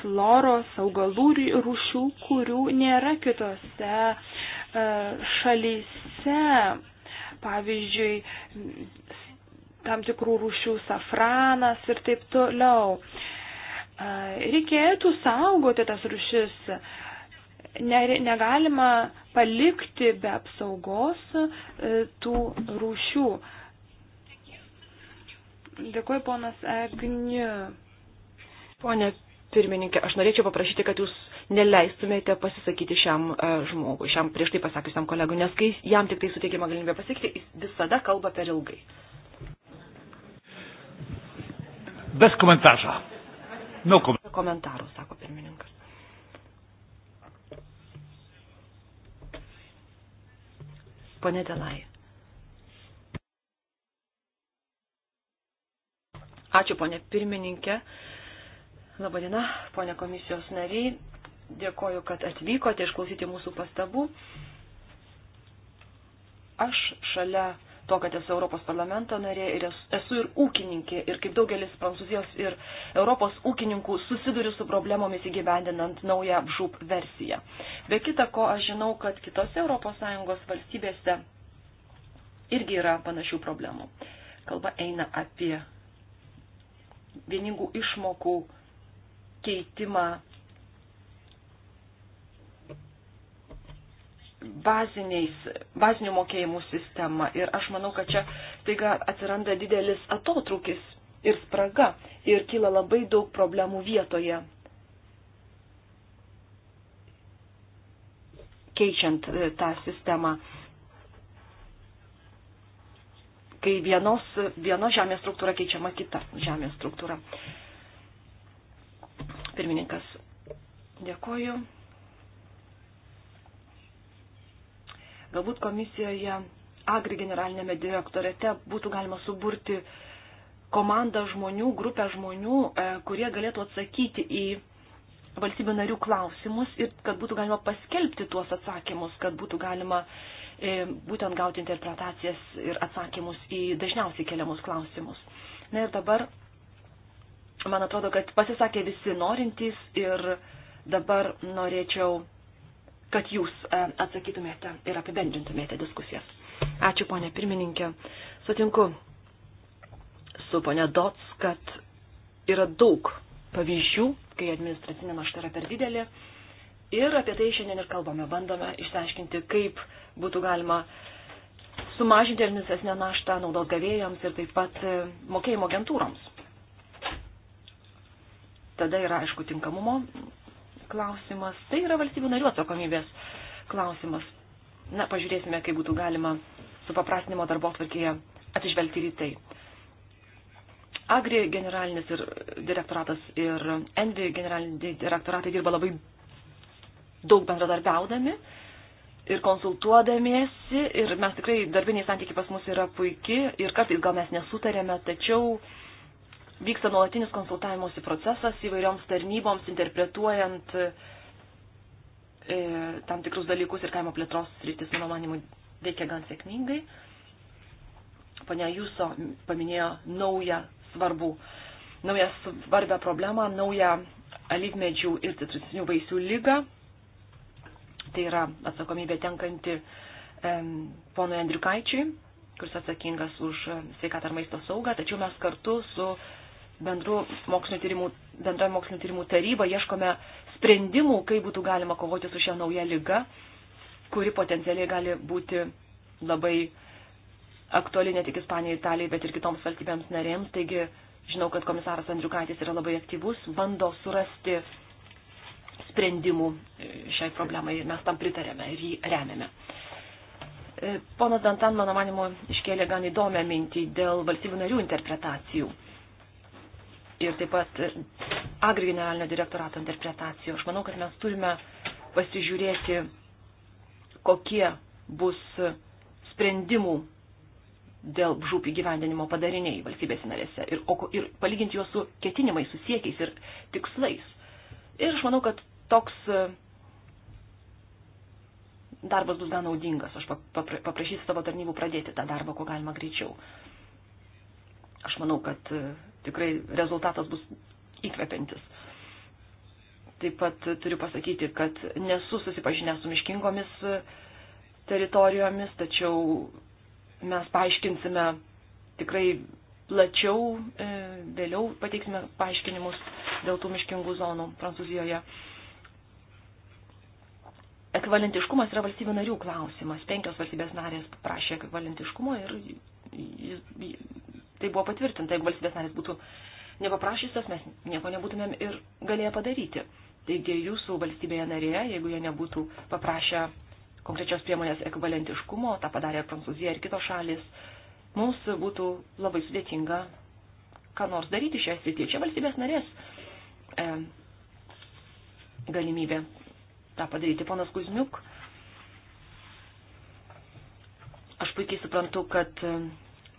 floros augalų rūšių, kurių nėra kitose šalyse. Pavyzdžiui, tam tikrų rūšių safranas ir taip toliau. Reikėtų saugoti tas rušis. Negalima palikti be apsaugos e, tų rūšių. Dėkuoju, ponas Agniu. Pone pirmininkė, aš norėčiau paprašyti, kad jūs neleistumėte pasisakyti šiam e, žmogui, šiam prieš tai pasakiusiam kolegui, nes kai jam tik tai suteikiama galimybė pasakyti, jis visada kalba per ilgai. Bez komentarą. No kom komentarų, sako pirmininkas. Pone Delai. Ačiū, ponė pirmininkė. Labadiena, ponė komisijos nariai. Dėkoju, kad atvykote išklausyti mūsų pastabų. Aš šalia to, kad esu Europos parlamento narė ir esu ir ūkininkė. Ir kaip daugelis Prancūzijos ir Europos ūkininkų susiduriu su problemomis įgyvendinant naują žūp versiją. Be kita ko, aš žinau, kad kitose ES valstybėse irgi yra panašių problemų. Kalba eina apie vieningų išmokų keitimą baziniais, bazinių mokėjimų sistema. Ir aš manau, kad čia taiga atsiranda didelis atotrukis ir spraga ir kyla labai daug problemų vietoje. Keičiant e, tą sistemą, kai vienos, vienos žemės struktūra keičiama kita žemės struktūra. Pirmininkas, dėkoju. Galbūt komisijoje Agri generalinėme direktorete būtų galima suburti komandą žmonių, grupę žmonių, e, kurie galėtų atsakyti į valstybių narių klausimus ir kad būtų galima paskelbti tuos atsakymus, kad būtų galima e, būtent gauti interpretacijas ir atsakymus į dažniausiai keliamus klausimus. Na ir dabar, man atrodo, kad pasisakė visi norintys ir dabar norėčiau kad jūs e, atsakytumėte ir apibendrintumėte diskusijas. Ačiū, ponė pirmininkė. Sutinku su ponė Dots, kad yra daug pavyzdžių, kai administracinė našta yra per didelė. Ir apie tai šiandien ir kalbame. Bandome išsiaiškinti, kaip būtų galima sumažinti administracinę naštą naudos gavėjams ir taip pat e, mokėjimo agentūroms. Tada yra, aišku, tinkamumo klausimas, tai yra valstybių narių atsakomybės klausimas. Na, pažiūrėsime, kaip būtų galima su paprastinimo darbo atvarkėje atsižvelgti ir į tai. Agri generalinis ir direktoratas ir Envi generaliniai direktoratai dirba labai daug bendradarbiaudami ir konsultuodamiesi ir mes tikrai darbiniai santykiai pas mus yra puiki ir kartais gal mes nesutarėme, tačiau uh, vyksta nuolatinis konsultavimosi procesas įvairioms tarnyboms, interpretuojant e, tam tikrus dalykus ir kaimo plėtros rytis, mano manimu, veikia gan sėkmingai. Pane Jūso paminėjo naują svarbų, naują svarbę problemą, naują alyvmedžių ir citrusinių vaisių lygą. Tai yra atsakomybė tenkanti e, ponui Andriukaičiui, kuris atsakingas už sveikatą ir maisto saugą, tačiau mes kartu su bendru mokslinio tyrimų, bendra mokslinio tyrimų taryba ieškome sprendimų, kaip būtų galima kovoti su šia nauja lyga, kuri potencialiai gali būti labai aktuali ne tik Ispanijai, Italijai, bet ir kitoms valstybėms narėms. Taigi žinau, kad komisaras Andriukaitis yra labai aktyvus, bando surasti sprendimų e, šiai problemai ir mes tam pritarėme ir jį remiame. E, ponas Dantan, mano manimo, iškėlė gan įdomią mintį dėl valstybių narių interpretacijų ir taip pat e, Agri generalinio direktorato interpretacijų. Aš manau, kad mes turime pasižiūrėti, kokie bus sprendimų dėl žūp įgyvendinimo padariniai valstybės narėse ir, ir palyginti juos su ketinimais, su siekiais ir tikslais. Ir aš manau, kad toks e, darbas bus gan naudingas. Aš paprašysiu savo tarnybų pradėti tą darbą, kuo galima greičiau. Aš manau, kad e, tikrai rezultatas bus įkvepiantis. Taip pat turiu pasakyti, kad nesu susipažinęs su miškingomis teritorijomis, tačiau mes paaiškinsime tikrai plačiau, e, vėliau pateiksime paaiškinimus dėl tų miškingų zonų Prancūzijoje. Ekvalentiškumas yra valstybių narių klausimas. Penkios valstybės narės prašė ekvalentiškumo ir jis, tai buvo patvirtinta. Jeigu valstybės narės būtų nepaprašysios, mes nieko nebūtumėm ir galėję padaryti. Taigi jūsų valstybėje narėje, jeigu jie nebūtų paprašę konkrečios priemonės ekvivalentiškumo, tą padarė ir Prancūzija ir kitos šalis, mums būtų labai sudėtinga ką nors daryti šią sritį. Čia valstybės narės e, galimybė tą padaryti. Ponas Kuzmiuk, aš puikiai suprantu, kad e,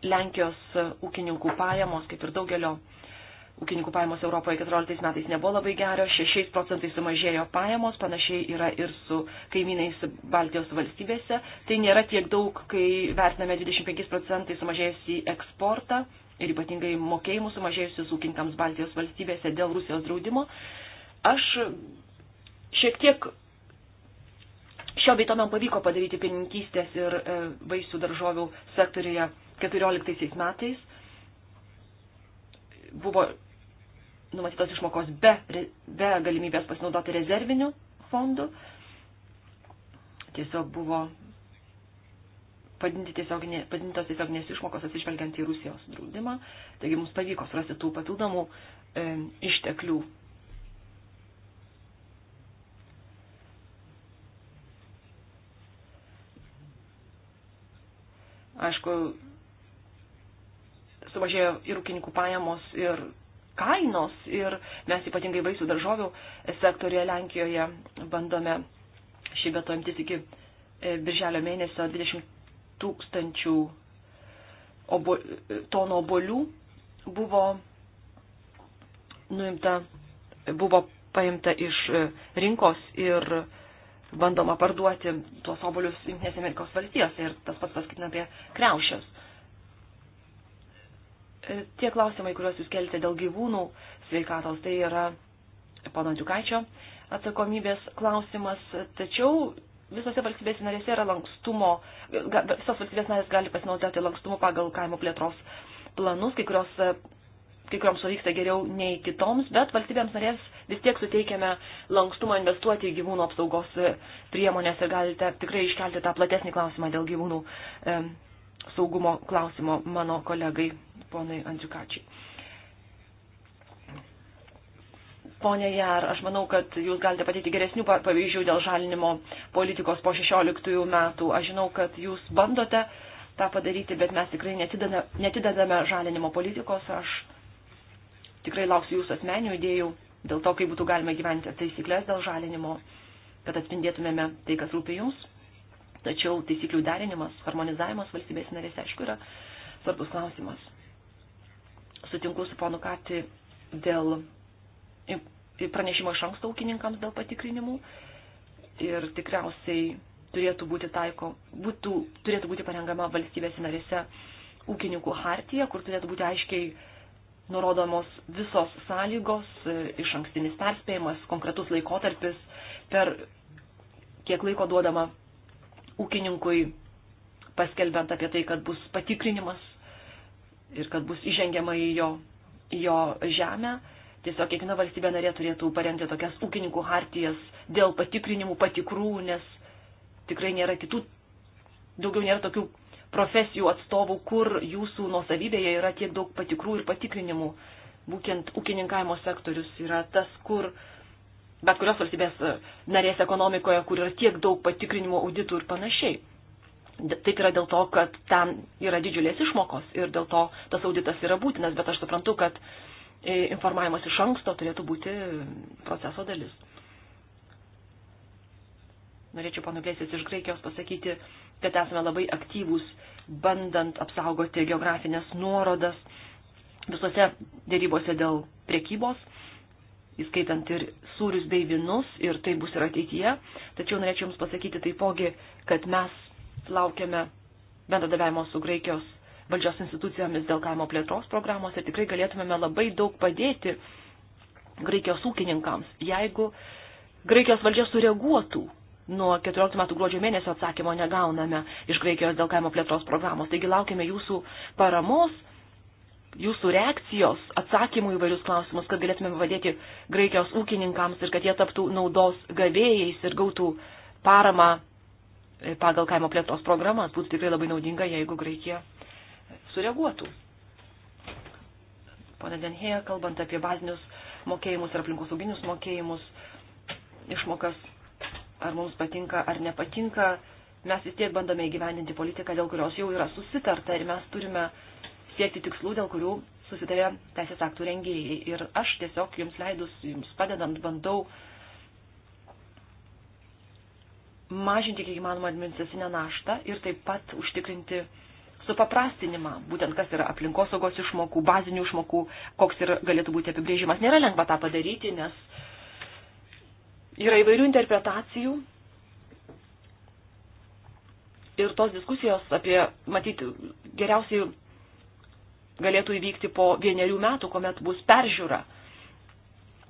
Lenkijos ūkininkų pajamos, kaip ir daugelio ūkininkų pajamos Europoje 14 metais nebuvo labai gerios, 6 procentais sumažėjo pajamos, panašiai yra ir su kaimynais Baltijos valstybėse. Tai nėra tiek daug, kai vertiname 25 procentai sumažėjusį eksportą ir ypatingai mokėjimų sumažėjusius ūkininkams Baltijos valstybėse dėl Rusijos draudimo. Aš šiek tiek Šio beitomen pavyko padaryti pieninkystės ir e, vaisių daržovių sektorija 14 metais. Buvo numatytos išmokos be, be galimybės pasinaudoti rezerviniu fondu. Tiesiog buvo padinti tiesioginė, padintos tiesioginės išmokos atsižvelgiant į Rusijos draudimą. Taigi mums pavyko surasti tų papildomų e, išteklių Aišku, sumažėjo ir ūkininkų pajamos, ir kainos, ir mes ypatingai vaisių daržovių sektorėje Lenkijoje bandome šį beto imtis iki e, birželio mėnesio 20 tūkstančių obo, tonų obolių buvo nuimta, buvo paimta iš e, rinkos ir bandoma parduoti tuos obolius Junktinės Amerikos valstijose ir tas pats paskaitina apie kreušius. E, tie klausimai, kuriuos jūs kelite dėl gyvūnų sveikatos, tai yra pono Džiukaičio atsakomybės klausimas, tačiau visose valstybės narėse yra lankstumo, visos valstybės narės gali pasinaudoti lankstumo pagal kaimo plėtros planus, kai kurios kai kuriuoms pavyksta geriau nei kitoms, bet valstybėms narės vis tiek suteikiame lankstumą investuoti į gyvūnų apsaugos e, priemonės ir galite tikrai iškelti tą platesnį klausimą dėl gyvūnų e, saugumo klausimo mano kolegai, ponai Andriukačiai. Pone Jar, aš manau, kad jūs galite pateikti geresnių pavyzdžių dėl žalinimo politikos po 16 metų. Aš žinau, kad jūs bandote tą padaryti, bet mes tikrai netidedame, netidedame žalinimo politikos. Aš tikrai lauksiu jūsų asmenių idėjų dėl to, kaip būtų galima gyventi taisyklės dėl žalinimo, kad atspindėtumėme tai, kas rūpi jums. Tačiau taisyklių derinimas, harmonizavimas valstybės narėse, aišku, yra svarbus klausimas. Sutinku su ponu Kati dėl pranešimo iš anksto ūkininkams dėl patikrinimų ir tikriausiai turėtų būti, taiko, būtų, turėtų būti parengama valstybės narėse ūkininkų hartija, kur turėtų būti aiškiai nurodomos visos sąlygos, e, iš ankstinis perspėjimas, konkretus laikotarpis, per kiek laiko duodama ūkininkui paskelbent apie tai, kad bus patikrinimas ir kad bus įžengiama į jo, į jo žemę. Tiesiog kiekviena valstybė narė turėtų parengti tokias ūkininkų hartijas dėl patikrinimų, patikrų, nes tikrai nėra kitų, daugiau nėra tokių profesijų atstovų, kur jūsų nuosavybėje yra tiek daug patikrų ir patikrinimų. Būtent ūkininkavimo sektorius yra tas, kur bet kurios valstybės e, narės ekonomikoje, kur yra tiek daug patikrinimų, auditų ir panašiai. Taip yra dėl to, kad ten yra didžiulės išmokos ir dėl to tas auditas yra būtinas, bet aš suprantu, kad e, informavimas iš anksto turėtų būti e, proceso dalis norėčiau panuglėsis iš Graikijos pasakyti, kad esame labai aktyvūs, bandant apsaugoti geografinės nuorodas visose dėrybose dėl priekybos, įskaitant ir sūrius bei vinus, ir tai bus ir ateityje. Tačiau norėčiau Jums pasakyti taipogi, kad mes laukiame bendradarbiavimo su Graikijos valdžios institucijomis dėl kaimo plėtros programos ir tikrai galėtumėme labai daug padėti Graikijos ūkininkams, jeigu Graikijos valdžia sureaguotų nuo 14 metų gruodžio mėnesio atsakymo negauname iš Graikijos dėl kaimo plėtros programos. Taigi laukime jūsų paramos, jūsų reakcijos, atsakymų į vairius klausimus, kad galėtume padėti Graikijos ūkininkams ir kad jie taptų naudos gavėjais ir gautų paramą e, pagal kaimo plėtros programas. Būtų tikrai labai naudinga, jeigu Graikija sureaguotų. Pone Denhėje, kalbant apie bazinius mokėjimus ir aplinkosauginius mokėjimus, išmokas ar mums patinka ar nepatinka, mes vis tiek bandome įgyvendinti politiką, dėl kurios jau yra susitarta ir mes turime siekti tikslų, dėl kurių susitarė teisės aktų rengėjai. Ir aš tiesiog jums leidus, jums padedant, bandau mažinti kiek įmanoma administracinę naštą ir taip pat užtikrinti supaprastinimą, būtent kas yra aplinkosaugos išmokų, bazinių išmokų, koks ir galėtų būti apibrėžimas. Nėra lengva tą padaryti, nes uh, Yra įvairių interpretacijų ir tos diskusijos apie, matyti, geriausiai galėtų įvykti po vienerių metų, kuomet bus peržiūra.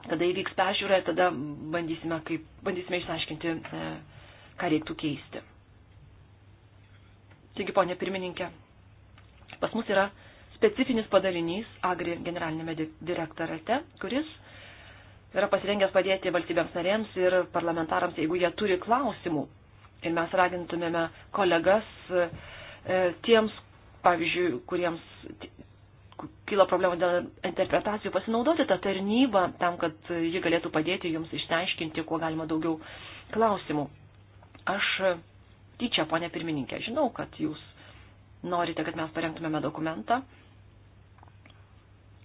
Tada įvyks peržiūra ir tada bandysime, kaip, bandysime išsiaiškinti, e, ką reiktų keisti. Taigi, ponė pirmininkė, pas mus yra specifinis padalinys Agri generalinėme direktorate, kuris yra pasirengęs padėti valstybėms narėms ir parlamentarams, jeigu jie turi klausimų. Ir mes ragintumėme kolegas e, tiems, pavyzdžiui, kuriems kyla problemų dėl interpretacijų, pasinaudoti tą tarnybą tam, kad ji galėtų padėti jums išteiškinti, kuo galima daugiau klausimų. Aš e, tyčia, ponė pirmininkė, žinau, kad jūs norite, kad mes parengtumėme dokumentą,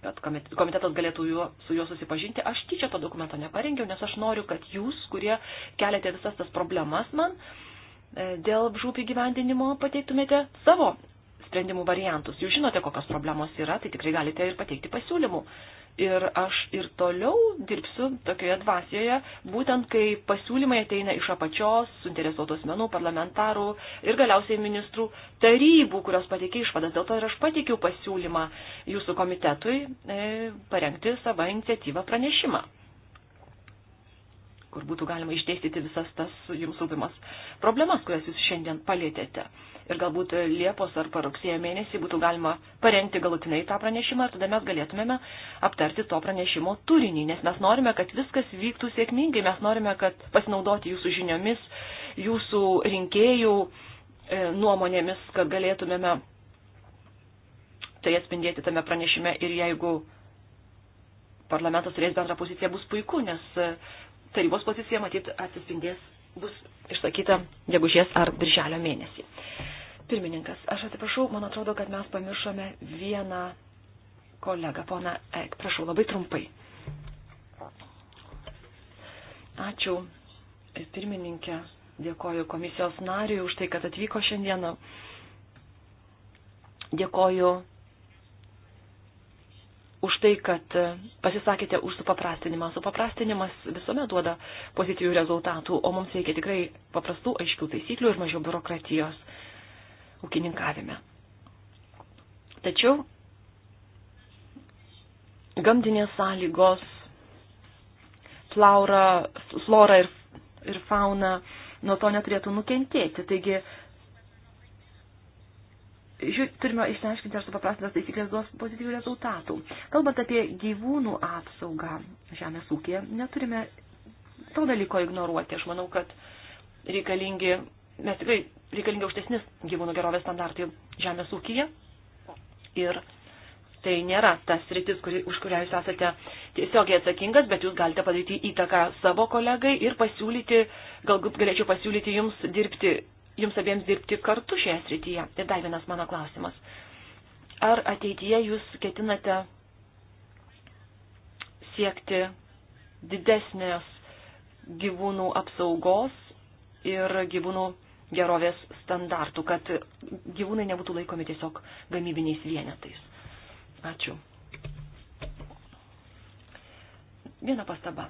kad komitetas galėtų juo, su juo susipažinti. Aš tyčia to dokumento neparengiau, nes aš noriu, kad jūs, kurie keliate visas tas problemas man, e, dėl žūp įgyvendinimo pateiktumėte savo sprendimų variantus. Jūs žinote, kokios problemos yra, tai tikrai galite ir pateikti pasiūlymų. Uh, ir aš ir toliau dirbsiu tokioje dvasioje, būtent kai pasiūlymai ateina iš apačios, suinteresuotų asmenų, parlamentarų ir galiausiai ministrų tarybų, kurios pateikė išvadas. Dėl to ir aš pateikiau pasiūlymą jūsų komitetui e, parengti savo iniciatyvą pranešimą kur būtų galima išdėstyti visas tas jums rūpimas problemas, kurias jūs šiandien palėtėte ir galbūt Liepos ar rugsėjo mėnesį būtų galima parengti galutinai tą pranešimą ir tada mes galėtumėme aptarti to pranešimo turinį, nes mes norime, kad viskas vyktų sėkmingai, mes norime, kad pasinaudoti jūsų žiniomis, jūsų rinkėjų e, nuomonėmis, kad galėtumėme tai atspindėti tame pranešime ir jeigu parlamentas turės bendrą poziciją, bus puiku, nes e, tarybos pozicija, matyt, atsispindės, bus išsakyta gegužės ar birželio mėnesį. Pirmininkas, aš atsiprašau, man atrodo, kad mes pamiršome vieną kolegą, poną Ek. Prašau, labai trumpai. Ačiū, pirmininkė. Dėkoju komisijos nariui už tai, kad atvyko šiandieną. Dėkoju už tai, kad pasisakėte už supaprastinimą. Supaprastinimas visuomet duoda pozityvių rezultatų, o mums reikia tikrai paprastų, aiškių taisyklių ir mažiau biurokratijos ūkininkavime. Tačiau gamtinės sąlygos, flaura, flora ir, ir fauna nuo to neturėtų nukentėti. Taigi, žiūr, turime išsiaiškinti, ar supaprastintas taisyklės duos pozityvių rezultatų. Kalbant apie gyvūnų apsaugą žemės ūkėje, neturime to dalyko ignoruoti. Aš manau, kad reikalingi, mes tikrai reikalingi aukštesni gyvūnų gerovės standartai žemės ūkyje. Ir tai nėra tas rytis, kuri, už kurią jūs esate tiesiogiai atsakingas, bet jūs galite padaryti įtaką savo kolegai ir pasiūlyti, galbūt galėčiau pasiūlyti jums dirbti, jums abiems dirbti kartu šioje srityje. Ir dar vienas mano klausimas. Ar ateityje jūs ketinate siekti didesnės gyvūnų apsaugos ir gyvūnų gerovės standartų, kad gyvūnai nebūtų laikomi tiesiog gamybiniais vienetais. Ačiū. Viena pastaba.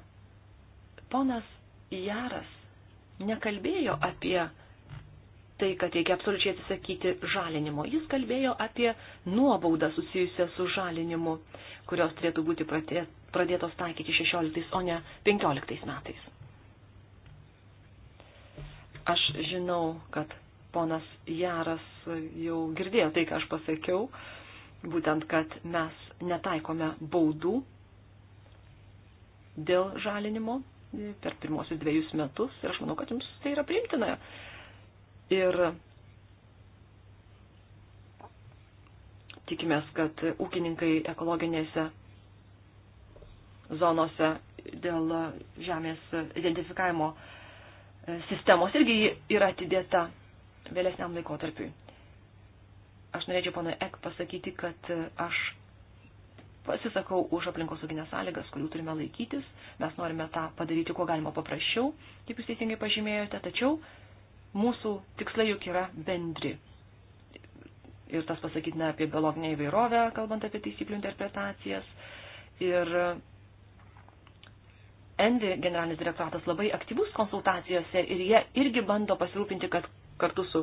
Ponas Jaras nekalbėjo apie tai, kad reikia absoliučiai atsisakyti žalinimo. Jis kalbėjo apie nuobaudą susijusią su žalinimu, kurios turėtų būti pradėtos taikyti 16, o ne 15 metais. Aš žinau, kad ponas Jaras jau girdėjo tai, ką aš pasakiau, būtent, kad mes netaikome baudų dėl žalinimo per pirmosius dviejus metus ir aš manau, kad jums tai yra priimtina. Ir tikimės, kad ūkininkai ekologinėse zonose dėl žemės identifikavimo uh, sistemos irgi yra atidėta vėlesniam laikotarpiui. Aš norėčiau pana Ek pasakyti, kad e, aš pasisakau už aplinkosauginės sąlygas, kurių turime laikytis. Mes norime tą padaryti kuo galima paprasčiau, kaip jūs teisingai pažymėjote, tačiau mūsų tikslai juk yra bendri. Ir tas pasakytina apie biologinę įvairovę, kalbant apie taisyklių interpretacijas. Ir Endi generalinis direktoratas labai aktyvus konsultacijose ir jie irgi bando pasirūpinti, kad kartu su,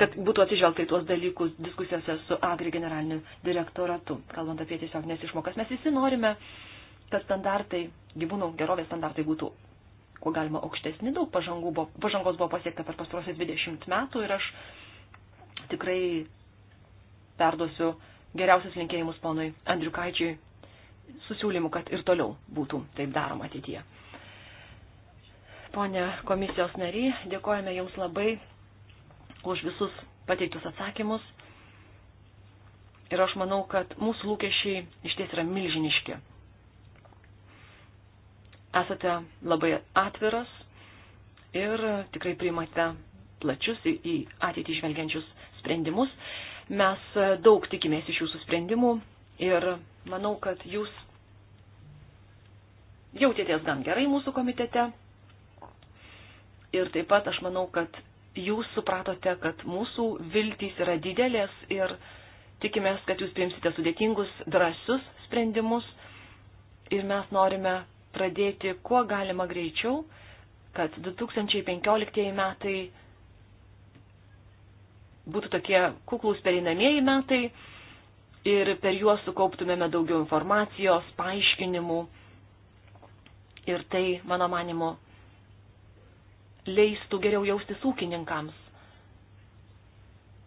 kad būtų atsižvelgta į tuos dalykus diskusijose su Agri generaliniu direktoratu. Kalbant apie tiesioginės išmokas, mes visi norime, kad standartai, gyvūnų gerovės standartai būtų kuo galima aukštesni, daug buvo, pažangos buvo pasiekta per pastarosius 20 metų ir aš tikrai perduosiu geriausius linkėjimus ponui Andriukaičiui su siūlymu, kad ir toliau būtų taip daroma ateityje. Pone komisijos nariai, dėkojame Jums labai už visus pateiktus atsakymus. Ir aš manau, kad mūsų lūkesčiai iš ties yra milžiniški. Esate labai atviras ir tikrai priimate plačius į ateitį žvelgiančius sprendimus. Mes daug tikimės iš jūsų sprendimų ir Manau, kad jūs jautėtės gan gerai mūsų komitete. Ir taip pat aš manau, kad jūs supratote, kad mūsų viltys yra didelės ir tikimės, kad jūs priimsite sudėtingus, drąsius sprendimus. Ir mes norime pradėti kuo galima greičiau, kad 2015 metai būtų tokie kuklūs pereinamieji metai ir per juos sukauptumėme daugiau informacijos, paaiškinimų. Ir tai, mano manimu, leistų geriau jaustis ūkininkams,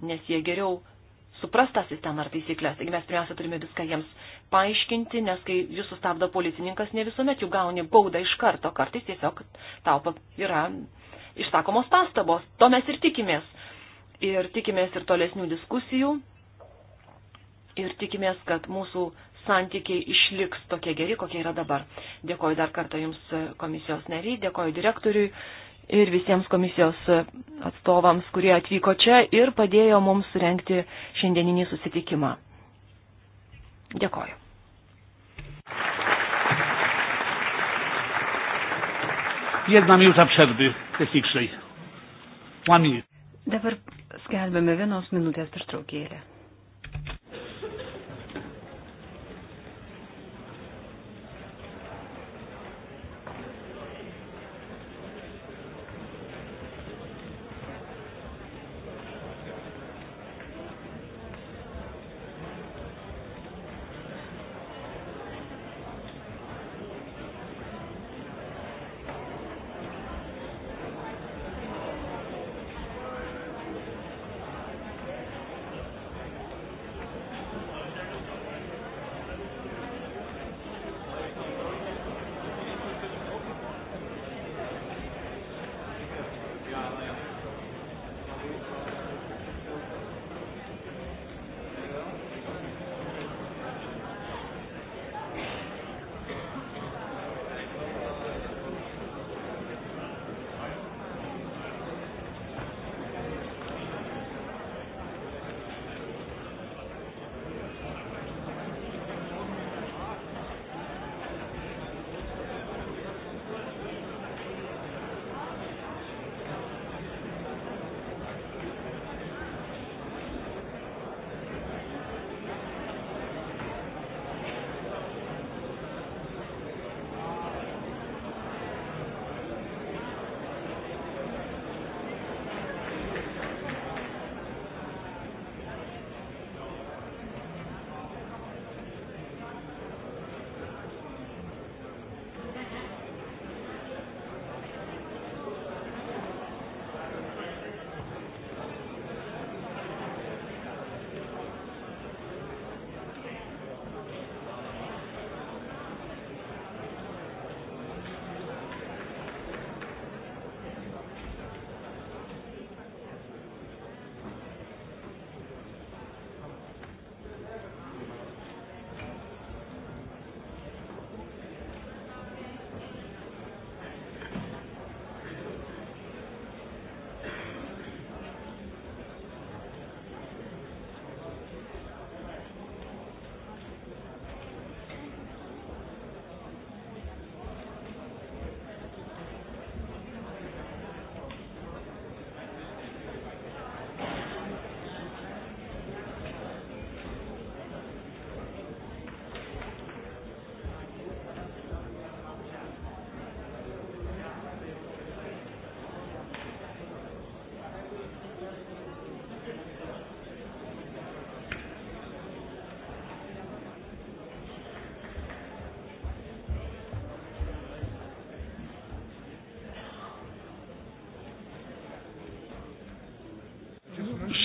nes jie geriau supras tą sistemą ar taisyklės. Taigi mes pirmiausia turime viską jiems paaiškinti, nes kai jūs sustabdo policininkas, ne visuomet jų gauni baudą iš karto, kartais tiesiog tau yra išsakomos pastabos. To mes ir tikimės. Ir tikimės ir tolesnių diskusijų ir tikimės, kad mūsų santykiai išliks tokie geri, kokie yra dabar. Dėkoju dar kartą Jums e, komisijos nariai, dėkoju direktoriui ir visiems komisijos e, atstovams, kurie atvyko čia ir padėjo mums surenkti šiandieninį susitikimą. Dėkoju. Jedna minuta przerwy technicznej. One minute. Dabar skelbiame vienos minutės pertraukėlę.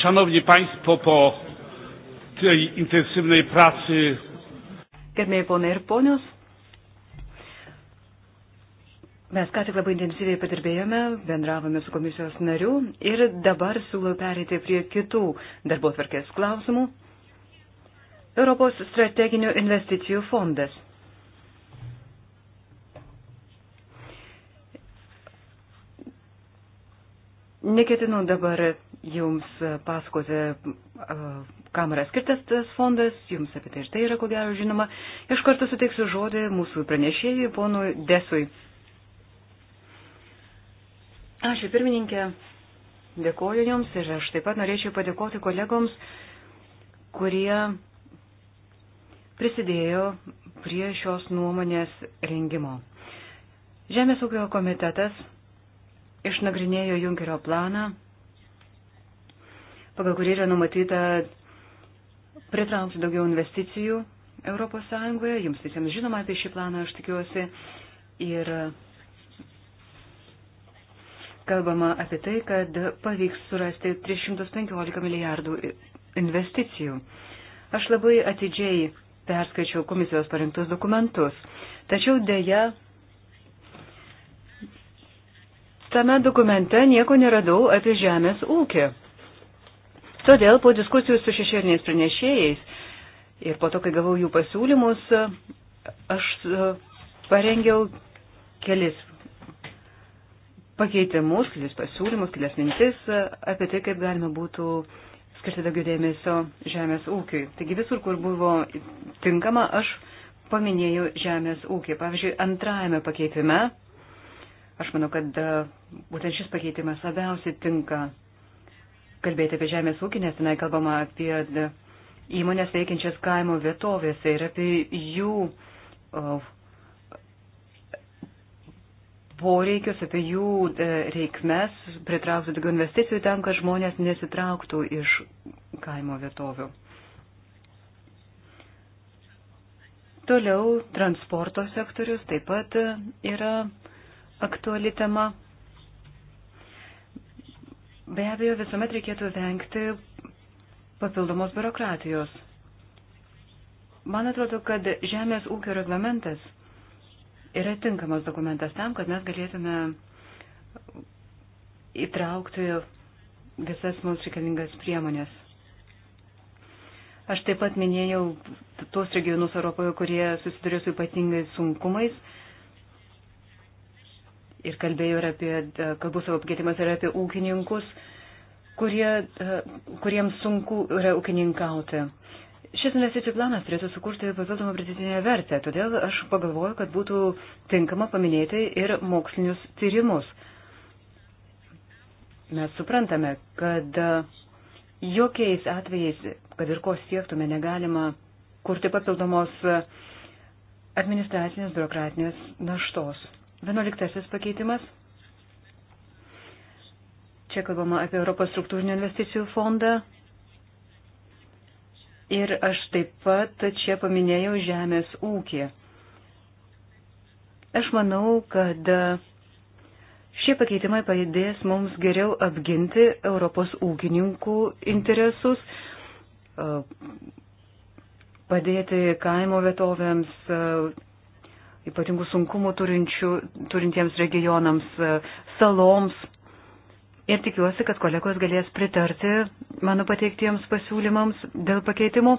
Szanowni Państwo, po tej intensywnej pracy. Gerbėjai ponai ir ponios, mes ką tik labai intensyviai padirbėjome, bendravome su komisijos nariu ir dabar siūlau perėti prie kitų darbo tvarkės klausimų. Europos strateginių investicijų fondas. Neketinu dabar jums pasakote, kam yra skirtas tas fondas, jums apie tai ir tai yra ko gero žinoma. Iš karto suteiksiu žodį mūsų pranešėjui, ponui Desui. Ačiū pirmininkė, dėkoju jums ir aš taip pat norėčiau padėkoti kolegoms, kurie prisidėjo prie šios nuomonės rengimo. Žemės ūkio komitetas išnagrinėjo Junkerio planą pagal kurį yra numatyta pritraukti daugiau investicijų Europos Sąjungoje. Jums visiems žinoma apie šį planą, aš tikiuosi. Ir kalbama apie tai, kad pavyks surasti 315 milijardų investicijų. Aš labai atidžiai perskaičiau komisijos parinktus dokumentus. Tačiau dėja, tame dokumente nieko neradau apie žemės ūkį. Todėl po diskusijų su šešėliniais pranešėjais ir po to, kai gavau jų pasiūlymus, aš e, parengiau kelis pakeitimus, kelis pasiūlymus, kelias mintis e, apie tai, kaip galima būtų skirti daugiau dėmesio žemės ūkiui. Taigi visur, kur buvo tinkama, aš paminėjau žemės ūkį. Pavyzdžiui, antrajame pakeitime, aš manau, kad e, būtent šis pakeitimas labiausiai tinka kalbėti apie žemės ūkį, nes tenai kalbama apie e, įmonės veikiančias kaimo vietovėse ir apie jų poreikius, apie jų e, reikmes, pritraukti daugiau investicijų tam, kad žmonės nesitrauktų iš kaimo vietovių. Toliau transporto sektorius taip pat e, yra aktuali tema. Be abejo, visuomet reikėtų vengti papildomos biurokratijos. Man atrodo, kad žemės ūkio reglamentas yra tinkamas dokumentas tam, kad mes galėtume įtraukti visas mums reikalingas priemonės. Aš taip pat minėjau tuos regionus Europoje, kurie susiduria su ypatingais sunkumais ir kalbėjo ir apie, e, kalbų savo apgėtimas yra apie ūkininkus, kurie, e, kuriems sunku yra ūkininkauti. Šis investicijų planas turėtų sukurti papildomą pridėtinę vertę, todėl aš pagalvoju, kad būtų tinkama paminėti ir mokslinius tyrimus. Mes suprantame, kad e, jokiais atvejais, kad ir ko siektume, negalima kurti papildomos administracinės biurokratinės naštos. Vienuoliktasis pakeitimas. Čia kalbama apie Europos struktūrinių investicijų fondą. Ir aš taip pat čia paminėjau žemės ūkį. Aš manau, kad šie pakeitimai padės mums geriau apginti Europos ūkininkų interesus, padėti kaimo vietovėms ypatingų sunkumų turintiems regionams, e, saloms. Ir tikiuosi, kad kolegos galės pritarti mano pateiktiems pasiūlymams dėl pakeitimų.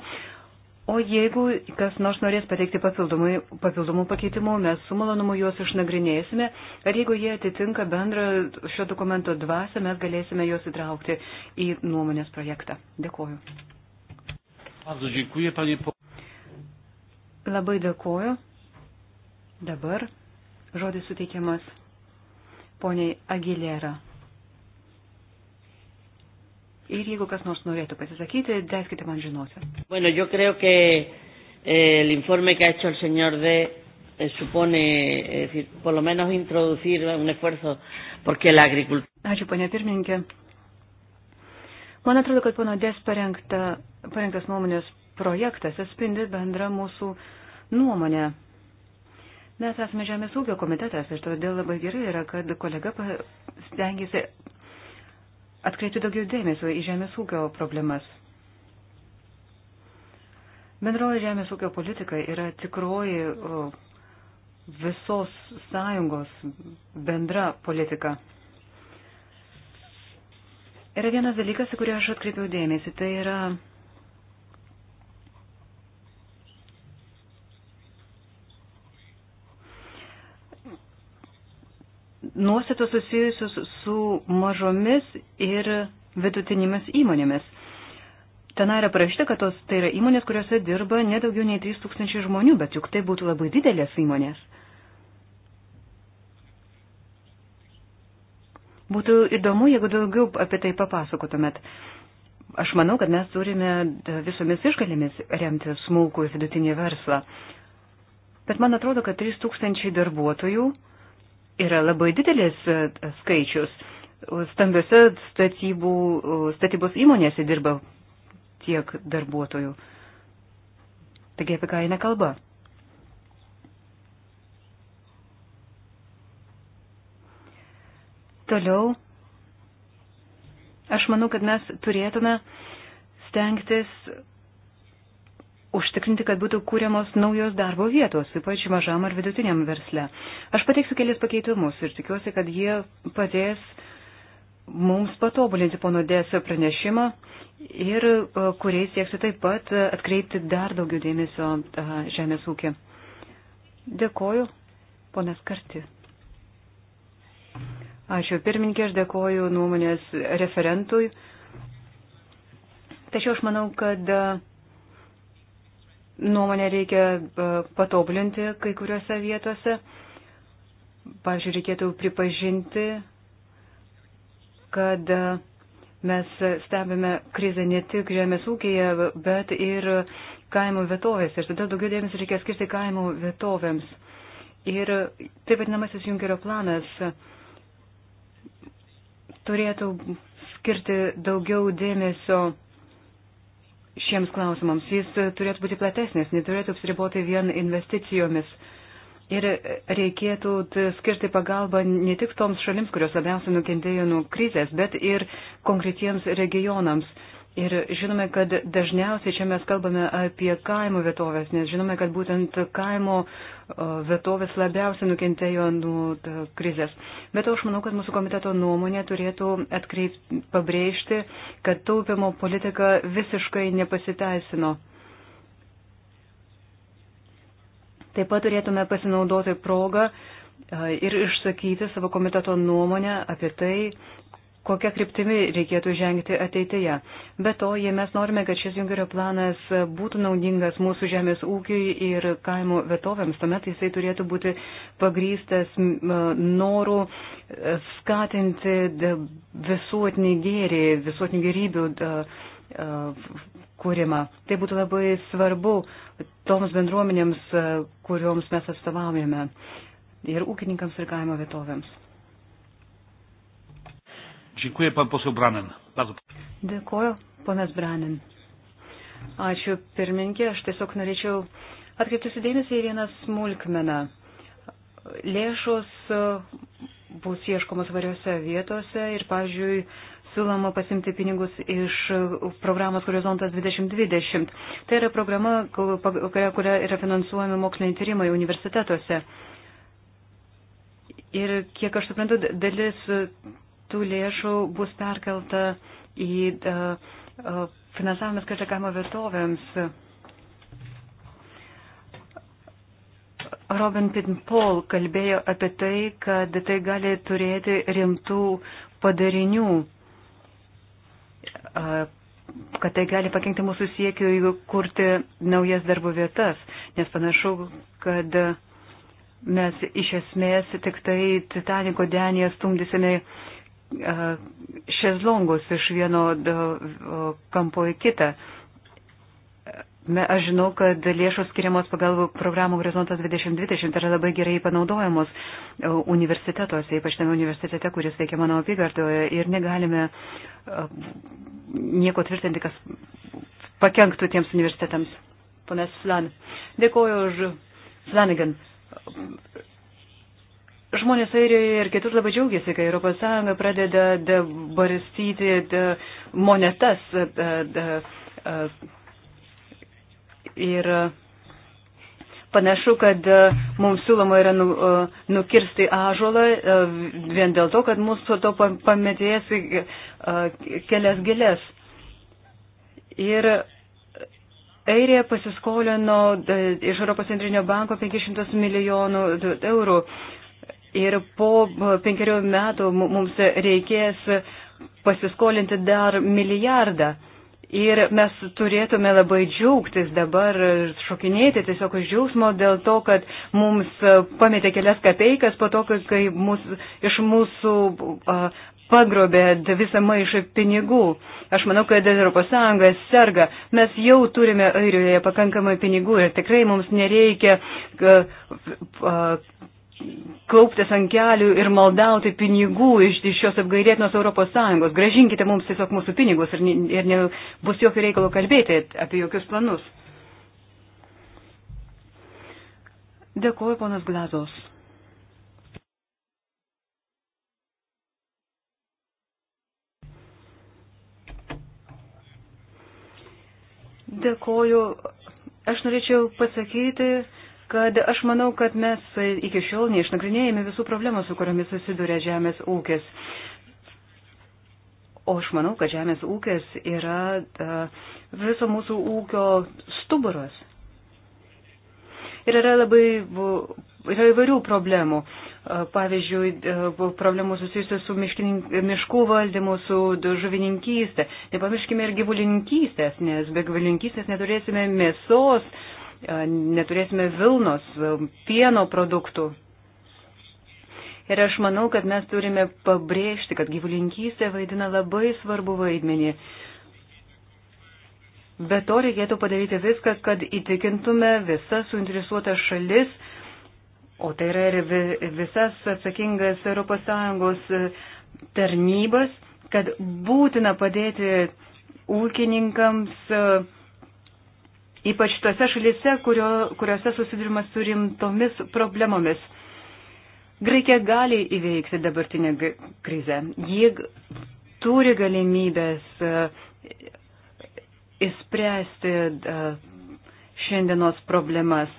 O jeigu kas nors norės pateikti papildomų pakeitimų, mes su malonumu juos išnagrinėsime. Ir jeigu jie atitinka bendrą šio dokumento dvasę, mes galėsime juos įtraukti į nuomonės projektą. Dėkuoju. Labai dėkuoju. Dabar žodis suteikiamas poniai Agilera. Ir jeigu kas nors norėtų pasisakyti, leiskite man žinoti. Bueno, yo creo que eh, el informe que ha hecho el señor de eh, supone, eh, decir, por lo menos, introducir un esfuerzo porque la agricultura. Ačiū, ponia pirmininkė. Man atrodo, kad pono Dės parengta, parengtas nuomonės projektas atspindi bendrą mūsų nuomonę Mes esame Žemės ūkio komitetas ir todėl labai gerai yra, kad kolega stengiasi atkreipti daugiau dėmesio į Žemės ūkio problemas. Bendroji Žemės ūkio politika yra tikroji visos sąjungos bendra politika. Yra vienas dalykas, į kurį aš atkreipiau dėmesį, tai yra nuostatų susijusius su mažomis ir vidutinėmis įmonėmis. Ten yra parašyta, kad tos, tai yra įmonės, kuriuose dirba nedaugiau nei 3000 žmonių, bet juk tai būtų labai didelės įmonės. Būtų įdomu, jeigu daugiau apie tai papasakotumėt. Aš manau, kad mes turime e, visomis išgalėmis remti smulkų ir vidutinį verslą. Bet man atrodo, kad 3000 darbuotojų yra labai didelis e, skaičius. Stambiose statybų, statybos įmonėse dirba tiek darbuotojų. Taigi apie ką eina kalba? Toliau, aš manau, kad mes turėtume stengtis užtikrinti, kad būtų kūriamos naujos darbo vietos, ypač mažam ar vidutiniam versle. Aš pateiksiu kelias pakeitimus ir tikiuosi, kad jie padės mums patobulinti pono Dėsio pranešimą ir e, kuriais sieksiu taip pat atkreipti dar daugiau dėmesio e, žemės ūkį. Dėkoju, ponas Karti. Ačiū pirmininkė, aš dėkoju nuomonės referentui. Tačiau aš manau, kad uh, nuomonę reikia e, patobulinti kai kuriuose vietose. Pavyzdžiui, reikėtų pripažinti, kad e, mes stebime krizę ne tik žemės ūkėje, bet ir kaimo vietovės. Ir todėl daugiau dėmesio reikia skirti kaimo vietovėms. Ir taip vadinamasis Junkerio planas turėtų skirti daugiau dėmesio šiems klausimams. Jis e, turėtų būti platesnis, neturėtų apsiriboti vien investicijomis. Ir reikėtų skirti pagalbą ne tik toms šalims, kurios labiausiai nukentėjo nuo krizės, bet ir konkretiems regionams Ir žinome, kad dažniausiai čia mes kalbame apie kaimo vietovės, nes žinome, kad būtent kaimo e, vietovės labiausiai nukentėjo nuo e, krizės. Bet aš manau, kad mūsų komiteto nuomonė turėtų atkreipti, pabrėžti, kad taupimo politika visiškai nepasiteisino. Taip pat turėtume pasinaudoti progą e, ir išsakyti savo komiteto nuomonę apie tai, kokia kryptimi reikėtų žengti ateityje. Be to, jei mes norime, kad šis Junkerio planas būtų naudingas mūsų žemės ūkiui ir kaimo vietovėms, tuomet jisai turėtų būti pagrystas norų skatinti visuotinį gėrį, visuotinių gerybių kūrimą. Tai būtų labai svarbu toms bendruomenėms, kurioms mes atstovaujame, ir ūkininkams, ir kaimo vietovėms. Dziękuję pan poseł Branen. Bardzo. Dėkuoju, ponas Branin. Ačiū pirmininkė, aš tiesiog norėčiau atkreipti sudėmėsi į vieną smulkmeną. Lėšos e, bus ieškomos variose vietose ir, pavyzdžiui, siūloma pasimti pinigus iš programos Horizontas 2020. Tai yra programa, kuria, kuria yra finansuojami moksliniai tyrimai universitetuose. Ir kiek aš suprantu, dalis tų lėšų bus perkelta į e, e, finansavimas kažkokamo vietovėms. Robin Pinpol kalbėjo apie tai, kad tai gali turėti rimtų padarinių, e, kad tai gali pakengti mūsų siekiui kurti naujas darbo vietas, nes panašu, kad mes iš esmės tik tai Titaniko denėje stumdysime E, šezlongus iš vieno e, kampo į kitą. Aš žinau, kad lėšos skiriamos pagal programą Horizontas 2020 yra labai gerai panaudojamos e, universitetuose, ypač tame universitete, kuris veikia mano apygardoje ir negalime nieko tvirtinti, kas pakenktų tiems universitetams. Ponas Flan, dėkoju už Flanagan Žmonės Airijoje ir kitur labai džiaugiasi, kai ES pradeda barstyti monetas. De, de, ir panašu, kad mums siūloma yra nu, nukirsti ažolą vien dėl to, kad mūsų to pametės kelias gėlės. Ir Airija pasiskolino iš Europos centrinio banko 500 milijonų eurų Ir po e, penkerių metų mums reikės pasiskolinti dar milijardą. Ir mes turėtume labai džiaugtis dabar, šokinėti tiesiog iš džiaugsmo dėl to, kad mums pametė kelias kapeikas po to, kai mus, iš mūsų uh, pagrobė visą maišą pinigų. Aš manau, kad ES serga. Mes jau turime Airijoje pakankamai pinigų ir tikrai mums nereikia uh, uh, klauptis ant kelių ir maldauti pinigų iš, iš šios apgailėtinos ES. Gražinkite mums tiesiog mūsų pinigus ir, ir nebus jokio reikalo kalbėti apie jokius planus. Dėkuoju, ponas Glazos. Dėkuoju. Aš norėčiau pasakyti, kad aš manau, kad mes iki šiol neišnagrinėjame visų problemų, su kuriamis susiduria žemės ūkis. O aš manau, kad žemės ūkis yra viso mūsų ūkio stuburas. Ir yra labai yra įvairių problemų. Pavyzdžiui, problemų susijusių su miškų valdymu, su žuvininkystė. Nepamirškime ir gyvulininkystės, nes be gyvulininkystės neturėsime mėsos, uh, E, neturėsime Vilnos e, pieno produktų. Ir aš manau, kad mes turime pabrėžti, kad gyvulinkystė vaidina labai svarbu vaidmenį. Be to reikėtų padaryti viską, kad įtikintume visas suinteresuotas šalis, o tai yra ir visas atsakingas ES e, tarnybas, kad būtina padėti ūkininkams uh, ypač tose šalise, kurio, kuriuose susidurimas su rimtomis problemomis. Graikija gali įveikti dabartinę krizę. Ji turi galimybės įspręsti e, e, šiandienos problemas.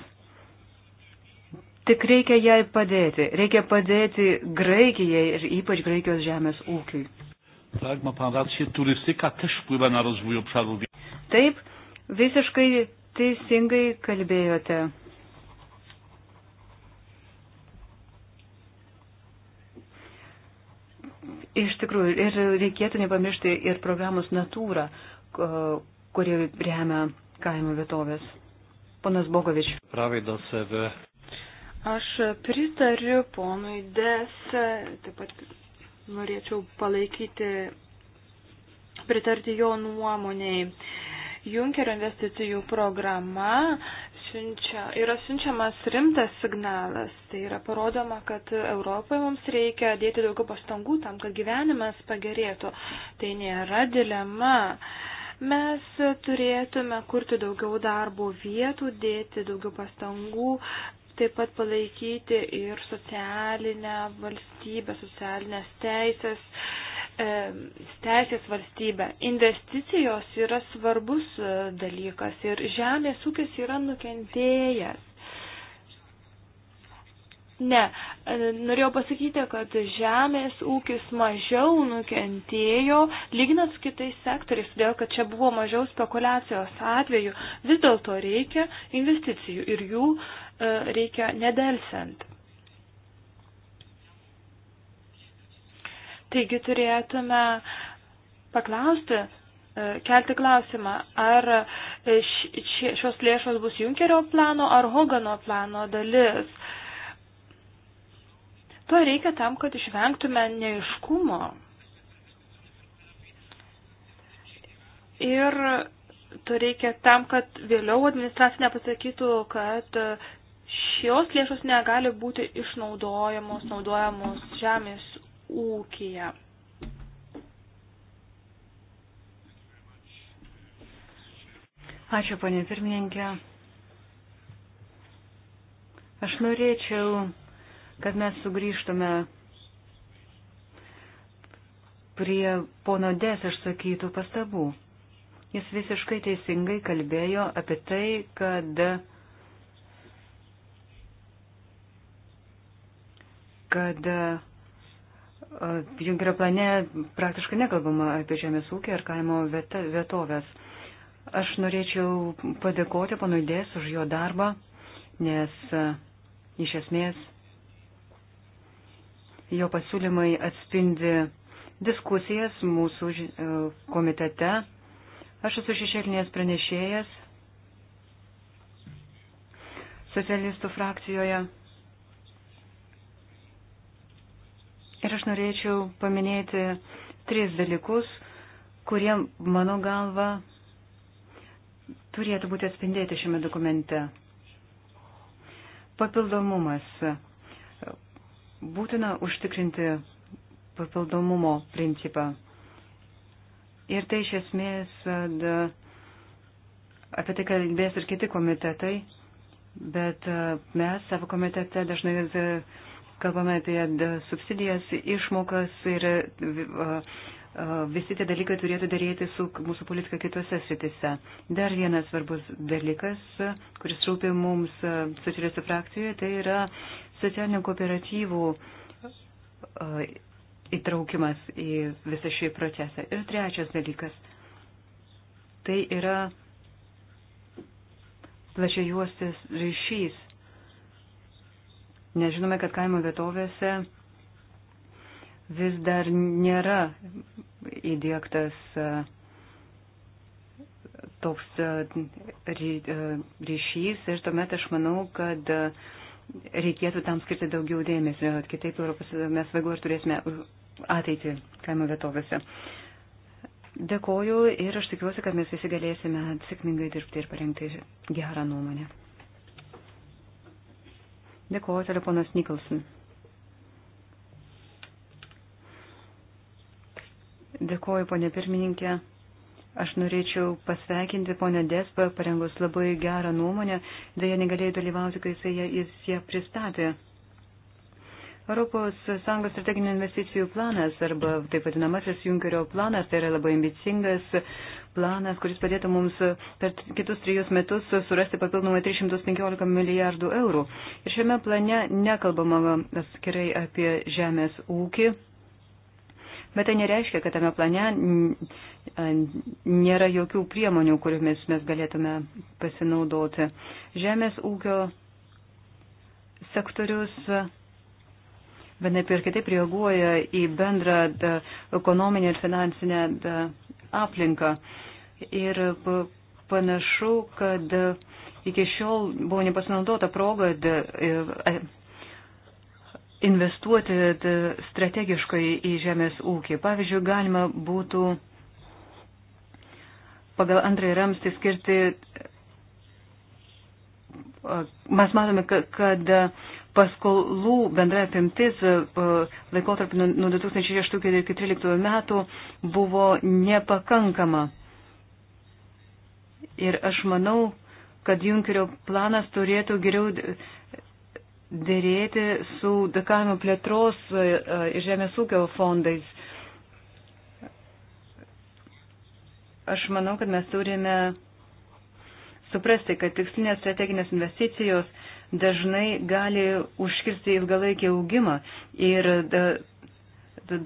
Tik reikia jai padėti. Reikia padėti Graikijai ir ypač Graikijos žemės ūkiui. Taip, Visiškai teisingai kalbėjote. Iš tikrųjų, ir reikėtų nepamiršti ir programos natūrą, kuri remia kaimo vietovės. Ponas Bogovič. Pravaido save. Aš pritariu ponui Des, taip pat norėčiau palaikyti, pritarti jo nuomonėjai. Junkerio investicijų programa siunčia, yra siunčiamas rimtas signalas. Tai yra parodoma, kad Europoje mums reikia dėti daugiau pastangų tam, kad gyvenimas pagerėtų. Tai nėra dilema. Mes turėtume kurti daugiau darbo vietų, dėti daugiau pastangų, taip pat palaikyti ir socialinę valstybę, socialinės teisės E, teisės valstybę. Investicijos yra svarbus e, dalykas ir žemės ūkis yra nukentėjęs. Ne, e, norėjau pasakyti, kad žemės ūkis mažiau nukentėjo, lyginant su kitais sektoriais, todėl kad čia buvo mažiau spekulacijos atveju. Vis dėlto reikia investicijų ir jų reikia nedelsiant. Taigi turėtume paklausti, e, kelti klausimą, ar e, šios lėšos bus Junkerio plano ar Hogano plano dalis. To reikia tam, kad išvengtume neiškumo. Ir to reikia tam, kad vėliau administracija nepasakytų, kad e, šios lėšos negali būti išnaudojamos, naudojamos žemės ūkija. Ačiū, ponė pirmininkė. Aš norėčiau, kad mes sugrįžtume prie pono Des išsakytų pastabų. Jis visiškai teisingai kalbėjo apie tai, kad kad Junkerio plane praktiškai nekalbama apie žemės ūkį ar kaimo vietovės. Aš norėčiau padėkoti ponui Dės už jo darbą, nes iš esmės jo pasiūlymai atspindi diskusijas mūsų komitete. Aš esu šešėlinės pranešėjas socialistų frakcijoje. Ir aš norėčiau paminėti tris dalykus, kurie mano galva turėtų būti atspindėti šiame dokumente. Papildomumas. Būtina užtikrinti papildomumo principą. Ir tai iš esmės da, apie tai kalbės ir kiti komitetai, bet mes savo komitete dažnai kalbame apie subsidijas, išmokas ir visi tie dalykai turėtų daryti su mūsų politika kitose sritise. Dar vienas svarbus dalykas, kuris rūpi mums socialistų frakcijoje, tai yra socialinių kooperatyvų įtraukimas į visą šį procesą. Ir trečias dalykas, tai yra plačiajuostis ryšys nes žinome, kad kaimo vietovėse vis dar nėra įdėktas e, toks e, e, ryšys ir tuomet aš manau, kad reikėtų tam skirti daugiau dėmesio, kitaip Europos mes vaigu ir turėsime ateitį kaimo vietovėse. Dėkoju ir aš tikiuosi, kad mes visi galėsime sėkmingai dirbti ir parengti gerą nuomonę. Dėkuoju, telefonas Nikolson. Dėkuoju, ponė pirmininkė. Aš norėčiau pasveikinti ponę Despą, parengus labai gerą nuomonę, dėja negalėjau dalyvauti, kai jis ją, jis ją pristatė. Europos Sąjungos strateginių investicijų planas arba taip vadinamasis Junkerio planas tai yra labai ambicingas planas, kuris padėtų mums per kitus trijus metus surasti papildomai 315 milijardų eurų. Ir šiame plane nekalbama atskirai apie žemės ūkį, bet tai nereiškia, kad tame plane nėra jokių priemonių, kuriomis mes galėtume pasinaudoti. Žemės ūkio sektorius vienaip ir kitaip reaguoja į bendrą ekonominę ir finansinę aplinką. Ir panašu, kad iki šiol buvo nepasinaudota proga e, e, investuoti strategiškai į žemės ūkį. Pavyzdžiui, galima būtų pagal antrąjį ramstį skirti. Mes matome, kad paskolų bendra apimtis e, laikotarp nuo 2006 iki 2013 metų buvo nepakankama. Ir aš manau, kad Junkerio planas turėtų geriau dėrėti su kaimo plėtros e, e, ir žemės ūkio fondais. Aš manau, kad mes turime suprasti, kad tikslinės strateginės investicijos dažnai gali užkirsti ilgalaikį augimą ir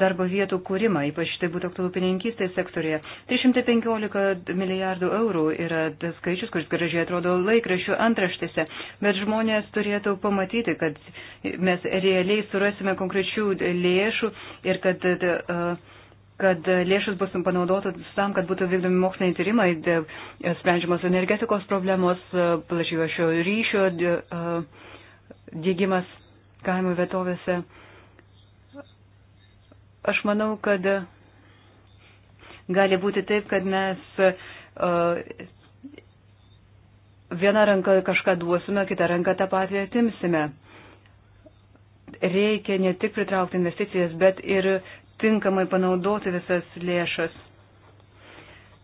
darbo vietų kūrimą, ypač tai būtų aktualu pininkystės sektorėje. 315 milijardų eurų yra tas skaičius, kuris gražiai atrodo laikrašių antraštėse, bet žmonės turėtų pamatyti, kad mes realiai surasime konkrečių lėšų ir kad uh, kad lėšus bus panaudotos tam, kad būtų vykdomi moksliniai tyrimai, sprendžiamos energetikos problemos, plačiojo šio ryšio dėgymas kaimo vietovėse. Aš manau, kad gali būti taip, kad mes vieną ranką kažką duosime, kitą ranką tą patį atimsime reikia ne tik pritraukti investicijas, bet ir tinkamai panaudoti visas lėšas.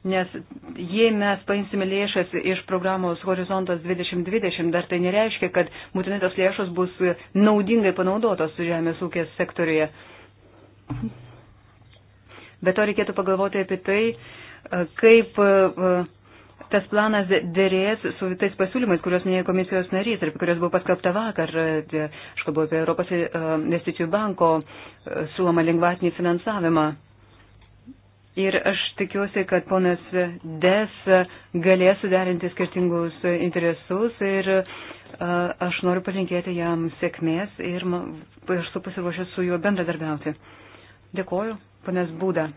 Nes jei mes paimsime lėšas iš programos Horizontas 2020, dar tai nereiškia, kad būtinai tos lėšos bus naudingai panaudotos žemės ūkės sektoriuje. Bet to reikėtų pagalvoti apie tai, kaip tas planas dėrės su tais pasiūlymais, kuriuos minėjo komisijos narys ir kurios buvo paskelbta vakar. E, aš kalbu apie Europos e, investicijų banko e, siūlomą lengvatinį finansavimą. Ir aš tikiuosi, kad ponas Des galės suderinti skirtingus interesus ir aš noriu palinkėti jam sėkmės ir aš su pasiruošęs su juo bendradarbiauti. Dėkoju, ponas Būda.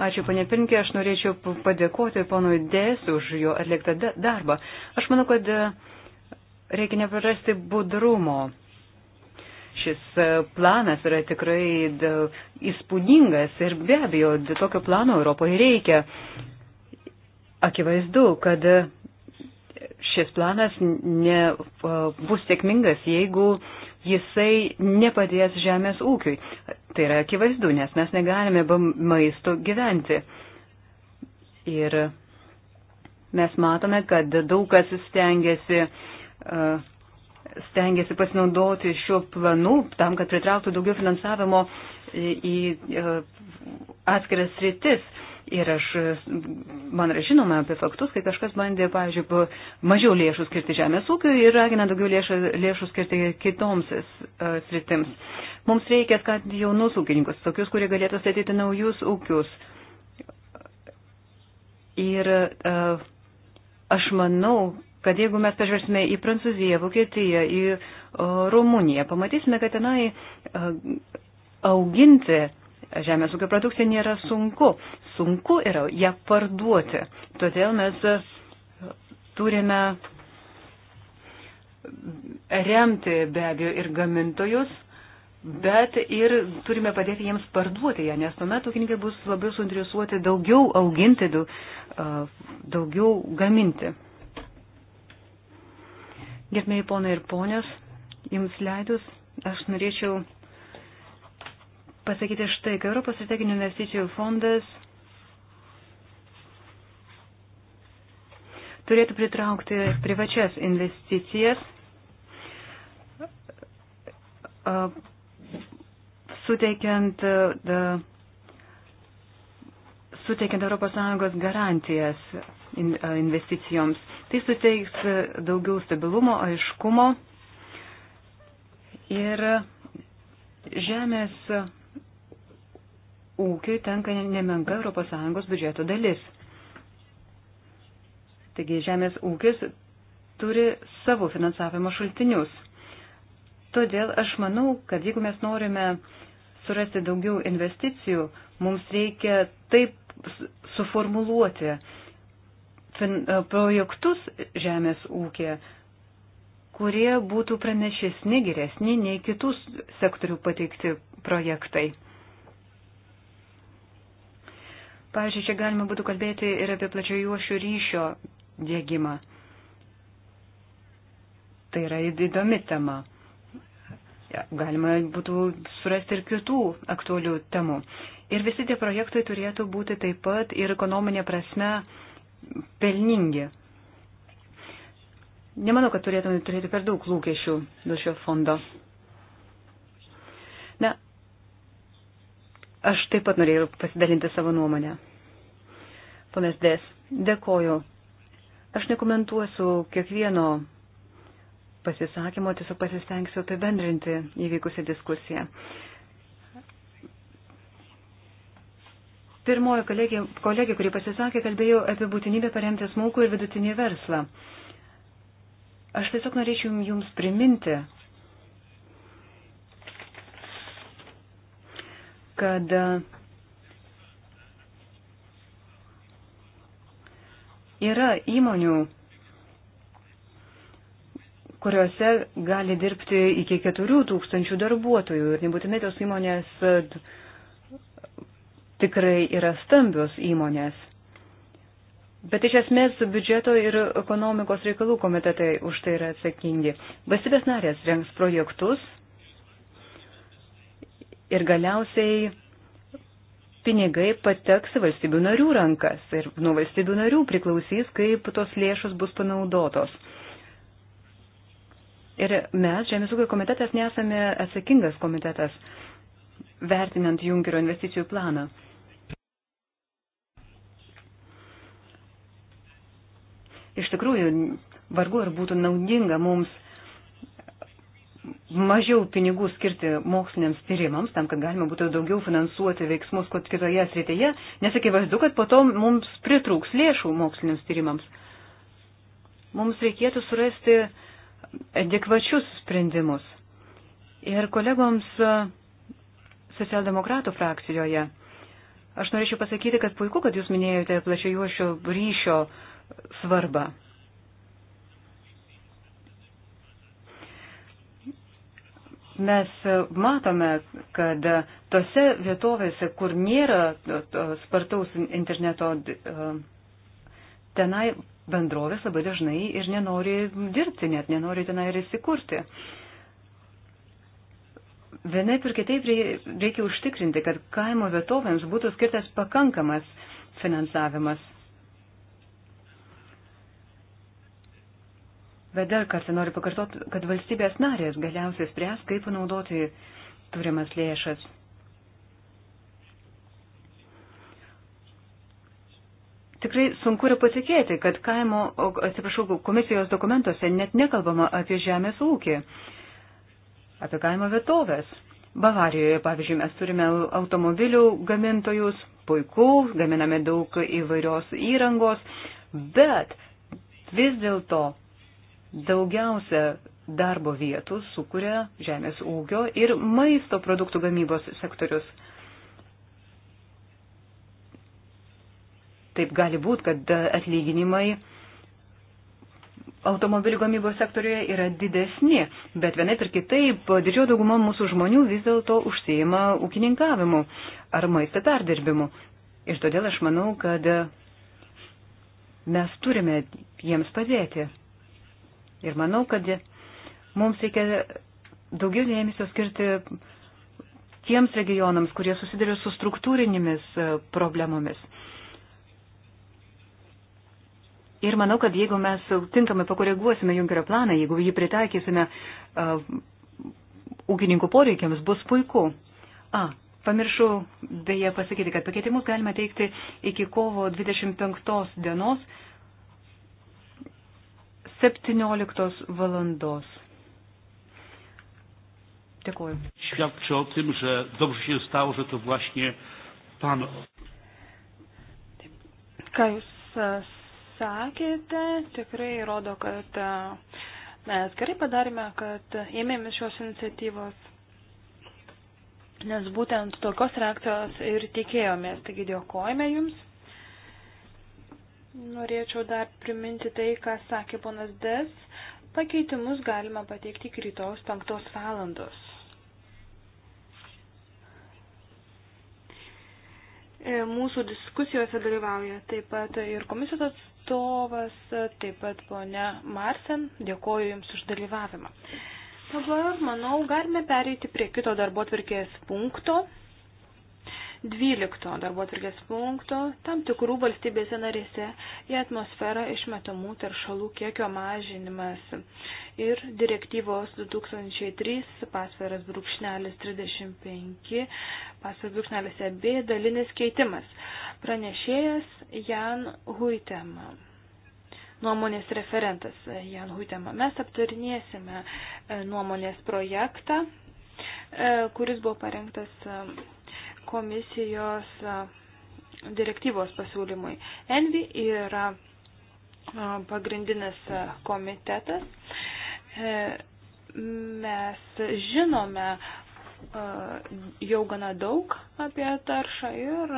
Ačiū, panė Pirinkė, aš norėčiau padėkoti ponui Dės už jo atliktą darbą. Aš manau, kad e, reikia neprarasti budrumo. Šis e, planas yra tikrai įspūdingas ir be abejo, tokio plano Europoje reikia. Akivaizdu, kad e, šis planas ne, bus sėkmingas, jeigu jisai nepadės žemės ūkiui. Tai yra akivaizdu, nes mes negalime be maisto gyventi. Ir mes matome, kad daug kas stengiasi, stengiasi pasinaudoti šiuo planu tam, kad pritrauktų daugiau finansavimo į atskiras rytis. Ir aš, man yra žinoma apie faktus, kai kažkas bandė, pavyzdžiui, mažiau lėšų skirti žemės ūkiui ir ragina daugiau lėšų, lėšų skirti kitoms e, sritims. Mums reikia skatinti jaunus ūkininkus, tokius, kurie galėtų statyti naujus ūkius. Ir uh, aš manau, kad jeigu mes pažvelgsime į Prancūziją, Vokietiją, į uh, Rumuniją, pamatysime, kad tenai uh, auginti žemės ūkio produkciją nėra sunku. Sunku yra ją parduoti. Todėl mes e, turime remti be abejo ir gamintojus, bet ir turime padėti jiems parduoti ją, nes tuomet ūkininkai bus labiau suinteresuoti daugiau auginti, e, daugiau gaminti. Gerbėjai ponai ir ponės, jums leidus, aš norėčiau pasakyti štai, kad Europos strateginių investicijų fondas turėtų pritraukti privačias investicijas, suteikiant, suteikiant ES garantijas investicijoms. Tai suteiks daugiau stabilumo, aiškumo ir žemės ūkiui tenka nemenka ES biudžeto dalis. Taigi žemės ūkis turi savo finansavimo šaltinius. Todėl aš manau, kad jeigu mes norime surasti daugiau investicijų, mums reikia taip suformuluoti e, projektus žemės ūkė, kurie būtų pranešesni, geresni nei kitus sektorių pateikti projektai. Pavyzdžiui, čia galima būtų kalbėti ir apie plačiojuošių ryšio dėgymą. Tai yra įdomi tema. Galima būtų surasti ir kitų aktualių temų. Ir visi tie projektai turėtų būti taip pat ir ekonominė prasme pelningi. Nemanau, kad turėtume turėti per daug lūkesčių dėl šio fondo. Na, Aš taip pat norėjau pasidalinti savo nuomonę. Ponas Des, dėkoju. Aš nekomentuosiu kiekvieno pasisakymo, tiesiog pasistengsiu apibendrinti įvykusią diskusiją. Pirmoji kolegė, kolegė, kuri pasisakė, kalbėjo apie būtinybę paremti smulkų ir vidutinį verslą. Aš tiesiog norėčiau jums priminti, kad e, yra įmonių, kuriuose gali dirbti iki 4000 darbuotojų ir nebūtinai tos įmonės e, tikrai yra stambios įmonės. Bet iš esmės biudžeto ir ekonomikos reikalų komitetai už tai yra atsakingi. Valstybės narės rengs projektus ir galiausiai pinigai pateks valstybių narių rankas ir nuo valstybių narių priklausys, kaip tos lėšos bus panaudotos. Ir mes, Žemės ūkio komitetas, nesame atsakingas komitetas, vertinant Junkerio investicijų planą. Iš tikrųjų, vargu ar būtų naudinga mums mažiau pinigų skirti moksliniams tyrimams, tam, kad galima būtų daugiau finansuoti veiksmus kot kitoje srityje, nes akivaizdu, kad po to mums pritrūks lėšų moksliniams tyrimams. Mums reikėtų surasti adekvačius sprendimus. Ir kolegoms e, socialdemokratų frakcijoje aš norėčiau pasakyti, kad puiku, kad jūs minėjote plačiojuošio ryšio svarbą. mes matome, kad tose vietovėse, kur nėra spartaus interneto, e, tenai bendrovės labai dažnai ir nenori dirbti, net nenori tenai ir įsikurti. Vienaip ir kitaip reikia užtikrinti, kad kaimo vietovėms būtų skirtas pakankamas finansavimas. Bet dar kartą noriu pakartoti, kad valstybės narės galiausiai spręs, kaip panaudoti turimas lėšas. Tikrai sunku yra patikėti, kad kaimo, atsiprašau, komisijos dokumentuose net nekalbama apie žemės ūkį, apie kaimo vietovės. Bavarijoje, pavyzdžiui, mes turime automobilių gamintojus, puiku, gaminame daug įvairios įrangos, bet vis dėlto daugiausia darbo vietų sukuria žemės ūkio ir maisto produktų gamybos sektorius. Taip gali būti, kad atlyginimai automobilių gamybos sektoriuje yra didesni, bet vienaip ir kitaip didžioji dauguma mūsų žmonių vis dėlto užsieima ūkininkavimu ar maisto perdirbimu. Ir todėl aš manau, kad mes turime jiems padėti. Ir manau, kad mums reikia daugiau dėmesio skirti tiems regionams, kurie susiduria su struktūrinėmis e, problemomis. Ir manau, kad jeigu mes tinkamai pakoreguosime Junkerio planą, jeigu jį pritaikysime uh, ūkininkų poreikiams, bus puiku. A, pamiršau beje pasakyti, kad pakeitimus galima teikti iki kovo 25 dienos 17 valandos. Dziękuję. Świadczy o tym, że dobrze się stało, że to właśnie Pan. Ką Jūs e, sakėte, tikrai rodo, kad e, mes gerai padarėme, kad ėmėmės šios iniciatyvos, nes būtent tokios reakcijos ir tikėjomės. Taigi dėkojame Jums. Norėčiau dar priminti tai, ką sakė ponas Des. Pakeitimus galima pateikti iki rytojus 5 valandos. E, mūsų diskusijose dalyvauja taip pat ir komisijos atstovas, taip pat ponia Marsen. Dėkoju Jums už dalyvavimą. Dabar, manau, galime pereiti prie kito darbo tvarkės punkto. 12 darbo atvirkės punkto tam tikrų valstybėse narėse į atmosferą išmetamų teršalų kiekio mažinimas ir direktyvos 2003 pasveras brūkšnelis 35 pasveras brūkšnelis AB e dalinis keitimas. Pranešėjas Jan Huitema nuomonės referentas Jan Huitema. Mes aptarinėsime e, nuomonės projektą, e, kuris buvo parengtas komisijos direktyvos pasiūlymui. Envi yra pagrindinis komitetas. E, mes žinome jau gana daug apie taršą ir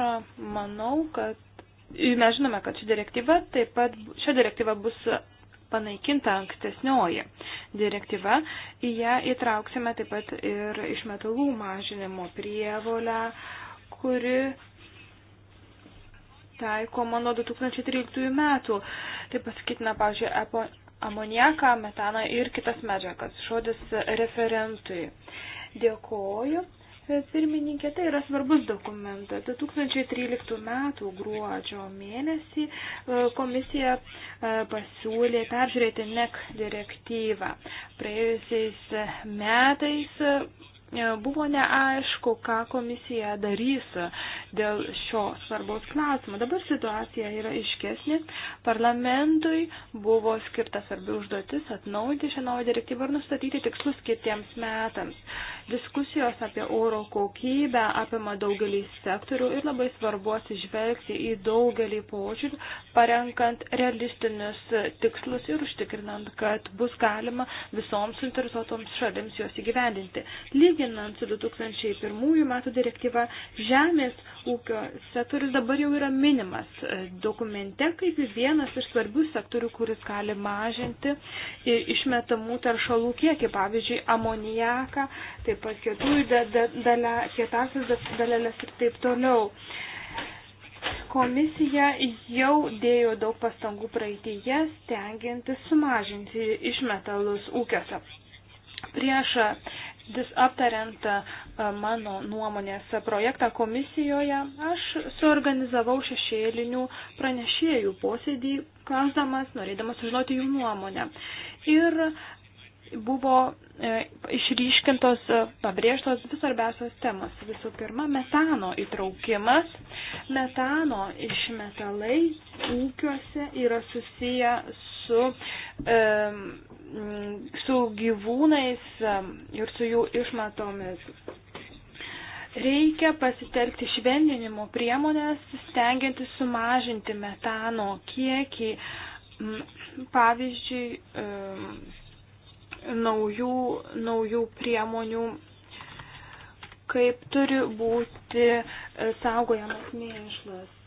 manau, kad mes žinome, kad ši direktyva taip pat, šią direktyvą bus panaikinta ankstesnioji direktyva. Į ją įtrauksime taip pat ir išmetalų mažinimo prievolę, kuri taikoma nuo 2013 metų. Taip pasakytina, pavyzdžiui, amoniaką, metaną ir kitas medžiagas. Žodis referentui. Dėkoju. Pirmininkė, tai yra svarbus dokumentas. 2013 m. gruodžio mėnesį e, komisija e, pasiūlė peržiūrėti NEC direktyvą. Praėjusiais metais E, buvo neaišku, ką komisija darys dėl šio svarbaus klausimo. Dabar situacija yra iškesnė. Parlamentui buvo skirta svarbi užduotis atnaujinti šią naują direktyvą ir nustatyti tikslus kitiems metams. Diskusijos apie oro kokybę apima daugelį sektorių ir labai svarbu atsižvelgti į daugelį požiūrių, parenkant realistinius tikslus ir užtikrinant, kad bus galima visoms interesuotoms šalims juos įgyvendinti. Lygiai lyginant su 2001 metų direktyva, žemės ūkio sektorius dabar jau yra minimas e, dokumente kaip vienas iš svarbių sektorių, kuris gali mažinti išmetamų taršalų kiekį, pavyzdžiui, amonijaką, taip pat kietųjų kietasis dalelės ir taip toliau. Komisija jau dėjo daug pastangų praeitėje, stengiantis sumažinti išmetalus ūkiuose prieš Dis aptariant e, mano nuomonės projektą komisijoje, aš suorganizavau šešėlinių pranešėjų posėdį, klausdamas, norėdamas sužinoti jų nuomonę. Ir buvo e, išryškintos, e, pabrėžtos vis svarbiausios temos. Visų pirma, metano įtraukimas. Metano išmetalai ūkiuose yra susiję su e, Mm, su gyvūnais mm, ir su jų išmatomis. Reikia pasitelkti švelninimo priemonės, stengiantis sumažinti metano kiekį, mm, pavyzdžiui, naujų, naujų priemonių, kaip turi būti saugojamas mėšlas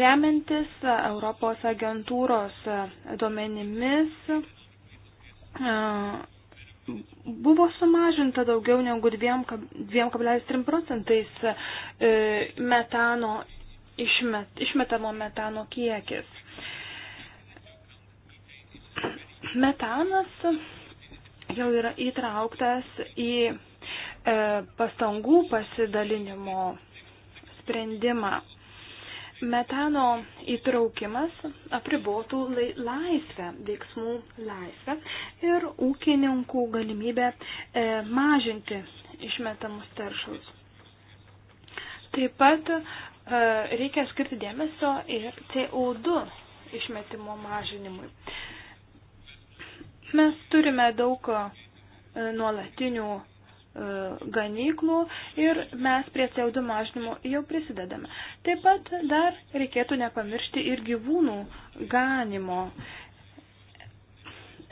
Remiantis Europos agentūros duomenimis, buvo sumažinta daugiau negu 2,3 procentais e, metano išmet, išmetamo metano kiekis. Metanas jau yra įtrauktas į e, pastangų pasidalinimo sprendimą metano įtraukimas apribotų laisvę, veiksmų laisvę ir ūkininkų galimybę e, mažinti išmetamus teršalus. Taip pat e, reikia skirti dėmesio ir CO2 išmetimo mažinimui. Mes turime daug e, nuolatinių E, ganyklų ir mes prie CO2 mažinimo jau prisidedame. Taip pat dar reikėtų nepamiršti ir gyvūnų ganimo.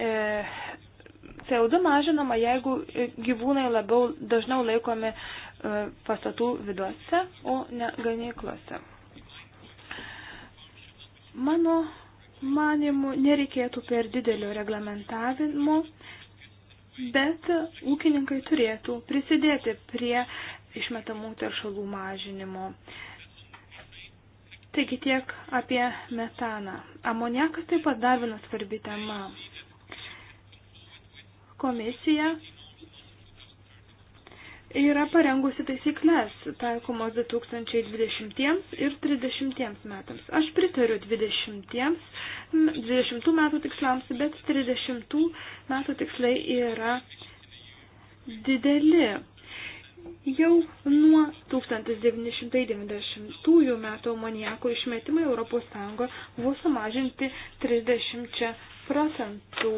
E, CO2 mažinama, jeigu gyvūnai labiau dažniau laikomi e, pastatų viduose, o ne ganyklose. Mano manimų nereikėtų per didelio reglamentavimo, bet ūkininkai turėtų prisidėti prie išmetamų teršalų mažinimo. Taigi tiek apie metaną. Amoniakas taip pat dar viena svarbi tema. Komisija yra parengusi taisyklės taikomos 2020 ir 30 metams. Aš pritariu 20, 20 metų tikslams, bet 30 metų tikslai yra dideli. Jau nuo 1990 metų amoniako išmetimai ES buvo sumažinti 30 procentų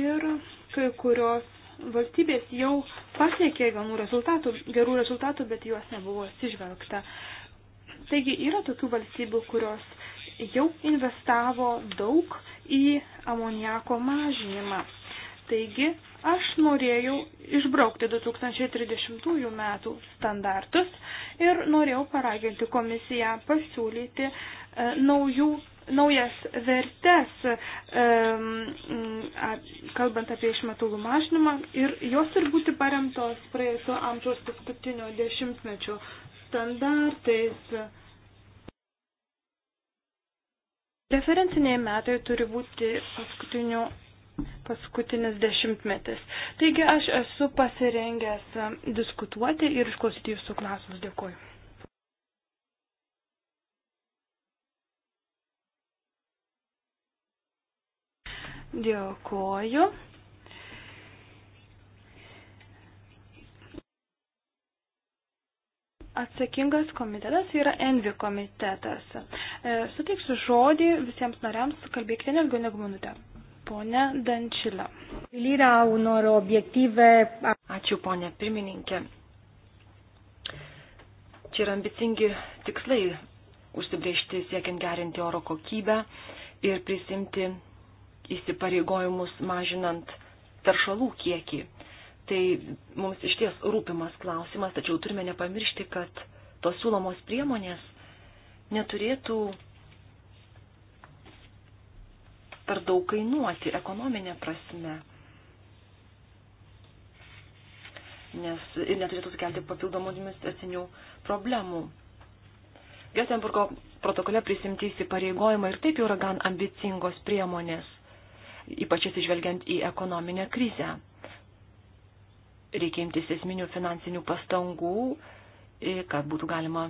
ir kai kurios valstybės jau pasiekė gamų rezultatų, gerų rezultatų, bet juos nebuvo atsižvelgta. Taigi yra tokių valstybių, kurios jau investavo daug į amoniako mažinimą. Taigi aš norėjau išbraukti 2030 metų standartus ir norėjau paraginti komisiją pasiūlyti e, naujų naujas vertes, kalbant apie išmetalų mažinimą, ir jos turi būti paremtos praėjusio amžiaus paskutinio dešimtmečio standartais. Referenciniai metai turi būti paskutinių paskutinis dešimtmetis. Taigi aš esu pasirengęs diskutuoti ir išklausyti jūsų klausimus. Dėkuoju. Dėkoju. Atsakingas komitetas yra Envi komitetas. E, suteiksiu žodį visiems nariams, kalbėkite nelgiau negu minutę. Pone Dančila. Ačiū, ponė pirmininkė. Čia yra ambicingi tikslai užsibriežti siekiant gerinti oro kokybę ir prisimti įsipareigojimus mažinant taršalų kiekį. Tai mums iš ties rūpimas klausimas, tačiau turime nepamiršti, kad tos siūlomos priemonės neturėtų per daug kainuoti ekonominė prasme. Nes ir neturėtų sukelti papildomų administracinių problemų. Getenburgo protokole prisimti įsipareigojimą ir taip jau yra gan ambicingos priemonės ypač atsižvelgiant į ekonominę krizę. Reikia imtis esminių finansinių pastangų, e, kad būtų galima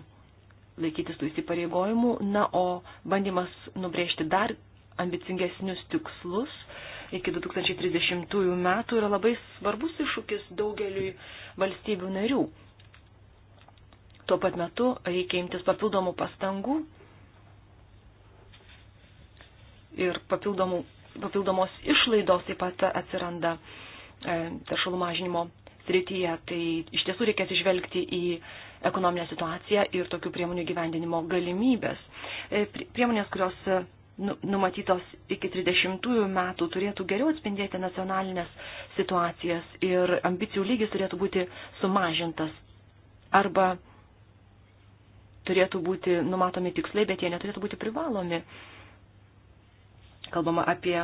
laikytis tų įsipareigojimų, na, o bandymas nubrėžti dar ambicingesnius tikslus iki 2030 metų yra labai svarbus iššūkis daugeliui valstybių narių. Tuo pat metu reikia imtis papildomų pastangų ir papildomų papildomos išlaidos taip pat atsiranda e, taršalų mažinimo srityje. Tai iš tiesų reikia atsižvelgti į ekonominę situaciją ir tokių priemonių gyvendinimo galimybės. E, priemonės, kurios e, nu, numatytos iki 30 metų turėtų geriau atspindėti nacionalinės situacijas ir ambicijų lygis turėtų būti sumažintas arba turėtų būti numatomi tikslai, bet jie neturėtų būti privalomi kalbama apie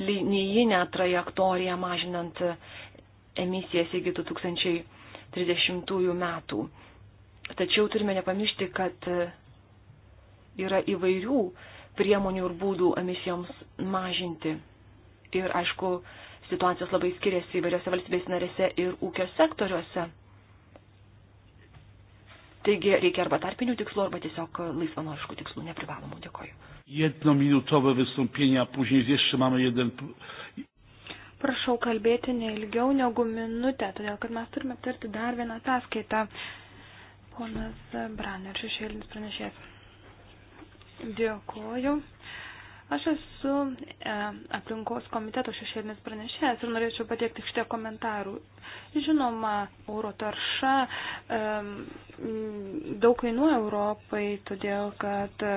linijinę trajektoriją mažinant emisijas iki 2030 metų. Tačiau turime nepamiršti, kad yra įvairių priemonių ir būdų emisijoms mažinti. Ir aišku, situacijos labai skiriasi įvairiose valstybės narėse ir ūkio sektoriuose. Taigi reikia arba tarpinių tikslų, arba tiesiog laisvanoriškų tikslų, neprivalomų. Dėkoju. Jednominutowe wystąpienia, później jeszcze mamy jeden. Prašau kalbėti ne ilgiau negu minutę, todėl kad mes turime aptarti dar vieną ataskaitą. Ponas Braner, šešėlinis pranešės. Dėkoju. Aš esu e, aplinkos komiteto šešėlinis pranešėjas ir norėčiau patiekti šitie komentarų. Žinoma, oro tarša e, daug kainuoja Europai, todėl kad e,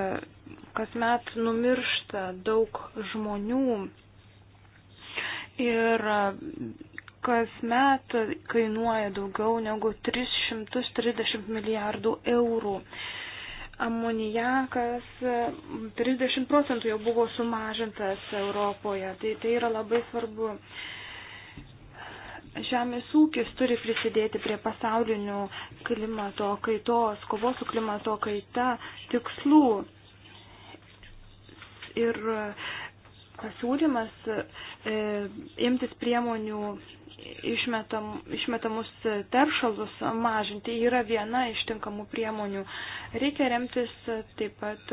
kasmet numiršta daug žmonių ir e, kasmet kainuoja daugiau negu 330 milijardų eurų. E, amonijakas 30 procentų jau buvo sumažintas Europoje. Tai, tai yra labai svarbu. Žemės ūkis turi prisidėti prie pasaulinių klimato kaitos, kovos su klimato kaita tikslų. Ir pasiūlymas e, imtis priemonių išmetam, išmetamus teršalus mažinti yra viena iš tinkamų priemonių. Reikia remtis taip pat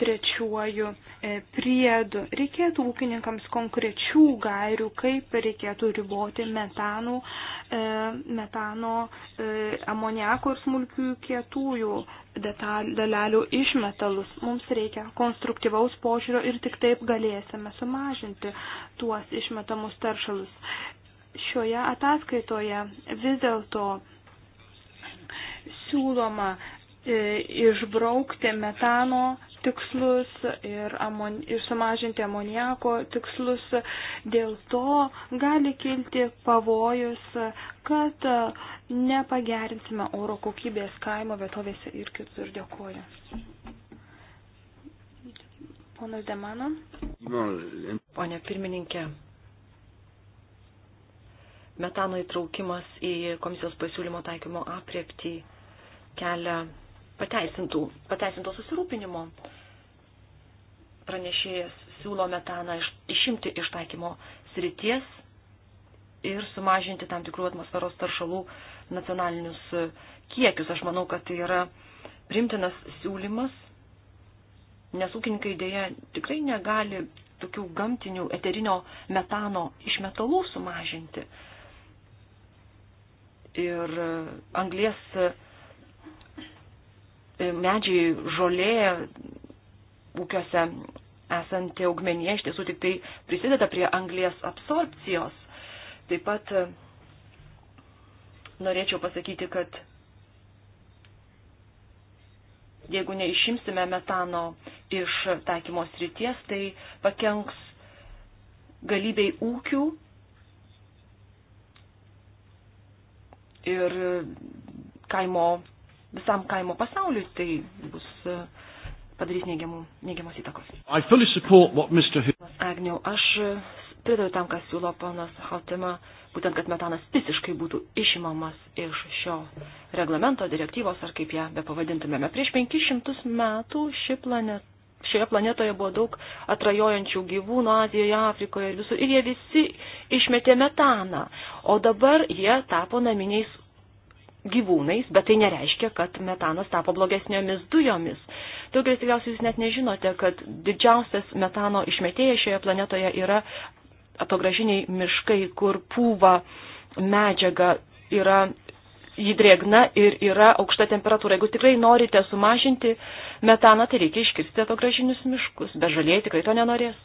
trečiuoju e, priedu. Reikėtų ūkininkams konkrečių gairių, kaip reikėtų riboti metanų, e, metano, e, amoniako ir smulkių kietųjų dalelių išmetalus. Mums reikia konstruktyvaus požiūrio ir tik taip galėsime sumažinti tuos išmetamus teršalus šioje ataskaitoje vis dėlto siūloma e, išbraukti metano tikslus ir, amon, ir sumažinti amoniako tikslus. Dėl to gali kilti pavojus, kad nepagerinsime oro kokybės kaimo vietovėse ir kitur. Dėkuoju. Ponas Demano. Pone pirmininkė, metano įtraukimas į komisijos pasiūlymo taikymo apriepti kelia pateisintų, pateisinto susirūpinimo. Pranešėjas siūlo metaną iš, išimti iš taikymo srities ir sumažinti tam tikrų atmosferos taršalų nacionalinius kiekius. Aš manau, kad tai yra primtinas siūlymas, nes ūkininkai dėja tikrai negali tokių gamtinių eterinio metano iš metalų sumažinti ir e, anglės e, e, medžiai žolė ūkiuose esanti augmenija iš tiesų tik tai prisideda prie anglės absorpcijos. Taip pat norėčiau pasakyti, kad jeigu neišimsime metano iš taikymos ryties, tai pakenks galybei ūkių ir kaimo, visam kaimo pasauliui tai bus e, padarys neigiamų, neigiamos įtakos. Agniau, aš e, pritariu tam, kas siūlo ponas Haltima, būtent, kad metanas visiškai būtų išimamas iš šio reglamento, direktyvos ar kaip ją be pavadintumėme. Prieš 500 metų ši planeta šioje planetoje buvo daug atrajojančių gyvūnų Azijoje, Afrikoje ir visur. Ir jie visi išmetė metaną. O dabar jie tapo naminiais gyvūnais, bet tai nereiškia, kad metanas tapo blogesniomis dujomis. Daugelis tikriausiai jūs net nežinote, kad didžiausias metano išmetėjas šioje planetoje yra atogražiniai miškai, kur pūva medžiaga yra jį drėgna ir yra aukšta temperatūra. Jeigu tikrai norite sumažinti metaną, tai reikia iškirsti to gražinius miškus, bet žalieji tikrai to nenorės.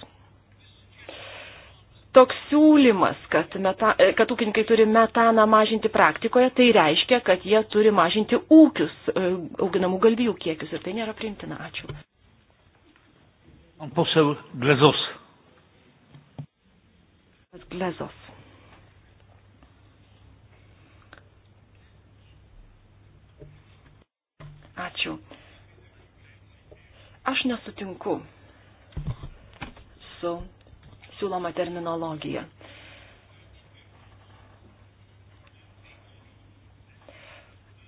Toks siūlymas, kad, meta, kad ūkininkai turi metaną mažinti praktikoje, tai reiškia, kad jie turi mažinti ūkius, e, auginamų galvijų kiekius ir tai nėra priimtina. Ačiū. Pan poseł Glezos. Glezos. Ačiū. Aš nesutinku su siūloma terminologija.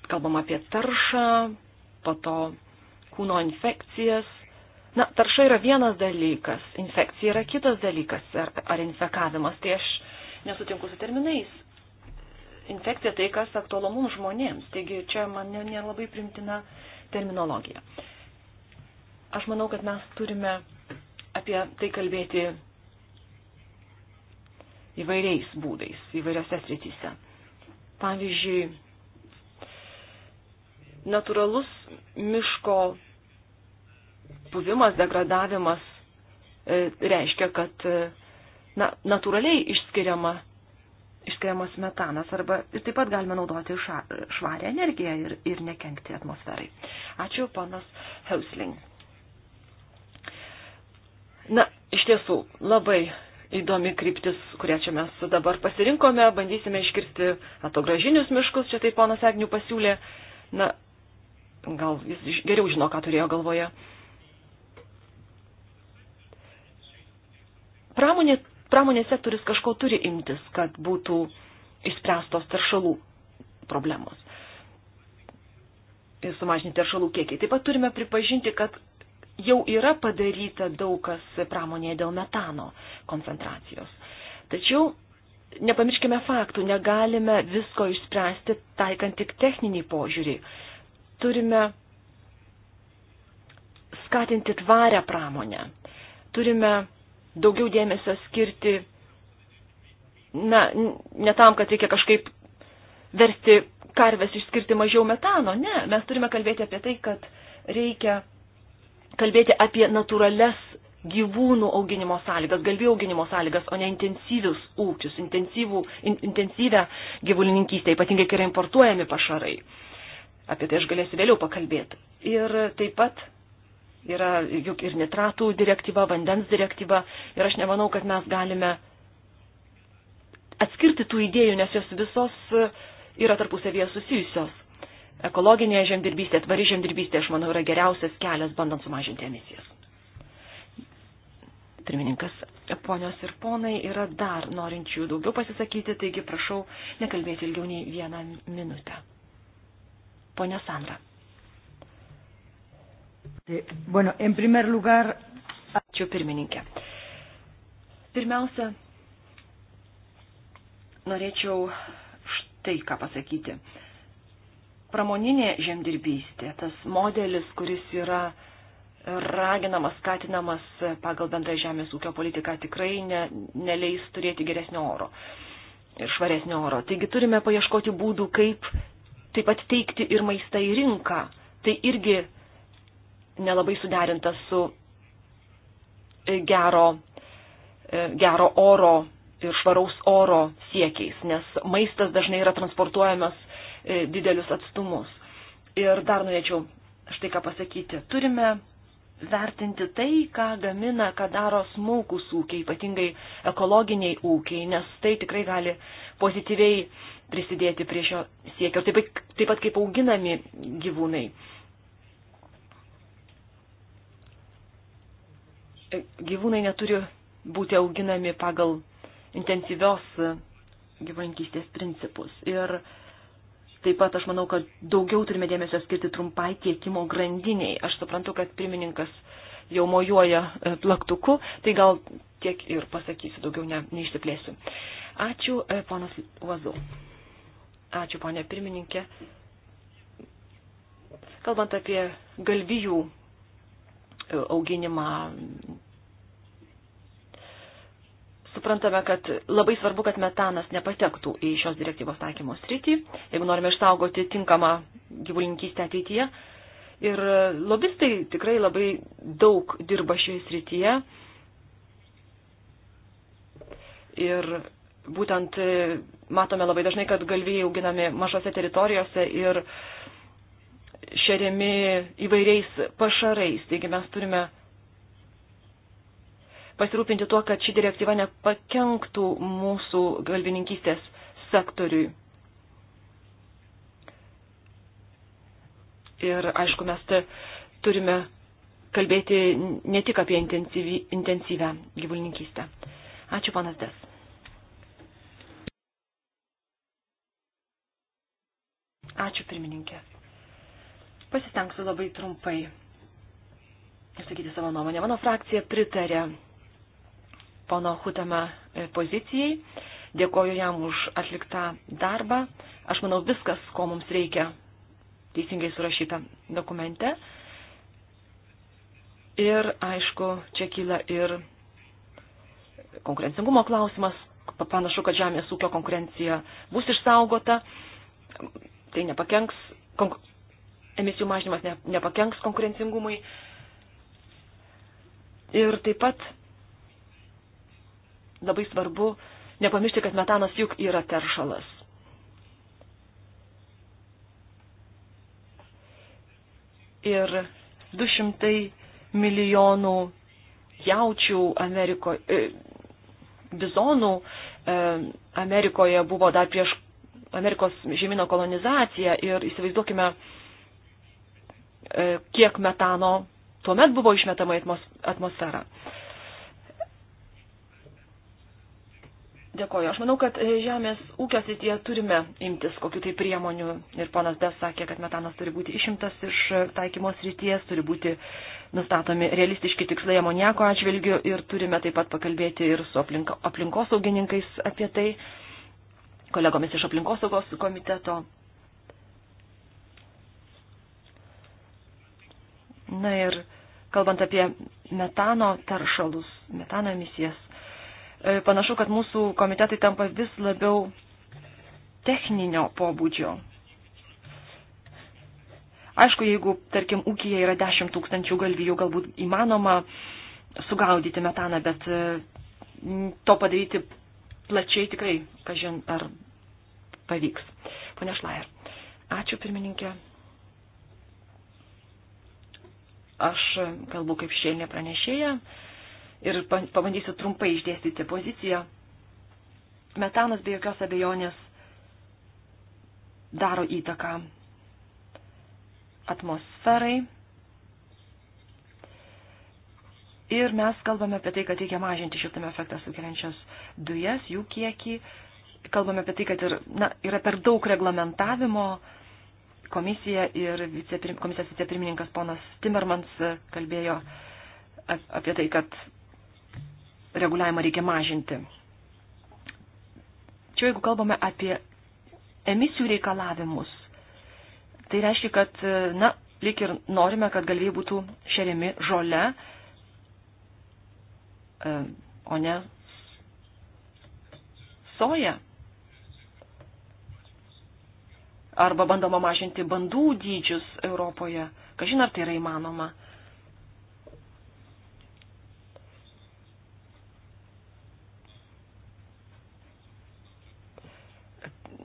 Kalbam apie taršą, po to kūno infekcijas. Na, tarša yra vienas dalykas, infekcija yra kitas dalykas, ar, ar infekavimas. Tai aš nesutinku su terminais infekcija tai, kas aktualu mums žmonėms. Taigi čia man nelabai primtina terminologija. Aš manau, kad mes turime apie tai kalbėti įvairiais būdais, įvairiose srityse. Pavyzdžiui, natūralus miško buvimas, degradavimas e, reiškia, kad e, na, natūraliai išskiriama išskiriamas metanas arba ir taip pat galime naudoti ša, švarę energiją ir, ir nekenkti atmosferai. Ačiū, panas Hausling. Na, iš tiesų, labai įdomi kryptis, kurią čia mes dabar pasirinkome. Bandysime iškirsti atogražinius miškus, čia taip ponas Agnių pasiūlė. Na, gal jis geriau žino, ką turėjo galvoje. Pramonė pramonės sektorius kažko turi imtis, kad būtų išspręstos teršalų problemos ir sumažinti teršalų kiekiai. Taip pat turime pripažinti, kad jau yra padaryta daug kas pramonėje dėl metano koncentracijos. Tačiau nepamirškime faktų, negalime visko išspręsti taikant tik techninį požiūrį. Turime skatinti tvarę pramonę. Turime daugiau dėmesio skirti, na, ne tam, kad reikia kažkaip versti karves išskirti mažiau metano, ne, mes turime kalbėti apie tai, kad reikia kalbėti apie natūrales gyvūnų auginimo sąlygas, galvijų auginimo sąlygas, o ne intensyvius ūkius, intensyvų, in, intensyvę gyvulininkystę, ypatingai kai yra importuojami pašarai. Apie tai aš galėsiu vėliau pakalbėti. Ir taip pat Yra juk ir nitratų direktyva, vandens direktyva ir aš nemanau, kad mes galime atskirti tų idėjų, nes jos visos yra tarpusavėje susijusios. Ekologinė žemdirbystė, tvari žemdirbystė, aš manau, yra geriausias kelias bandant sumažinti emisijas. Pirmininkas, ponios ir ponai, yra dar norinčių daugiau pasisakyti, taigi prašau nekalbėti ilgiau nei vieną minutę. Pone Sandra. Bueno, en primer lugar. Ačiū pirmininkė. Pirmiausia, norėčiau štai ką pasakyti. Pramoninė žemdirbystė, tas modelis, kuris yra raginamas, skatinamas pagal bendrą žemės ūkio politiką, tikrai ne, neleis turėti geresnio oro ir švaresnio oro. Taigi turime paieškoti būdų, kaip taip pat teikti ir maistą į rinką. Tai irgi nelabai suderinta su e, gero, e, gero oro ir švaraus oro siekiais, nes maistas dažnai yra transportuojamas e, didelius atstumus. Ir dar norėčiau štai ką pasakyti. Turime vertinti tai, ką gamina, ką daro smulkus ūkiai, ypatingai ekologiniai ūkiai, nes tai tikrai gali pozityviai prisidėti prie šio siekio, taip, taip pat kaip auginami gyvūnai. gyvūnai neturi būti auginami pagal intensyvios gyvankystės principus. Ir taip pat aš manau, kad daugiau turime dėmesio skirti trumpai tiekimo grandiniai. Aš suprantu, kad pirmininkas jau mojuoja e, plaktuku, tai gal tiek ir pasakysiu, daugiau ne, neišsiplėsiu. Ačiū, e, ponas Vazu. Ačiū, ponė pirmininkė. Kalbant apie galvijų auginimą. Suprantame, kad labai svarbu, kad metanas nepatektų į šios direktyvos taikymo sritį, jeigu norime išsaugoti tinkamą gyvulininkystę ateityje. Ir lobistai tikrai labai daug dirba šioje srityje. Ir būtent matome labai dažnai, kad galvijai auginami mažose teritorijose ir uh, šeriami įvairiais pašarais. Taigi mes turime pasirūpinti tuo, kad ši direktyva nepakenktų mūsų galvininkystės sektoriui. Ir aišku, mes turime kalbėti ne tik apie intensyvę gyvulininkystę. Ačiū, panas Des. Ačiū, pirmininkė. Pasistengsiu labai trumpai išsakyti savo nuomonę. Mano frakcija pritarė pono Hutama e, pozicijai. Dėkoju jam už atliktą darbą. Aš manau, viskas, ko mums reikia, teisingai surašyta dokumente. Ir, aišku, čia kyla ir konkurencingumo klausimas. Panašu, kad žemės ūkio konkurencija bus išsaugota. Tai nepakenks emisijų mažinimas ne, nepakenks konkurencingumui. Ir taip pat labai svarbu nepamiršti, kad metanas juk yra teršalas. Ir 200 milijonų jaučių Amerikoje, bizonų e, Amerikoje buvo dar prieš Amerikos žemino kolonizaciją ir įsivaizduokime, E, kiek metano tuomet buvo išmetama į atmosferą. Dėkoju. Aš manau, kad e, žemės ūkio srityje turime imtis kokiu tai priemonių. Ir ponas Des sakė, kad metanas turi būti išimtas iš e, taikymos srities, turi būti nustatomi realistiški tikslai amoniako atžvilgiu ir turime taip pat pakalbėti ir su aplinko, aplinkosaugininkais apie tai, kolegomis iš aplinkosaugos komiteto. Na ir kalbant apie metano taršalus, metano emisijas, e, panašu, kad mūsų komitetai tampa vis labiau techninio pobūdžio. Aišku, jeigu, tarkim, ūkija yra 10 tūkstančių galvijų, galbūt įmanoma sugaudyti metaną, bet e, to padaryti plačiai tikrai, kažin, ar pavyks. Pone Šlair, ačiū pirmininkė. Aš kalbu kaip šėlinė pranešėja ir pabandysiu trumpai išdėstyti poziciją. Metanas be jokios abejonės daro įtaką atmosferai. Ir mes kalbame apie tai, kad reikia mažinti šiltame efektą sukeliančias dujas, jų kiekį. Kalbame apie tai, kad ir, na, yra per daug reglamentavimo uh, komisija ir vicepir, komisijos vicepirmininkas ponas Timmermans kalbėjo apie tai, kad reguliavimą reikia mažinti. Čia jeigu kalbame apie emisijų reikalavimus, tai reiškia, kad, na, lyg ir norime, kad galvijai būtų šeriami žole, e, o ne soja. arba bandoma mažinti bandų dydžius Europoje. Kažin ar tai yra įmanoma.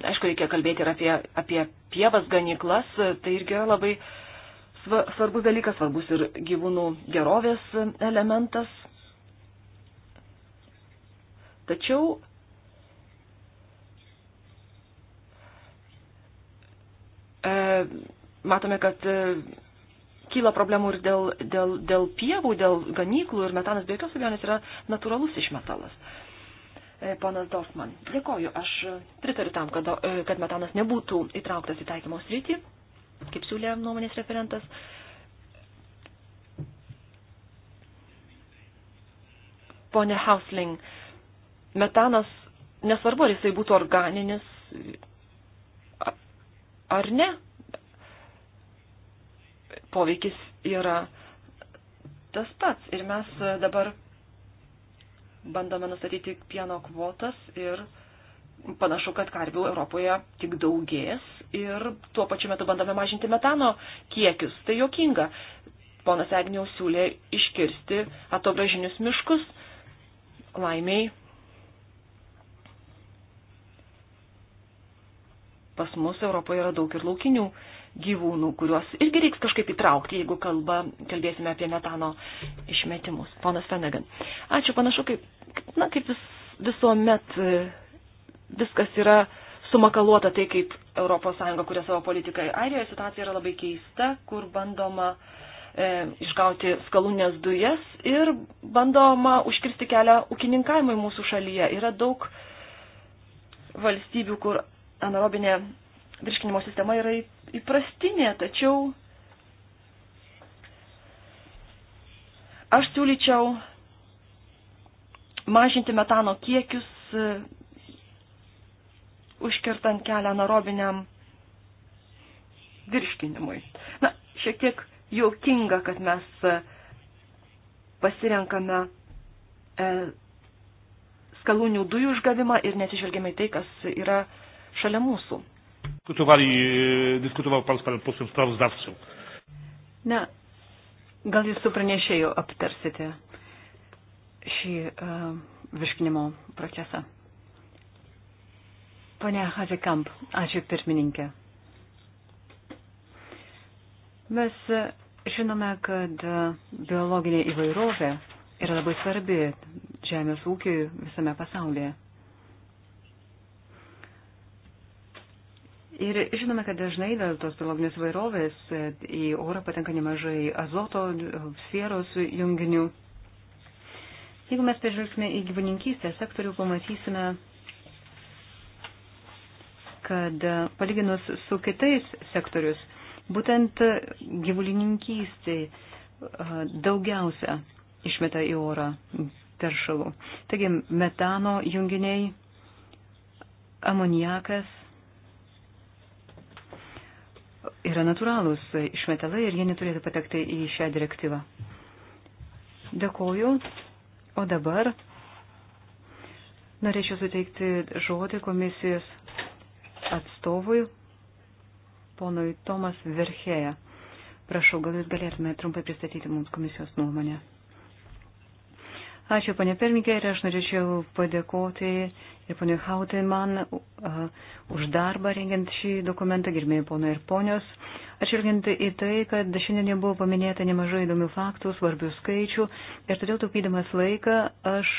Aišku, reikia kalbėti ir apie, apie pievas, ganyklas, tai irgi yra labai svarbus dalykas, svarbus ir gyvūnų gerovės elementas. Tačiau E, matome, kad e, kyla problemų ir dėl, dėl, dėl pievų, dėl ganyklų ir metanas be jokios abejonės yra natūralus išmetalas. E, ponas Dorfman, dėkoju, aš pritariu tam, kad, kad metanas nebūtų įtrauktas į taikymo sritį, kaip siūlė nuomonės referentas. Pone Hausling, metanas nesvarbu, ar jisai būtų organinis ar ne. Poveikis yra tas pats ir mes dabar bandome nustatyti pieno kvotas ir panašu, kad karvių Europoje tik daugės ir tuo pačiu metu bandome mažinti metano kiekius. Tai jokinga. Ponas Agniaus siūlė iškirsti atogražinius miškus. Laimiai pas mus Europoje yra daug ir laukinių gyvūnų, kuriuos irgi reiks kažkaip įtraukti, jeigu kalba, kalbėsime apie metano išmetimus. Ponas Fenegan. Ačiū, panašu, kaip, na, kaip vis, visuomet e, viskas yra sumakaluota tai, kaip ES kuria savo politiką. Airijoje situacija yra labai keista, kur bandoma e, išgauti skalūnės dujas ir bandoma užkirsti kelią ūkininkavimui mūsų šalyje. Yra daug valstybių, kur anaerobinė virškinimo sistema yra įprastinė, tačiau aš siūlyčiau mažinti metano kiekius, e, užkirtant kelią anaerobiniam virškinimui. Na, šiek tiek juokinga, kad mes e, pasirenkame e, skalūnių dujų išgavimą ir nesižvelgiame į tai, kas yra e, šalia mūsų. E, Na, gal jūs su pranešėju aptarsite šį uh, virškinimo procesą. Pone Hazekamp, ačiū pirmininkė. Mes e, žinome, kad biologinė įvairovė yra labai svarbi žemės ūkiui visame pasaulyje. Ir žinome, kad dažnai dėl tos biologinės vairovės e, į orą patenka nemažai azoto, sieros junginių. Jeigu mes pažvelgsime į gyvulininkystės sektorių, pamatysime, kad e, palyginus su kitais sektorius, būtent gyvulininkystė e, daugiausia išmeta į orą teršalų. Taigi metano junginiai, amoniakas yra natūralūs išmetalai ir jie neturėtų patekti į šią direktyvą. Dėkoju. O dabar norėčiau suteikti žodį komisijos atstovui, ponui Tomas Verhėja. Prašau, gal jūs galėtume trumpai pristatyti mums komisijos nuomonę. Ačiū, ponė Permikė, ir aš norėčiau padėkoti ir ponė Hautai man uh, už darbą rengiant šį dokumentą, girmėjai pono ir ponios. Atšvelgiant į tai, kad šiandien jau buvo paminėta nemažai įdomių faktų, svarbių skaičių ir todėl taupydamas laiką aš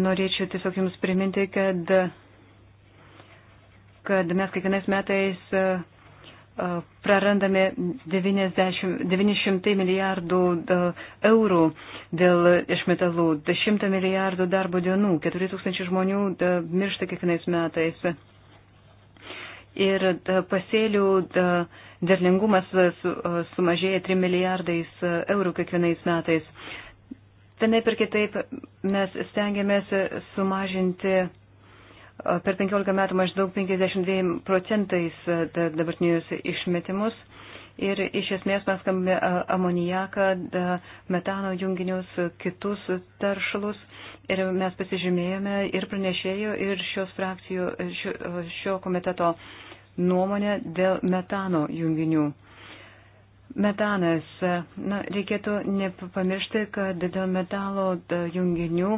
norėčiau tiesiog Jums priminti, kad, kad mes kiekvienais metais uh, prarandame 90, 900 milijardų eurų dėl išmetalų, 100 milijardų darbo dienų, 4000 žmonių miršta kiekvienais metais. Ir pasėlių derlingumas sumažėja 3 milijardais eurų kiekvienais metais. Vienaip ir kitaip mes stengiamės sumažinti per 15 metų maždaug 52 procentais e, dabartinius išmetimus. Ir iš esmės mes kalbame amonijaką, metano junginius, kitus taršalus. Ir mes pasižymėjome ir pranešėjo, ir šios frakcijų, šio, šio komiteto nuomonę dėl metano junginių. Metanas. Na, reikėtų nepamiršti, kad dėl metalo junginių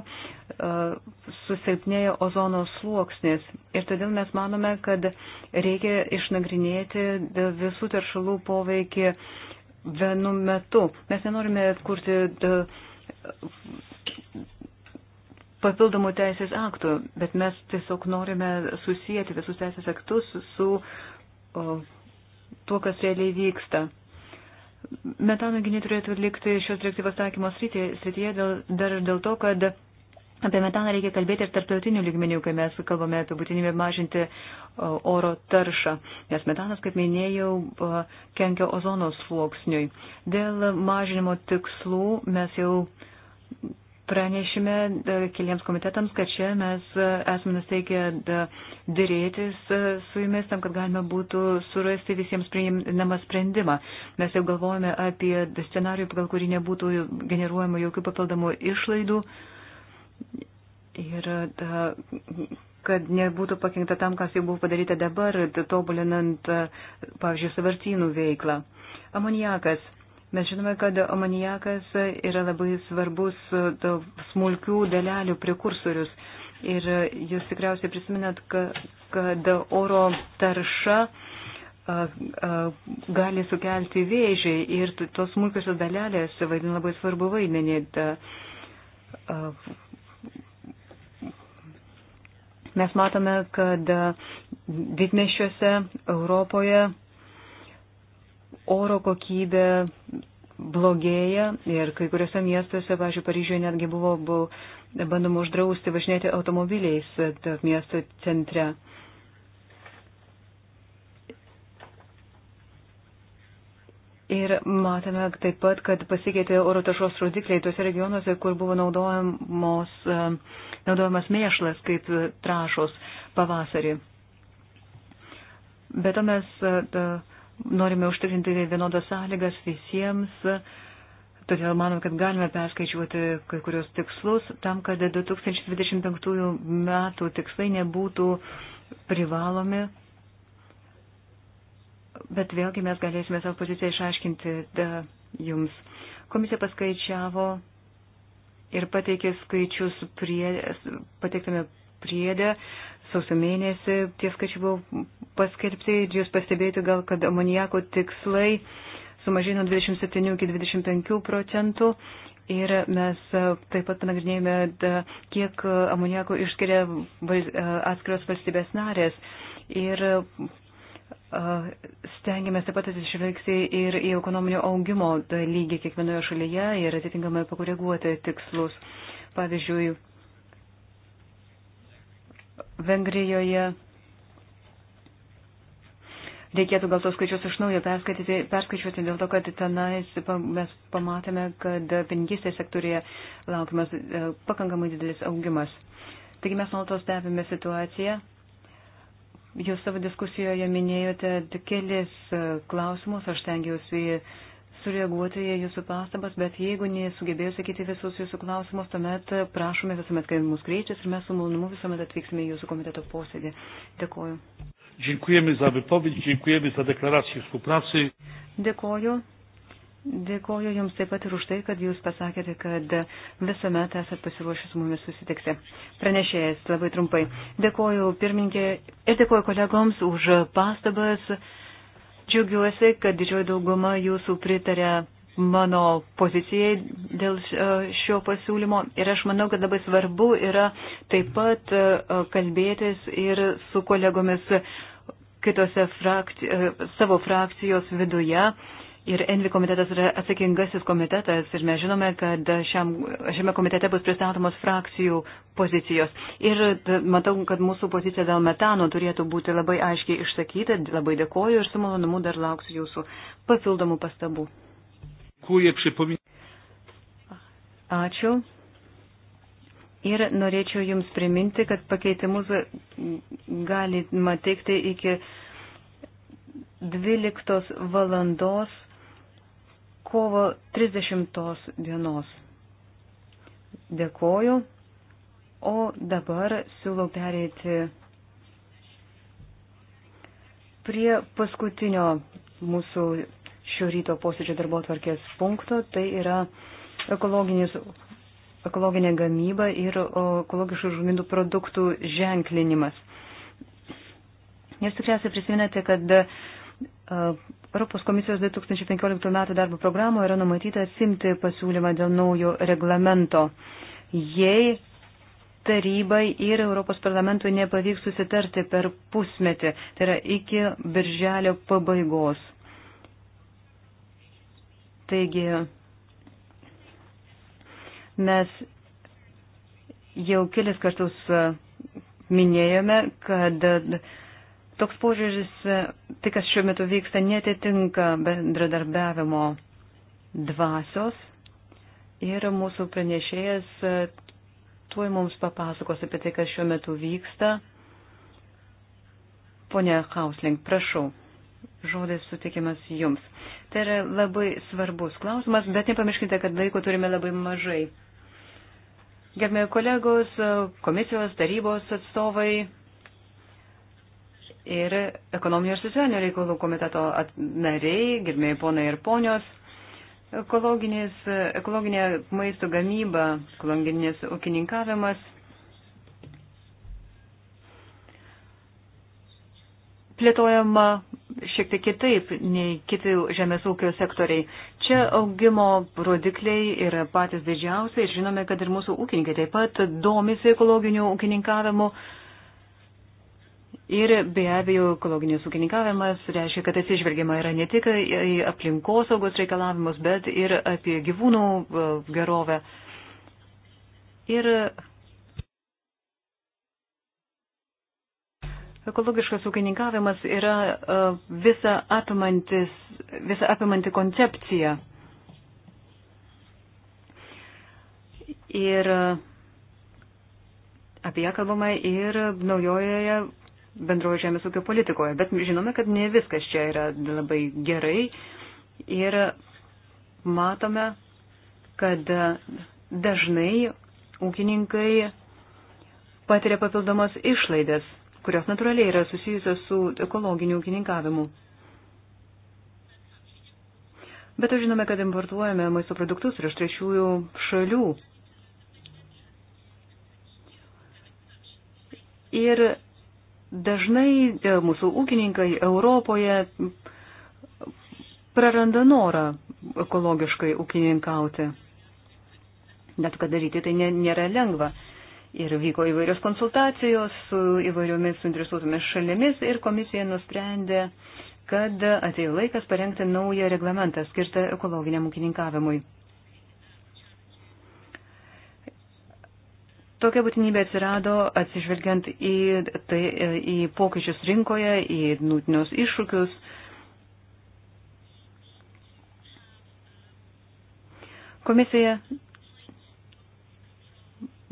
susilpnėjo ozono sluoksnis. Ir todėl mes manome, kad reikia išnagrinėti visų teršalų poveikį vienu metu. Mes nenorime atkurti papildomų teisės aktų, bet mes tiesiog norime susijęti visus teisės aktus su o, tuo, kas realiai vyksta. Metano gynė turėtų likti šios direktyvos taikymo srityje dėl, dar ir dėl to, kad apie metaną reikia kalbėti ir tarptautinių lygmenių, kai mes kalbame apie būtinybę mažinti oro taršą, nes metanas, kaip minėjau, kenkia ozono sluoksniui. Dėl mažinimo tikslų mes jau pranešime e, keliems komitetams, kad čia mes e, esame nusteikę e, dėrėtis su jumis tam, kad galima būtų surasti visiems priimamą sprendimą. Mes jau galvojame apie scenarių, pagal kurį nebūtų generuojama jokių papildomų išlaidų ir kad nebūtų pakengta tam, kas jau buvo padaryta dabar, tobulinant, pavyzdžiui, savartynų veiklą. Amoniakas Mes žinome, kad amoniakas yra labai svarbus smulkių dalelių prekursorius. Ir jūs tikriausiai prisiminat, kad oro tarša gali sukelti vėžį ir tos smulkiosios dalelės vaidina labai svarbu vaidmenį. Mes matome, kad didmešiuose Europoje oro kokybė blogėja ir kai kuriuose miestuose, važiuoju, Paryžiuje netgi buvo, buvo bandoma uždrausti važinėti automobiliais miesto centre. Ir matome taip pat, kad pasikeitė oro taršos rodikliai tuose regionuose, kur buvo naudojamas mėšlas kaip trašos pavasarį. Bet to mes. Ta, norime užtikrinti vienodas sąlygas visiems, todėl manome, kad galime perskaičiuoti kai kurios tikslus tam, kad 2025 metų tikslai nebūtų privalomi. Bet vėlgi mes galėsime savo poziciją išaiškinti jums. Komisija paskaičiavo ir pateikė skaičius prie, pateiktame priedė, sausio mėnesį tie skaičiai buvo paskelbti ir jūs pastebėjote gal, kad amonijako tikslai sumažino 27 iki 25 procentų. Ir mes e, taip pat panagrinėjome, kiek amonijako išskiria e, atskiros valstybės narės. Ir e, stengiamės taip pat atsižvelgti ir į ekonominio augimo lygį kiekvienoje šalyje ir atitinkamai pakoreguoti tikslus. Pavyzdžiui, Vengrijoje. Reikėtų gal tos skaičius iš naujo perskaičiuoti, perskaičiuoti dėl to, kad tenais mes pamatėme, kad pinigystės sektorija laukiamas e, pakankamai didelis augimas. Taigi mes nuolatos stebime situaciją. Jūs savo diskusijoje minėjote kelis e, klausimus, aš tengiausi sureaguoti į jūsų pastabas, bet jeigu nesugebėjau sakyti visus jūsų klausimus, tuomet prašome visuomet, kai mus kreičias ir mes su malonumu visuomet atvyksime į jūsų komiteto posėdį. Dėkoju. Dziękujemy za wypowiedź, dziękujemy za deklarację współpracy. Dėkoju. Dėkoju Jums taip pat ir už tai, kad Jūs pasakėte, kad visuomet esat pasiruošęs su mumis susitikti. Pranešėjas labai trumpai. Dėkoju pirmininkė ir dėkoju kolegoms už pastabas. Džiaugiuosi, kad didžioji dauguma jūsų pritarė mano pozicijai dėl e, šio pasiūlymo ir aš manau, kad labai svarbu yra taip pat e, kalbėtis ir su kolegomis kitose frakci e, savo frakcijos viduje Ir Envi komitetas yra atsakingasis komitetas ir mes žinome, kad šiam, šiame komitete bus pristatomos frakcijų pozicijos. Ir e, matau, kad mūsų pozicija dėl metano turėtų būti labai aiškiai išsakyta. Labai dėkoju ir su malonumu dar lauksiu jūsų papildomų pastabų. Ačiū. Ir norėčiau Jums priminti, kad pakeitimus galima teikti iki 12 valandos kovo 30 dienos. Dėkoju, o dabar siūlau pereiti prie paskutinio mūsų šio ryto posėdžio darbo tvarkės punkto, tai yra ekologinė gamyba ir ekologiškų žuvindų produktų ženklinimas. Jūs tikriausiai prisiminate, kad Europos komisijos 2015 metų darbo programoje yra numatyta atsimti pasiūlymą dėl naujo reglamento. Jei tarybai ir Europos parlamentui nepavyks susitarti per pusmetį, tai yra iki birželio pabaigos. Taigi mes jau kelis kartus minėjome, kad toks požiūris, e, tai kas šiuo metu vyksta, netitinka bendradarbiavimo dvasios ir mūsų pranešėjas e, tuoj mums papasakos apie tai, kas šiuo metu vyksta. Pone Hausling, prašau, žodis sutikimas jums. Tai yra labai svarbus klausimas, bet nepamirškite, kad laiko turime labai mažai. Gerbėjai kolegos, e, komisijos, tarybos atstovai, ir ekonominio ir socialinio reikalų komiteto nariai, gerbėjai ponai ir ponios. Ekologinė maisto gamyba, ekologinės ūkininkavimas plėtojama šiek tiek kitaip nei kiti žemės ūkio sektoriai. Čia augimo rodikliai yra patys didžiausiai ir žinome, kad ir mūsų ūkininkai taip pat domisi ekologiniu ūkininkavimu. Uh, Ir be abejo, ekologinis ūkininkavimas reiškia, kad atsižvelgiama yra ne tik į aplinkosaugos reikalavimus, bet ir apie gyvūnų e, gerovę. Ir ekologiškas ūkininkavimas yra e, visa, apimantis, visa apimanti koncepcija. Ir apie ją kalbama ir naujojoje bendrojo žemės ūkio politikoje, bet žinome, kad ne viskas čia yra labai gerai ir matome, kad dažnai ūkininkai patiria papildomas išlaidas, kurios natūraliai yra susijusios su ekologiniu ūkininkavimu. Bet to žinome, kad importuojame maisto produktus ir iš trečiųjų šalių. Ir Dažnai e, mūsų ūkininkai Europoje praranda norą ekologiškai ūkininkauti. Net kad daryti tai nėra lengva. Ir vyko įvairios konsultacijos su įvairiomis suinteresuotomis šalimis ir komisija nusprendė, kad atėjo laikas parengti naują reglamentą skirtą ekologiniam ūkininkavimui. Tokia būtinybė atsirado atsižvelgiant į, tai, į pokyčius rinkoje, į nutinius iššūkius. Komisija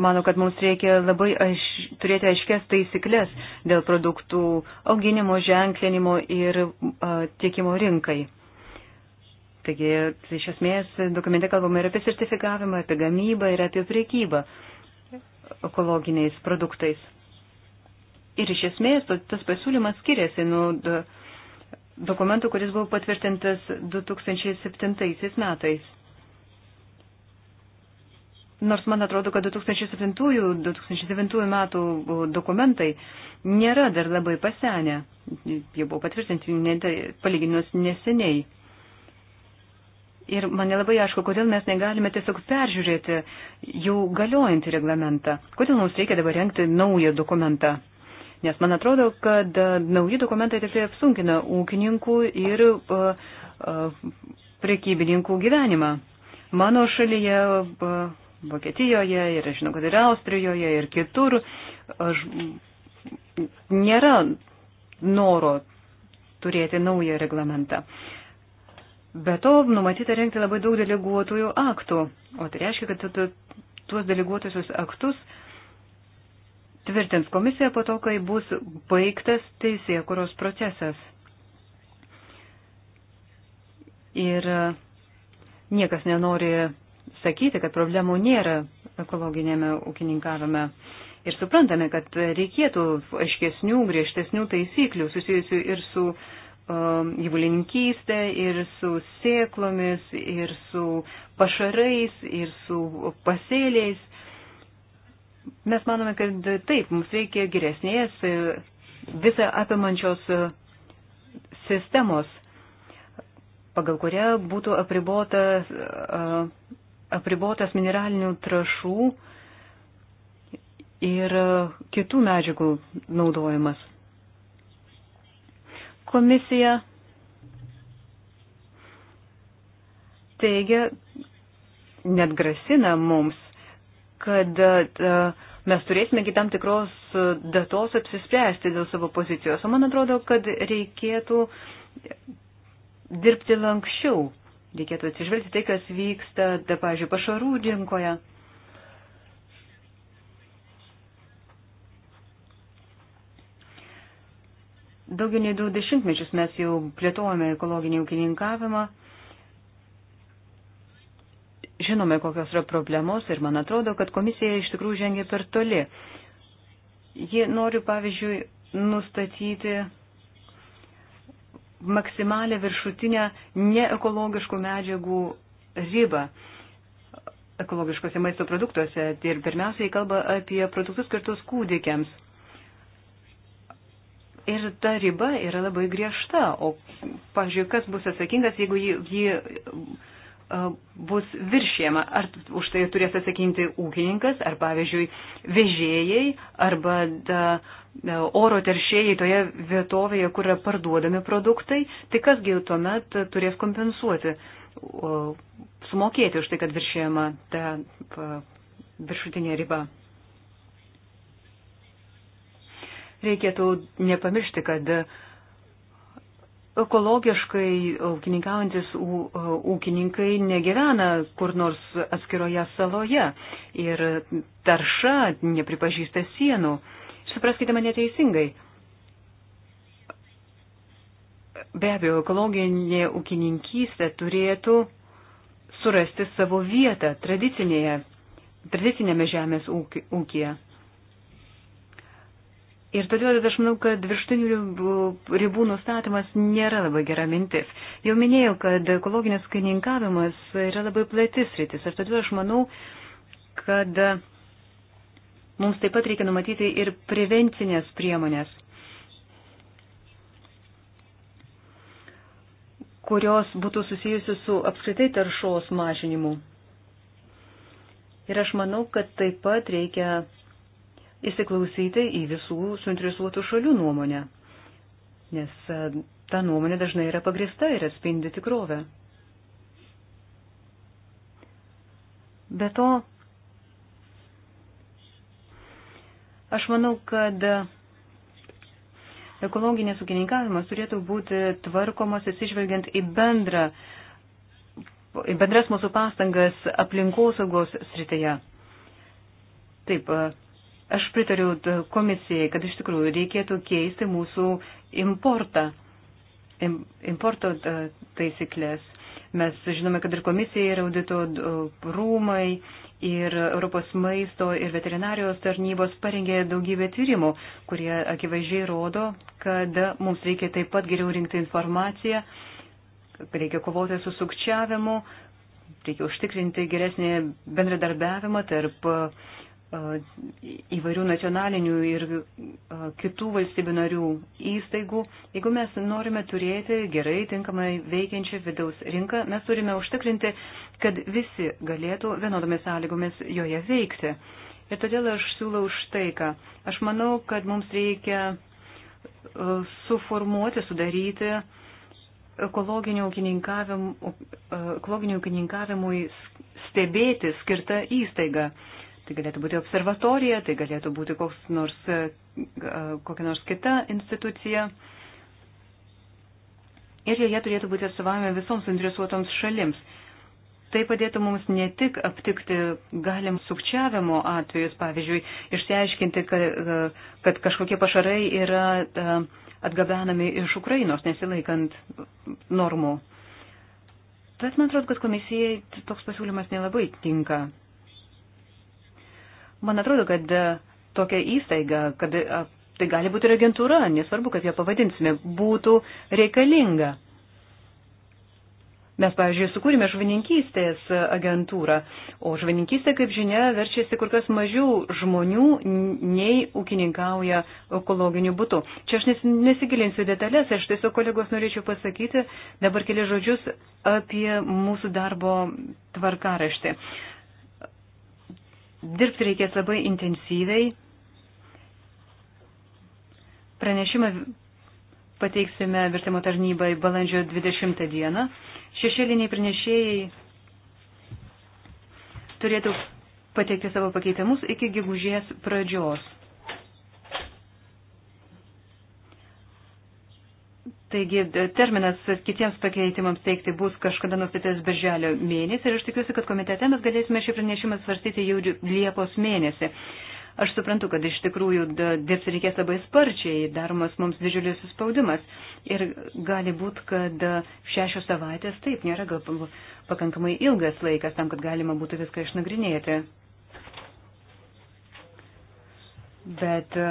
mano, kad mums reikia labai aiš, turėti aiškės taisyklės dėl produktų auginimo, ženklinimo ir a, tiekimo rinkai. Taigi, iš esmės, dokumente kalbame ir apie sertifikavimą, apie gamybą, ir apie priekybą ekologiniais produktais. Ir iš esmės tas pasiūlymas skiriasi nuo dokumentų, kuris buvo patvirtintas 2007 metais. Nors man atrodo, kad 2007-2009 metų dokumentai nėra dar labai pasenę, jie buvo patvirtinti palyginus neseniai. Ir man nelabai aišku, kodėl mes negalime tiesiog peržiūrėti jau galiojantį reglamentą. Kodėl mums reikia dabar renkti naują dokumentą? Nes man atrodo, kad e, nauji dokumentai tikrai apsunkina ūkininkų ir uh, uh, prekybininkų gyvenimą. Mano šalyje, uh, Vokietijoje ir, žinau, kad ir Austrijoje ir kitur aš, nėra noro turėti naują reglamentą. Uh, Be to, numatyta renkti labai daug deleguotojų aktų, o tai reiškia, kad tuos deleguotusius aktus tvirtins komisija po to, kai bus baigtas teisėkuros procesas. Ir e, niekas nenori sakyti, kad problemų nėra ekologinėme ūkininkavime. Ir suprantame, kad reikėtų aiškesnių, griežtesnių taisyklių susijusių ir su uh, Um, gyvulininkystę, ir su sėklomis, ir su pašarais, ir su pasėliais. Mes manome, kad taip, mums reikia geresnės e, visą apimančios e, sistemos, pagal kurią būtų apribotas, e, apribotas mineralinių trašų ir kitų medžiagų naudojimas. Komisija teigia, net grasina mums, kad e, mes turėsime iki tam tikros e, datos apsispręsti dėl savo pozicijos. O man atrodo, kad reikėtų dirbti lankščiau. Reikėtų atsižvelgti tai, kas vyksta, da, pažiūrėjau, pašarų rinkoje. Daugiau nei du dešimtmečius mes jau plėtojame ekologinį ūkininkavimą. Žinome, kokios yra problemos ir man atrodo, kad komisija iš tikrųjų žengia per toli. Ji nori, pavyzdžiui, nustatyti maksimalę viršutinę neekologiškų medžiagų ribą ekologiškose maisto produktuose ir pirmiausiai kalba apie produktus skirtus kūdikiams. Ir ta riba yra labai griežta. O, pažiūrėjau, kas bus atsakingas, jeigu ji, ji bus viršėma. Ar už tai turės atsakinti ūkininkas, ar, pavyzdžiui, vežėjai, arba da, oro teršėjai toje vietovėje, kur yra parduodami produktai. Tai kasgi tuomet turės kompensuoti, sumokėti už tai, kad viršėjama ta viršutinė riba. reikėtų nepamiršti, kad ekologiškai ūkininkaujantis ūkininkai negyvena kur nors atskiroje saloje ir tarša nepripažįsta sienų. Supraskite mane teisingai. Be abejo, ekologinė ūkininkystė turėtų surasti savo vietą tradicinėje, tradicinėme žemės ūkija. Ir todėl aš manau, kad virštinių ribų, ribų nustatymas nėra labai gera mintis. Jau minėjau, kad ekologinis kaininkavimas yra labai platis rytis. Ir todėl aš manau, kad mums taip pat reikia numatyti ir prevencinės priemonės, kurios būtų susijusi su apskritai taršos mažinimu. Ir aš manau, kad taip pat reikia įsiklausyti į visų suinteresuotų šalių nuomonę, nes e, ta nuomonė dažnai yra pagrista ir atspindi tikrovę. Be to, aš manau, kad ekologinės ūkininkavimas turėtų būti tvarkomas atsižvelgiant į bendrą, į bendras mūsų pastangas aplinkosaugos srityje. Taip, e, Aš pritariu komisijai, kad iš tikrųjų reikėtų keisti mūsų importą, importo taisyklės. Mes žinome, kad ir komisija, ir audito rūmai, ir Europos maisto ir veterinarijos tarnybos parengė daugybę tyrimų, kurie akivaizdžiai rodo, kad mums reikia taip pat geriau rinkti informaciją, reikia kovoti su sukčiavimu, reikia užtikrinti geresnį bendradarbiavimą tarp uh, įvairių nacionalinių ir kitų valstybių narių įstaigų. Jeigu mes norime turėti gerai tinkamai veikiančią vidaus rinką, mes turime užtikrinti, kad visi galėtų vienodomis sąlygomis joje veikti. Ir todėl aš siūlau už tai, ką aš manau, kad mums reikia suformuoti, sudaryti ekologinio ūkininkavimui stebėti skirtą įstaigą. Tai galėtų būti observatorija, tai galėtų būti koks nors, e, e, kokia nors kita institucija. Ir joje turėtų būti atstovavime visoms interesuotoms šalims. Tai padėtų mums ne tik aptikti galim sukčiavimo atvejus, pavyzdžiui, išsiaiškinti, kad, e, kad kažkokie pašarai yra atgabenami iš Ukrainos, nesilaikant normų. Bet man atrodo, kad komisijai toks pasiūlymas nelabai tinka. Man atrodo, kad e, tokia įstaiga, kad e, tai gali būti ir agentūra, nesvarbu, kaip ją pavadinsime, būtų reikalinga. Mes, pavyzdžiui, sukūrėme žuvininkystės agentūrą, o žuvininkystė, kaip žinia, verčiasi kur kas mažiau žmonių nei ūkininkauja ekologiniu būtu. Čia aš nesigilinsiu detalės, aš tiesiog kolegos norėčiau pasakyti dabar keli žodžius apie mūsų darbo tvarkaraštį dirbti reikės labai intensyviai. Pranešimą pateiksime vertimo tarnybai balandžio 20 dieną. Šešėliniai pranešėjai turėtų pateikti savo pakeitimus iki gegužės pradžios. Taigi terminas kitiems pakeitimams teikti bus kažkada nustatytas birželio mėnesį ir aš tikiuosi, kad komitete mes galėsime šį pranešimą svarstyti jau Liepos mėnesį. Aš suprantu, kad iš tikrųjų dirbti reikės labai sparčiai, daromas mums didžiulis spaudimas ir gali būt, kad šešios savaitės taip nėra gal pakankamai ilgas laikas tam, kad galima būtų viską išnagrinėti. Bet e,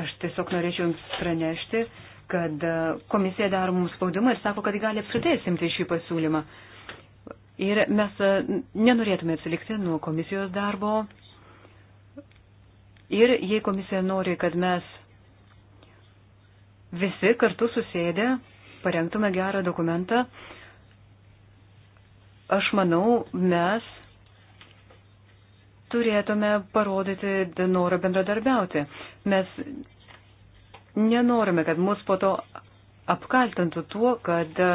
aš tiesiog norėčiau Jums pranešti, kad e, komisija daro mums spaudimą ir sako, kad gali apskritai atsimti šį pasiūlymą. Ir mes e, nenorėtume atsilikti nuo komisijos darbo. Ir jei komisija nori, kad mes visi kartu susėdę parengtume gerą dokumentą, aš manau, mes turėtume parodyti norą bendradarbiauti. Mes nenorime, kad mus po to apkaltintų tuo, kad e,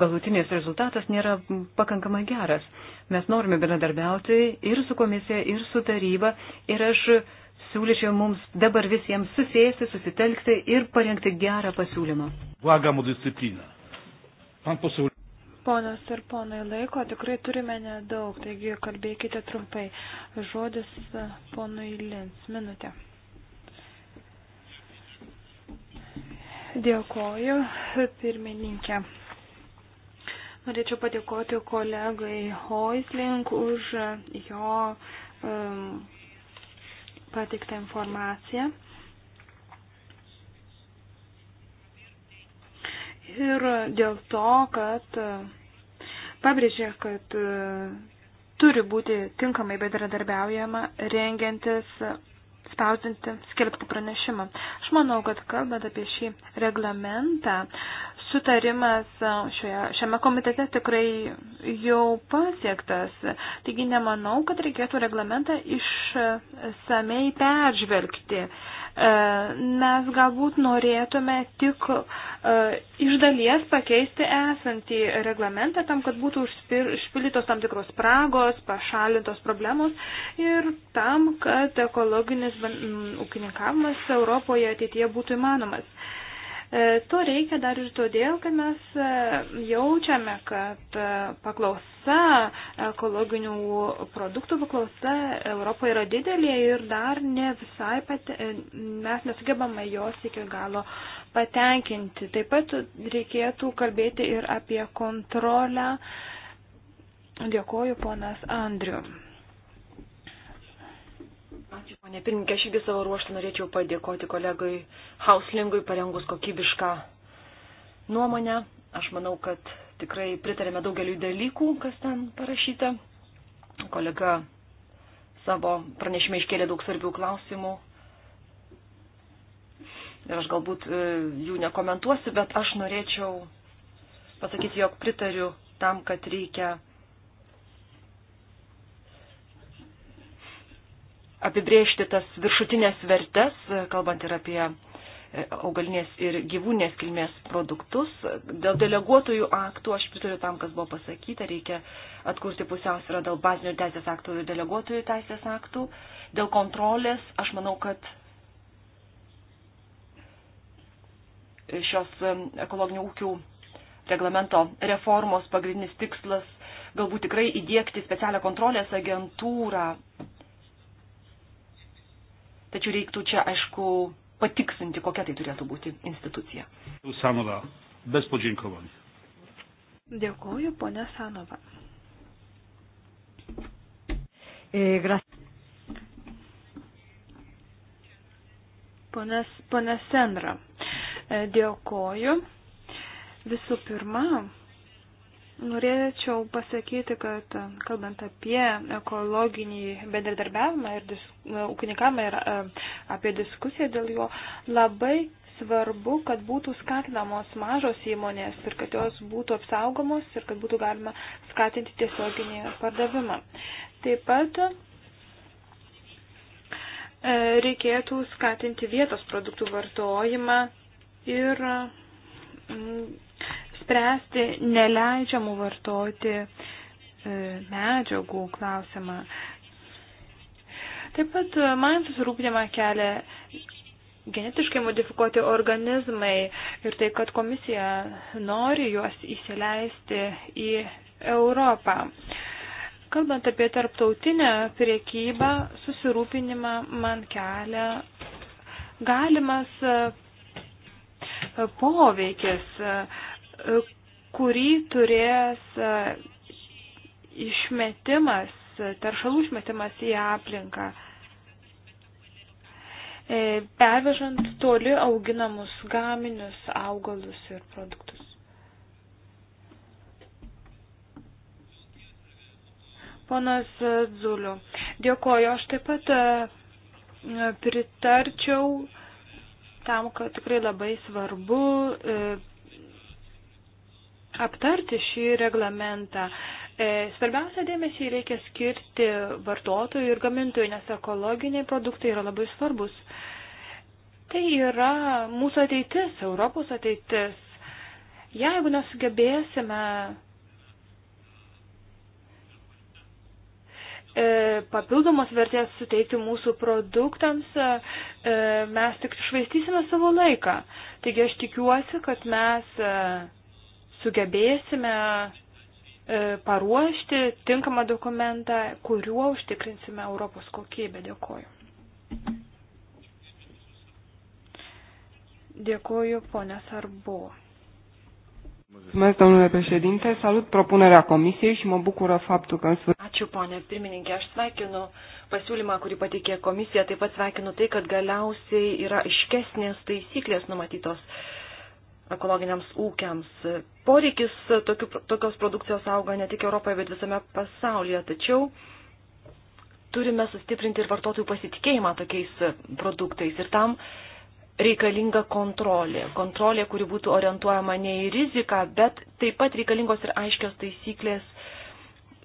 galutinis rezultatas nėra pakankamai geras. Mes norime bendradarbiauti ir su komisija, ir su taryba, ir aš siūlyčiau mums dabar visiems susėsti, susitelkti ir parengti gerą pasiūlymą. Vagamų discipliną. Ponas ir ponai, laiko tikrai turime nedaug, taigi kalbėkite trumpai. Žodis e, ponui Lins. Minutė. Dėkoju, pirmininkė. Norėčiau padėkoti kolegai Hoisling už jo um, pateiktą informaciją. Ir dėl to, kad uh, pabrėžė, kad uh, turi būti tinkamai bedradarbiaujama rengiantis spausdinti, skelbti pranešimą. Aš manau, kad kalbant apie šį reglamentą, sutarimas e, šioje, šiame komitete tikrai jau pasiektas. Taigi nemanau, kad reikėtų reglamentą išsamei peržvelgti. Uh, E, mes galbūt norėtume tik e, iš dalies pakeisti esantį reglamentą tam, kad būtų užpildytos tam tikros spragos, pašalintos problemos ir tam, kad ekologinis ūkininkavimas Europoje ateityje būtų įmanomas. E, to reikia dar ir todėl, kad mes e, jaučiame, kad e, paklausa ekologinių produktų paklausa Europoje yra didelė ir dar ne visai pate, mes nesugebame jos iki galo patenkinti. Taip pat reikėtų kalbėti ir apie kontrolę. Dėkoju, ponas Andriu. Ačiū, ponė pirmininkė, aš irgi savo ruoštą norėčiau padėkoti kolegai Hauslingui parengus kokybišką nuomonę. Aš manau, kad tikrai pritarėme daugeliu dalykų, kas ten parašyta. Kolega savo pranešime iškėlė daug svarbių klausimų. Ir aš galbūt e, jų nekomentuosiu, bet aš norėčiau pasakyti, jog pritariu tam, kad reikia apibriežti tas viršutinės vertes, kalbant ir apie e, augalinės ir gyvūnės kilmės produktus. Dėl deleguotojų aktų aš pritariu tam, kas buvo pasakyta, reikia atkurti pusiausvyrą dėl bazinių teisės aktų ir deleguotojų teisės aktų. Dėl kontrolės aš manau, kad šios ekologinių ūkių reglamento reformos pagrindinis tikslas galbūt tikrai įdėkti specialią kontrolės agentūrą Tačiau reiktų čia, aišku, patiksinti, kokia tai turėtų būti institucija. Sanova, bez podžinkovani. Dėkuoju, ponia Sanova. E, ponas, ponas Senra, e, dėkoju. Visų pirma, Norėčiau pasakyti, kad kalbant apie ekologinį bendradarbiavimą ir dis, ūkininkavimą ir e, apie diskusiją dėl jo, labai svarbu, kad būtų skatinamos mažos įmonės ir kad jos būtų apsaugomos ir kad būtų galima skatinti tiesioginį pardavimą. Taip pat e, reikėtų skatinti vietos produktų vartojimą ir spręsti neleidžiamų vartoti e, medžiagų klausimą. Taip pat e, man susirūpinimą kelia genetiškai modifikuoti organizmai ir tai, kad komisija nori juos įsileisti į Europą. Kalbant apie tarptautinę priekybą, susirūpinimą man kelia galimas e, poveikis E, kurį turės e, išmetimas, e, taršalų išmetimas į aplinką, pervežant toli auginamus gaminius, augalus ir produktus. Ponas Zuliu, dėkoju, aš taip pat pritarčiau tam, kad tikrai labai svarbu aptarti šį reglamentą. E, svarbiausia dėmesį reikia skirti vartotojų ir gamintojų, nes ekologiniai produktai yra labai svarbus. Tai yra mūsų ateitis, Europos ateitis. Jeigu nesugebėsime e, papildomos vertės suteikti mūsų produktams, e, mes tik švaistysime savo laiką. Taigi aš tikiuosi, kad mes sugebėsime e, paruošti tinkamą dokumentą, kuriuo užtikrinsime Europos kokybę. Dėkoju. Dėkoju, ponė Sarbo. Mulțumesc, domnule președinte. Salut propunerea comisiei și mă bucură faptul că în sfârșit... Ačiū, ponė pirmininkė. Aš sveikinu pasiūlymą, kurį pateikė komisija. Taip pat sveikinu tai, kad galiausiai yra iškesnės taisyklės numatytos uh, ekologiniams ūkiams. Poreikis tokiu, tokios produkcijos auga ne tik Europoje, bet visame pasaulyje. Tačiau turime sustiprinti ir vartotojų pasitikėjimą tokiais produktais. Ir tam reikalinga kontrolė. Kontrolė, kuri būtų orientuojama ne į riziką, bet taip pat reikalingos ir aiškios taisyklės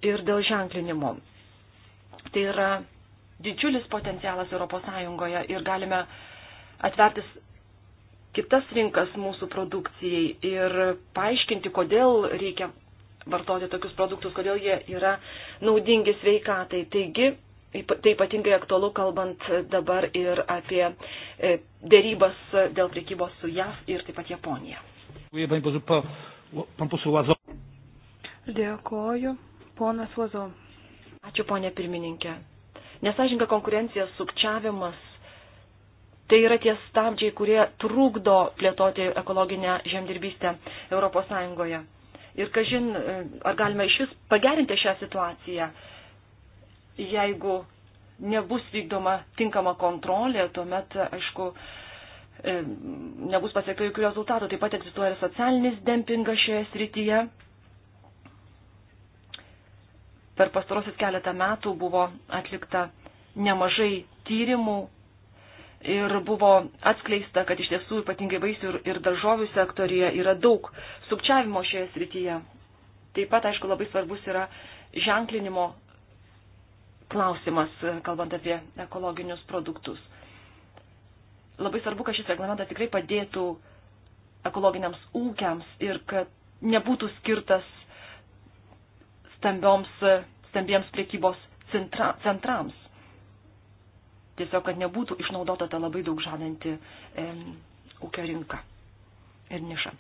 ir dėl ženklinimo. Tai yra didžiulis potencialas ES ir galime atvertis kitas rinkas mūsų produkcijai ir paaiškinti, kodėl reikia vartoti tokius produktus, kodėl jie yra naudingi sveikatai. Taigi, tai ypatingai aktualu kalbant dabar ir apie e, dėrybas dėl priekybos su JAV ir taip pat Japonija. Dėkoju, ponas Vazo. Ačiū, ponė pirmininkė. Nesažinga konkurencija, sukčiavimas Tai yra tie stabdžiai, kurie trukdo plėtoti ekologinę žemdirbystę ES. Ir kažin, ar galime iš vis pagerinti šią situaciją, jeigu nebus vykdoma tinkama kontrolė, tuomet, aišku, e, nebus pasiekta jokių rezultatų. Taip pat egzistuoja ir socialinis dempingas šioje srityje. Per pastarosius keletą metų buvo atlikta nemažai tyrimų ir buvo atskleista, kad iš tiesų ypatingai vaisių ir, ir daržovių sektorija yra daug sukčiavimo šioje srityje. Taip pat, aišku, labai svarbus yra ženklinimo klausimas, kalbant apie ekologinius produktus. Labai svarbu, kad šis reglamentas tikrai padėtų ekologiniams ūkiams ir kad nebūtų skirtas stambioms, stambiems priekybos centra, centrams tiesiog, kad nebūtų išnaudota ta labai daug žadanti e, ūkio rinka ir niša.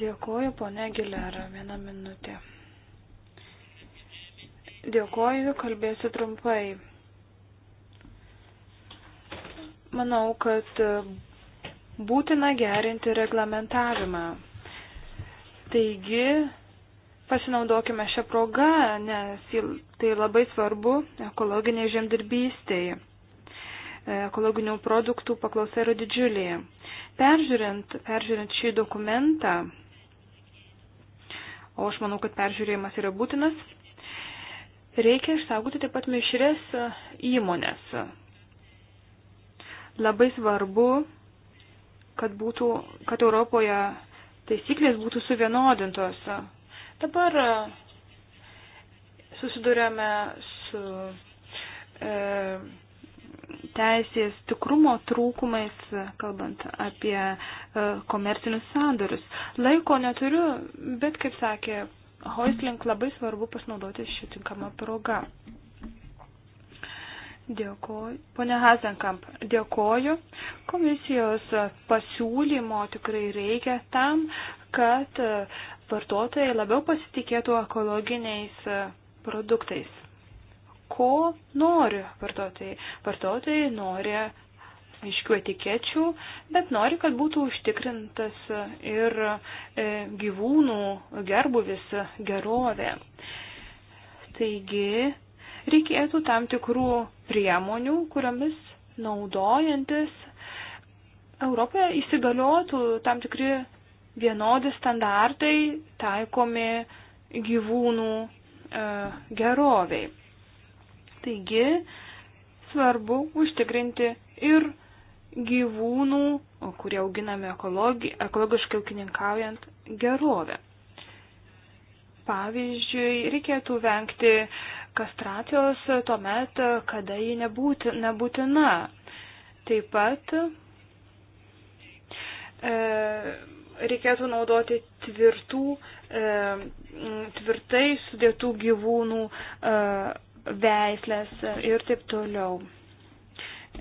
Dėkoju, ponė Gilera, vieną minutę. Dėkoju, kalbėsiu trumpai. Manau, kad būtina gerinti reglamentavimą. Taigi, Pasinaudokime šią progą, nes tai labai svarbu ekologiniai žemdirbystėje. Ekologinių produktų paklausa yra didžiulė. Peržiūrint, peržiūrint šį dokumentą, o aš manau, kad peržiūrėjimas yra būtinas, reikia išsaugoti taip pat mišrės įmonės. Labai svarbu, kad, būtų, kad Europoje taisyklės būtų suvienodintos Dabar e, susidurėme su e, teisės tikrumo trūkumais, kalbant apie e, komercinius sandorius. Laiko neturiu, bet, kaip sakė Hoislink, labai svarbu pasinaudoti šį tinkamą progą. Dėkoju. Pone Hazenkamp, dėkoju. Komisijos pasiūlymo tikrai reikia tam, kad e, vartotojai labiau pasitikėtų ekologiniais e, produktais. Ko nori vartotojai? Vartotojai nori aiškių etikečių, bet nori, kad būtų užtikrintas ir e, gyvūnų gerbuvis gerovė. Taigi, reikėtų tam tikrų priemonių, kuriomis naudojantis Europoje įsigaliotų tam tikri vienodi standartai taikomi gyvūnų e, geroviai. Taigi svarbu užtikrinti ir gyvūnų, kurie auginami ekologi, ekologiškai ūkininkaujant, gerovę. Pavyzdžiui, reikėtų vengti kastracijos tuomet, kada ji nebūti, nebūtina. Taip pat e, reikėtų naudoti tvirtų, e, tvirtai sudėtų gyvūnų e, veislės ir taip toliau.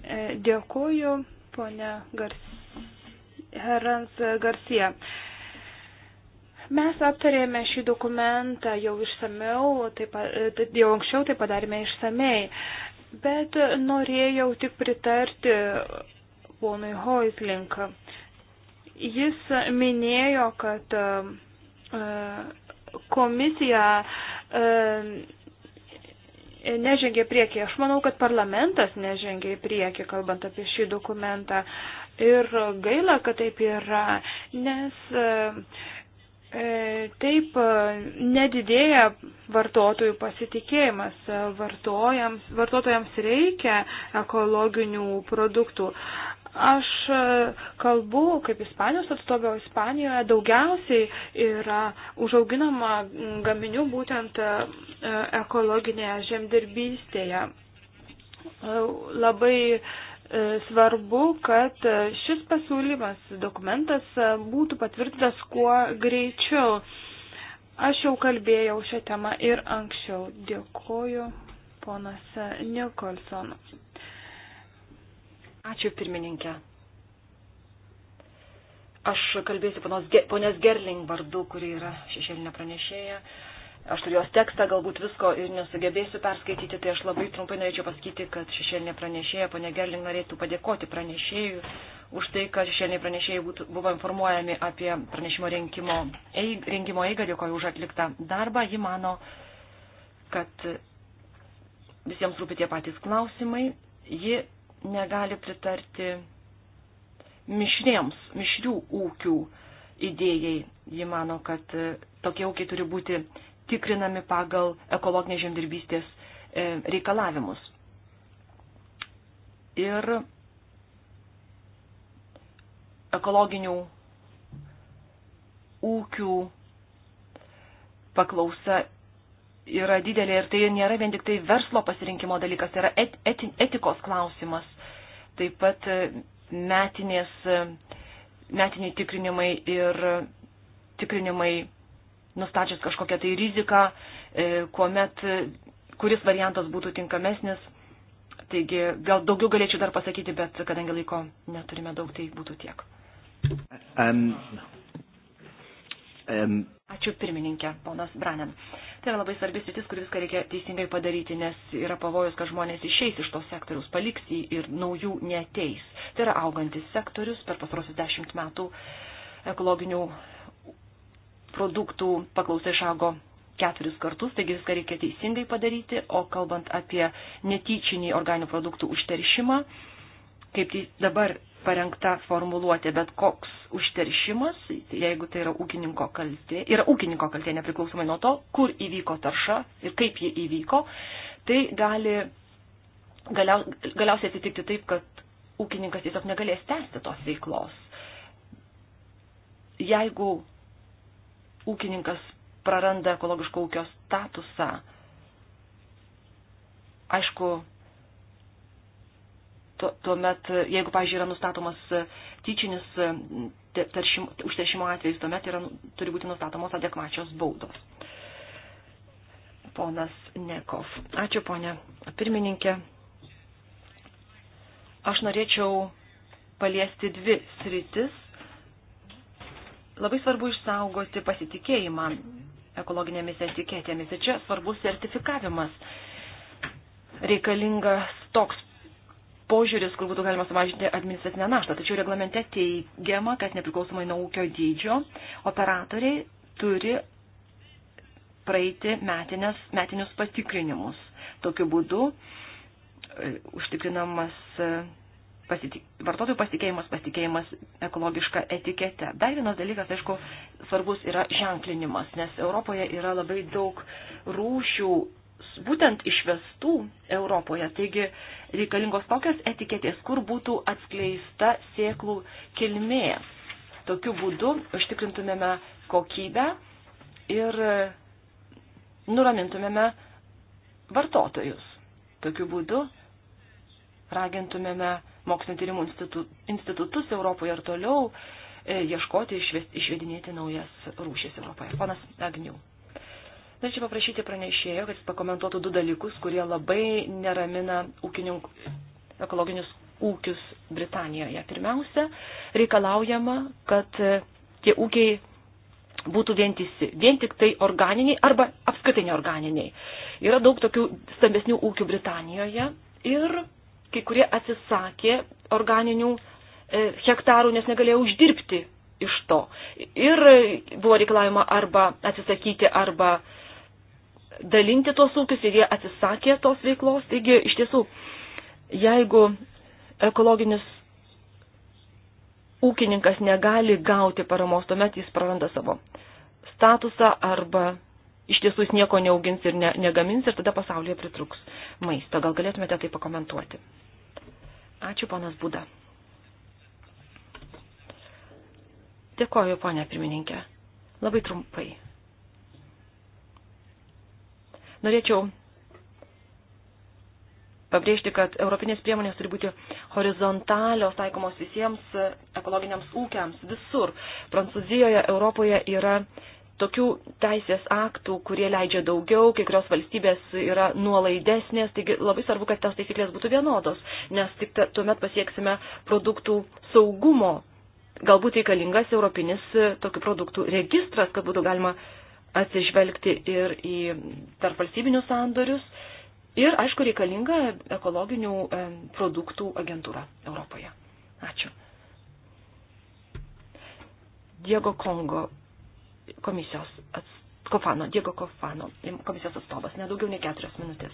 E, dėkuoju, ponia Gars, Herans Garcia. Mes aptarėme šį dokumentą jau išsameu, taip, jau anksčiau tai padarėme išsamei, bet norėjau tik pritarti ponui Hoislinką. Jis minėjo, kad e, e, komisija e, nežengė priekį. Aš manau, kad parlamentas nežengė į priekį, kalbant apie šį dokumentą. Ir gaila, kad taip yra, nes E, taip e, nedidėja vartotojų pasitikėjimas. E, vartojams, vartotojams reikia ekologinių produktų. Aš kalbu kaip Ispanijos atstovė, o Ispanijoje daugiausiai yra užauginama gaminių būtent ekologinėje žemdirbystėje. Labai uh, E, svarbu, kad šis pasiūlymas dokumentas e, būtų patvirtintas kuo greičiau. Aš jau kalbėjau šią temą ir anksčiau. Dėkoju, ponas Nikolson. Ačiū, pirmininkė. Aš kalbėsiu ponios Gerling vardu, kuri yra šešėlinė pranešėja. Uh, aš turiu jos tekstą, galbūt visko ir nesugebėsiu perskaityti, tai aš labai trumpai norėčiau pasakyti, kad šešėlinė pranešėja, ponė Gerling, norėtų padėkoti pranešėjui už tai, kad šešėliniai pranešėjai būtų, buvo informuojami apie pranešimo rengimo, eig, rengimo eigą, dėkoju už atliktą darbą. Ji mano, kad visiems rūpi tie patys klausimai. Ji negali pritarti mišriems, mišrių ūkių idėjai. Ji mano, kad tokie ūkiai turi būti tikrinami pagal ekologinės žemdirbystės e, reikalavimus. Ir ekologinių ūkių paklausa yra didelė ir tai nėra vien tik tai verslo pasirinkimo dalykas, tai yra et, et, etikos klausimas. Taip pat e, metinės, e, metiniai tikrinimai ir tikrinimai nustačius kažkokią tai riziką, e, kuomet e, kuris variantas būtų tinkamesnis. Taigi, gal daugiau galėčiau dar pasakyti, bet kadangi laiko neturime daug, tai būtų tiek. Um, um. Ačiū pirmininkė, ponas Branen. Tai yra labai svarbis rytis, kur viską reikia teisingai padaryti, nes yra pavojus, kad žmonės išeis iš to sektoriaus, paliks jį ir naujų neteis. Tai yra augantis sektorius per pastarosius dešimt metų ekologinių produktų paklausa išaugo keturis kartus, taigi viską reikia teisingai padaryti, o kalbant apie netyčinį organinių produktų užteršimą, kaip tai dabar parengta formuluotė, bet koks užteršimas, tai jeigu tai yra ūkininko kaltė, yra ūkininko kaltė nepriklausomai nuo to, kur įvyko tarša ir kaip ji įvyko, tai gali galiau, galiausiai atsitikti taip, kad ūkininkas tiesiog negalės tęsti tos veiklos. Jeigu ūkininkas praranda ekologiško ūkio statusą. Aišku, tuomet, tu jeigu, pažiūrėjau, yra nustatomas tyčinis teršimo, užteršimo atvejais, tuomet yra, turi būti nustatomos adekvačios baudos. Ponas Nekov. Ačiū, ponė pirmininkė. Aš norėčiau paliesti dvi sritis, Labai svarbu išsaugoti pasitikėjimą ekologinėmis etiketėmis. Ir čia svarbus sertifikavimas. Reikalingas toks požiūris, kur būtų galima sumažinti administracinę naštą. Tačiau reglamente teigiama, kad nepriklausomai nuo ūkio dydžio operatoriai turi praeiti metinės, metinius patikrinimus. Tokiu būdu e, užtikrinamas e, pasiti, vartotojų pasitikėjimas, pasitikėjimas ekologiška etikete. Dar vienas dalykas, aišku, svarbus yra ženklinimas, nes Europoje yra labai daug rūšių būtent išvestų Europoje. Taigi reikalingos tokios etiketės, kur būtų atskleista sėklų kilmė. Tokiu būdu užtikrintumėme kokybę ir nuramintumėme vartotojus. Tokiu būdu ragintumėme mokslinio tyrimų institu, institutus Europoje ir toliau e, ieškoti, išvedinėti naujas rūšis Europoje. Ponas Agnių. Norėčiau paprašyti pranešėjo, kad jis pakomentuotų du dalykus, kurie labai neramina ūkininkų ekologinius ūkius Britanijoje. Pirmiausia, reikalaujama, kad e, tie ūkiai būtų vientisi, vien tik tai organiniai arba apskritai neorganiniai. Yra daug tokių stambesnių ūkių Britanijoje ir kai kurie atsisakė organinių e, hektarų, nes negalėjo uždirbti iš to. Ir buvo reikalavima arba atsisakyti, arba dalinti tuos ūkius ir jie atsisakė tos veiklos. Taigi, iš tiesų, jeigu ekologinis ūkininkas negali gauti paramos, tuomet jis praranda savo statusą arba iš tiesų jis nieko neaugins ir ne, negamins ir tada pasaulyje pritruks maisto. Gal galėtumėte tai pakomentuoti? Ačiū, ponas Būda. Dėkoju, ponė pirmininkė. Labai trumpai. Norėčiau pabrėžti, kad europinės priemonės turi būti horizontalios, taikomos visiems ekologiniams ūkiams, visur. Prancūzijoje, Europoje yra tokių teisės aktų, kurie leidžia daugiau, kai kurios valstybės yra nuolaidesnės, taigi labai svarbu, kad tos taisyklės būtų vienodos, nes tik ta, tuomet pasieksime produktų saugumo. Galbūt reikalingas europinis e, tokių produktų registras, kad būtų galima atsižvelgti ir į tarp valstybinius sandorius. Ir, aišku, reikalinga ekologinių e, produktų agentūra Europoje. Ačiū. Diego Kongo komisijos atstovas. Kofano, Diego Kofano, komisijos atstovas, nedaugiau nei keturios minutės.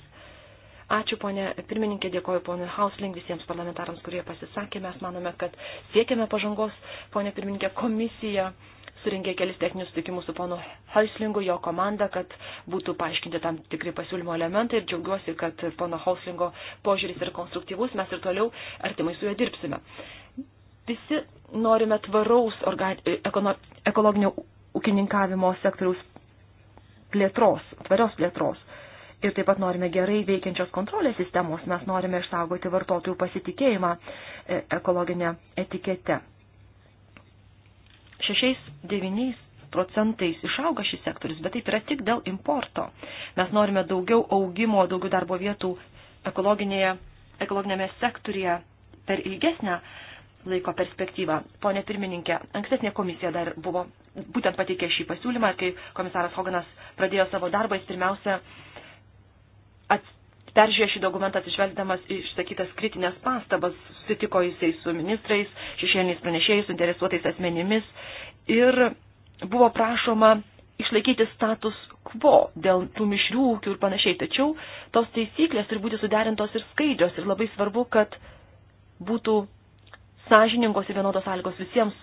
Ačiū, ponė pirmininkė, dėkoju ponui Hausling, visiems parlamentarams, kurie pasisakė. Mes manome, kad siekiame pažangos, ponė pirmininkė, komisija suringė kelis techninius sutikimus su ponu Hauslingu, jo komanda, kad būtų paaiškinti tam tikri pasiūlymo elementai ir džiaugiuosi, kad pono Hauslingo požiūris yra konstruktyvus, mes ir toliau artimai su juo dirbsime. Visi norime tvaraus organi... E- ekologinio ūkininkavimo sektoriaus plėtros, tvarios plėtros. Ir taip pat norime gerai veikiančios kontrolės sistemos, mes norime išsaugoti vartotojų pasitikėjimą e, ekologinę etiketę. 6-9 procentais išauga šis sektorius, bet taip yra tik dėl importo. Mes norime daugiau augimo, daugiau darbo vietų ekologinėje, ekologinėme sektorija per ilgesnę laiko perspektyvą. Pone pirmininkė, ankstesnė komisija dar buvo būtent pateikė šį pasiūlymą, kai komisaras Hoganas pradėjo savo darbą, jis pirmiausia at, peržiūrėjo šį dokumentą atsižvelgdamas išsakytas kritinės pastabas, sutiko jisai su ministrais, šešėliniais pranešėjais, suinteresuotais asmenimis ir buvo prašoma išlaikyti status quo dėl tų mišrių ūkių ir panašiai. Tačiau tos taisyklės turi būti suderintos ir skaidrios ir labai svarbu, kad būtų sąžiningos ir vienodos sąlygos visiems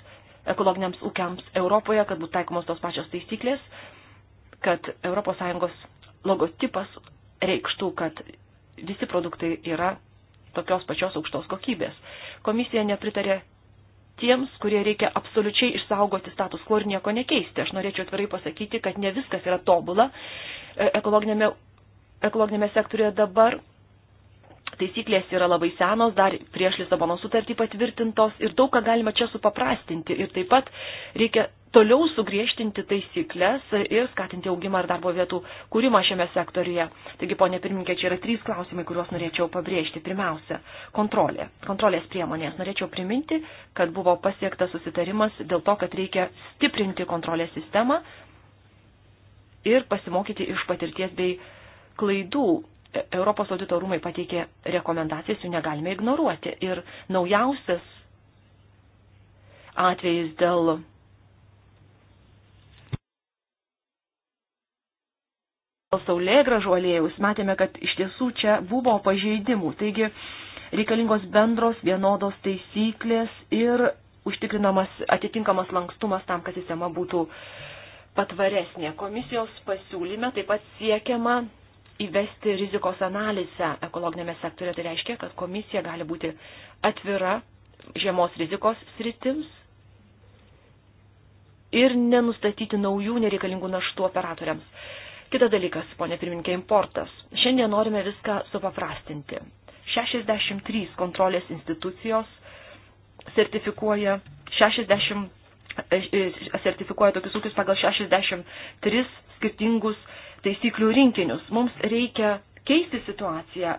ekologiniams ūkiams Europoje, kad būtų taikomos tos pačios taisyklės, kad ES logotipas reikštų, kad visi produktai yra tokios pačios aukštos kokybės. Komisija nepritarė tiems, kurie reikia absoliučiai išsaugoti status quo ir nieko nekeisti. Aš norėčiau atvirai pasakyti, kad ne viskas yra tobula e, ekologinėme, ekologinėme sektoriuje dabar taisyklės yra labai senos, dar prieš Lisabono sutartį patvirtintos ir daug ką galima čia supaprastinti. Ir taip pat reikia toliau sugriežtinti taisyklės ir skatinti augimą ir darbo vietų kūrimą šiame sektoriuje. Taigi, ponė pirmininkė, čia yra trys klausimai, kuriuos norėčiau pabrėžti. Pirmiausia, kontrolė. Kontrolės priemonės. Norėčiau priminti, kad buvo pasiektas susitarimas dėl to, kad reikia stiprinti kontrolės sistemą ir pasimokyti iš patirties bei klaidų Europos audito rūmai pateikė rekomendacijas, jų negalime ignoruoti. Ir naujausias atvejis dėl saulėgražų alėjus, matėme, kad iš tiesų čia buvo pažeidimų. Taigi reikalingos bendros vienodos taisyklės ir užtikrinamas atitinkamas lankstumas tam, kad sistema būtų patvaresnė. Komisijos pasiūlyme taip pat siekiama įvesti rizikos analizę ekologinėme sektoriuje. Tai reiškia, kad komisija gali būti atvira žiemos rizikos sritims ir nenustatyti naujų nereikalingų naštų operatoriams. Kitas dalykas, ponė pirminkė, importas. Šiandien norime viską supaprastinti. 63 kontrolės institucijos sertifikuoja 60 e, e, sertifikuoja tokius ūkius pagal 63 skirtingus taisyklių rinkinius. Mums reikia keisti situaciją.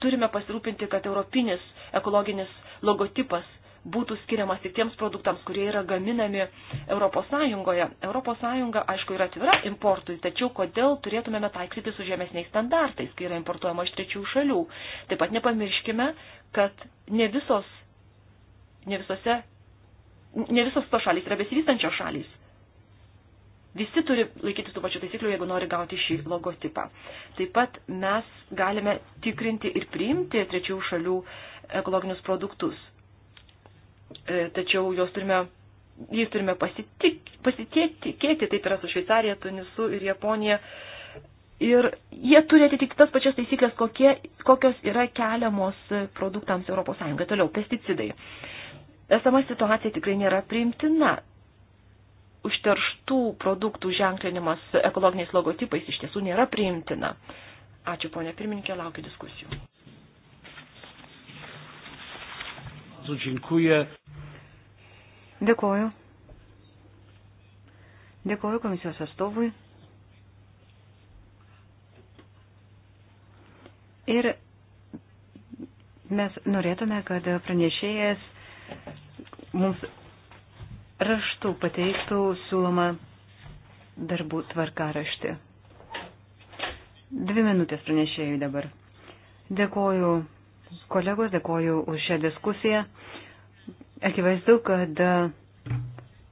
Turime pasirūpinti, kad europinis ekologinis logotipas būtų skiriamas tik tiems produktams, kurie yra gaminami Europos Sąjungoje. Europos Sąjunga, aišku, yra atvira importui, tačiau kodėl turėtumėme taikyti su žemesniais standartais, kai yra importuojama iš trečių šalių. Taip pat nepamirškime, kad ne visos, ne visose, ne visos to šalys yra besivystančios šalys. Visi turi laikytis tų pačių taisyklių, jeigu nori gauti šį logotipą. Taip pat mes galime tikrinti ir priimti trečių šalių ekologinius produktus. E, tačiau juos turime, jais turime pasitik, pasitikėti, taip yra su Šveicarija, Tunisu ir Japonija. Ir jie turi atitikti tas pačias taisyklės, kokie, kokios yra keliamos produktams ES. Toliau, pesticidai. Esama situacija tikrai nėra priimtina užterštų produktų ženklinimas ekologiniais logotipais iš tiesų nėra priimtina. Ačiū, ponė pirmininkė, laukiu diskusijų. Dėkuoju. Dėkuoju komisijos atstovui. Ir mes norėtume, kad pranešėjas mums raštų pateiktų siūlomą darbų tvarkaraštį. Dvi minutės pranešėjai dabar. Dėkoju kolegos, dėkoju už šią diskusiją. Akivaizdu, kad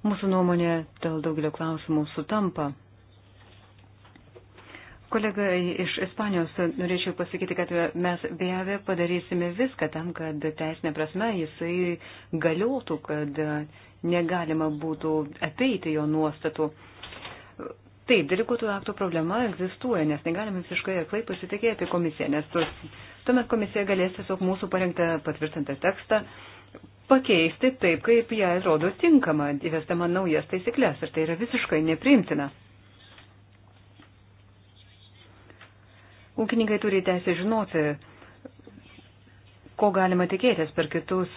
mūsų nuomonė dėl daugelio klausimų sutampa. Kolegai iš Ispanijos norėčiau pasakyti, kad mes be abejo padarysime viską tam, kad teisinė prasme jisai galiotų, kad negalima būtų apeiti jo nuostatų. Taip, delikuotų akto problema egzistuoja, nes negalime visiškai aklai pasitikėti komisiją, nes tu, tuomet komisija galės tiesiog mūsų parengtą patvirtintą tekstą pakeisti taip, kaip jai atrodo tinkama, įvestama naujas taisyklės ir tai yra visiškai nepriimtina. Ūkininkai turi teisę žinoti, ko galima tikėtis per kitus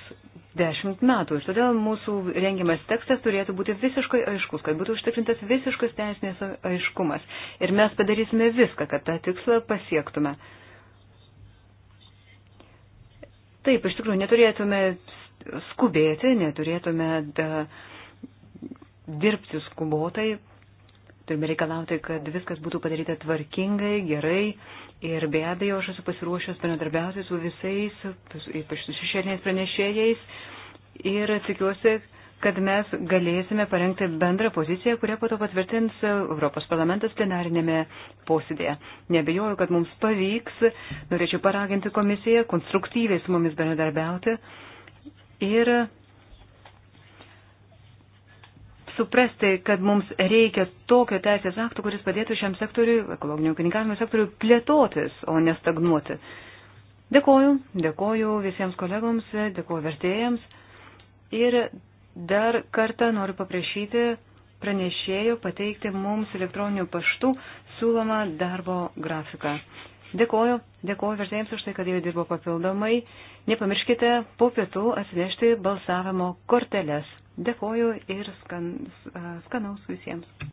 dešimt metų. Ir todėl mūsų rengiamas tekstas turėtų būti visiškai aiškus, kad būtų užtikrintas visiškas teisinės aiškumas. Ir mes padarysime viską, kad tą tikslą pasiektume. Taip, iš tikrųjų, neturėtume skubėti, neturėtume da, dirbti skubotai. Turime reikalauti, kad viskas būtų padaryta tvarkingai, gerai Ir be abejo, aš esu pasiruošęs bendradarbiauti su visais, ypač su šešėliniais pranešėjais. Ir tikiuosi, kad mes galėsime parengti bendrą poziciją, kurią po to patvirtins Europos parlamentas plenarinėme posėdėje. Nebejoju, kad mums pavyks. Norėčiau paraginti komisiją konstruktyviai su mumis bendradarbiauti. Ir suprasti, kad mums reikia tokio teisės akto, kuris padėtų šiam sektoriui, ekologinio ūkininkavimo sektoriui, plėtotis, o nestagnuoti. Dėkoju, dėkoju visiems kolegoms, dėkoju vertėjams ir dar kartą noriu paprašyti pranešėjo pateikti mums elektroniniu paštu siūlomą darbo grafiką. Dėkoju, dėkoju verzėjams už tai, kad jie dirbo papildomai. Nepamirškite po pietų atsinešti balsavimo korteles. Dėkoju ir skan, skanaus visiems.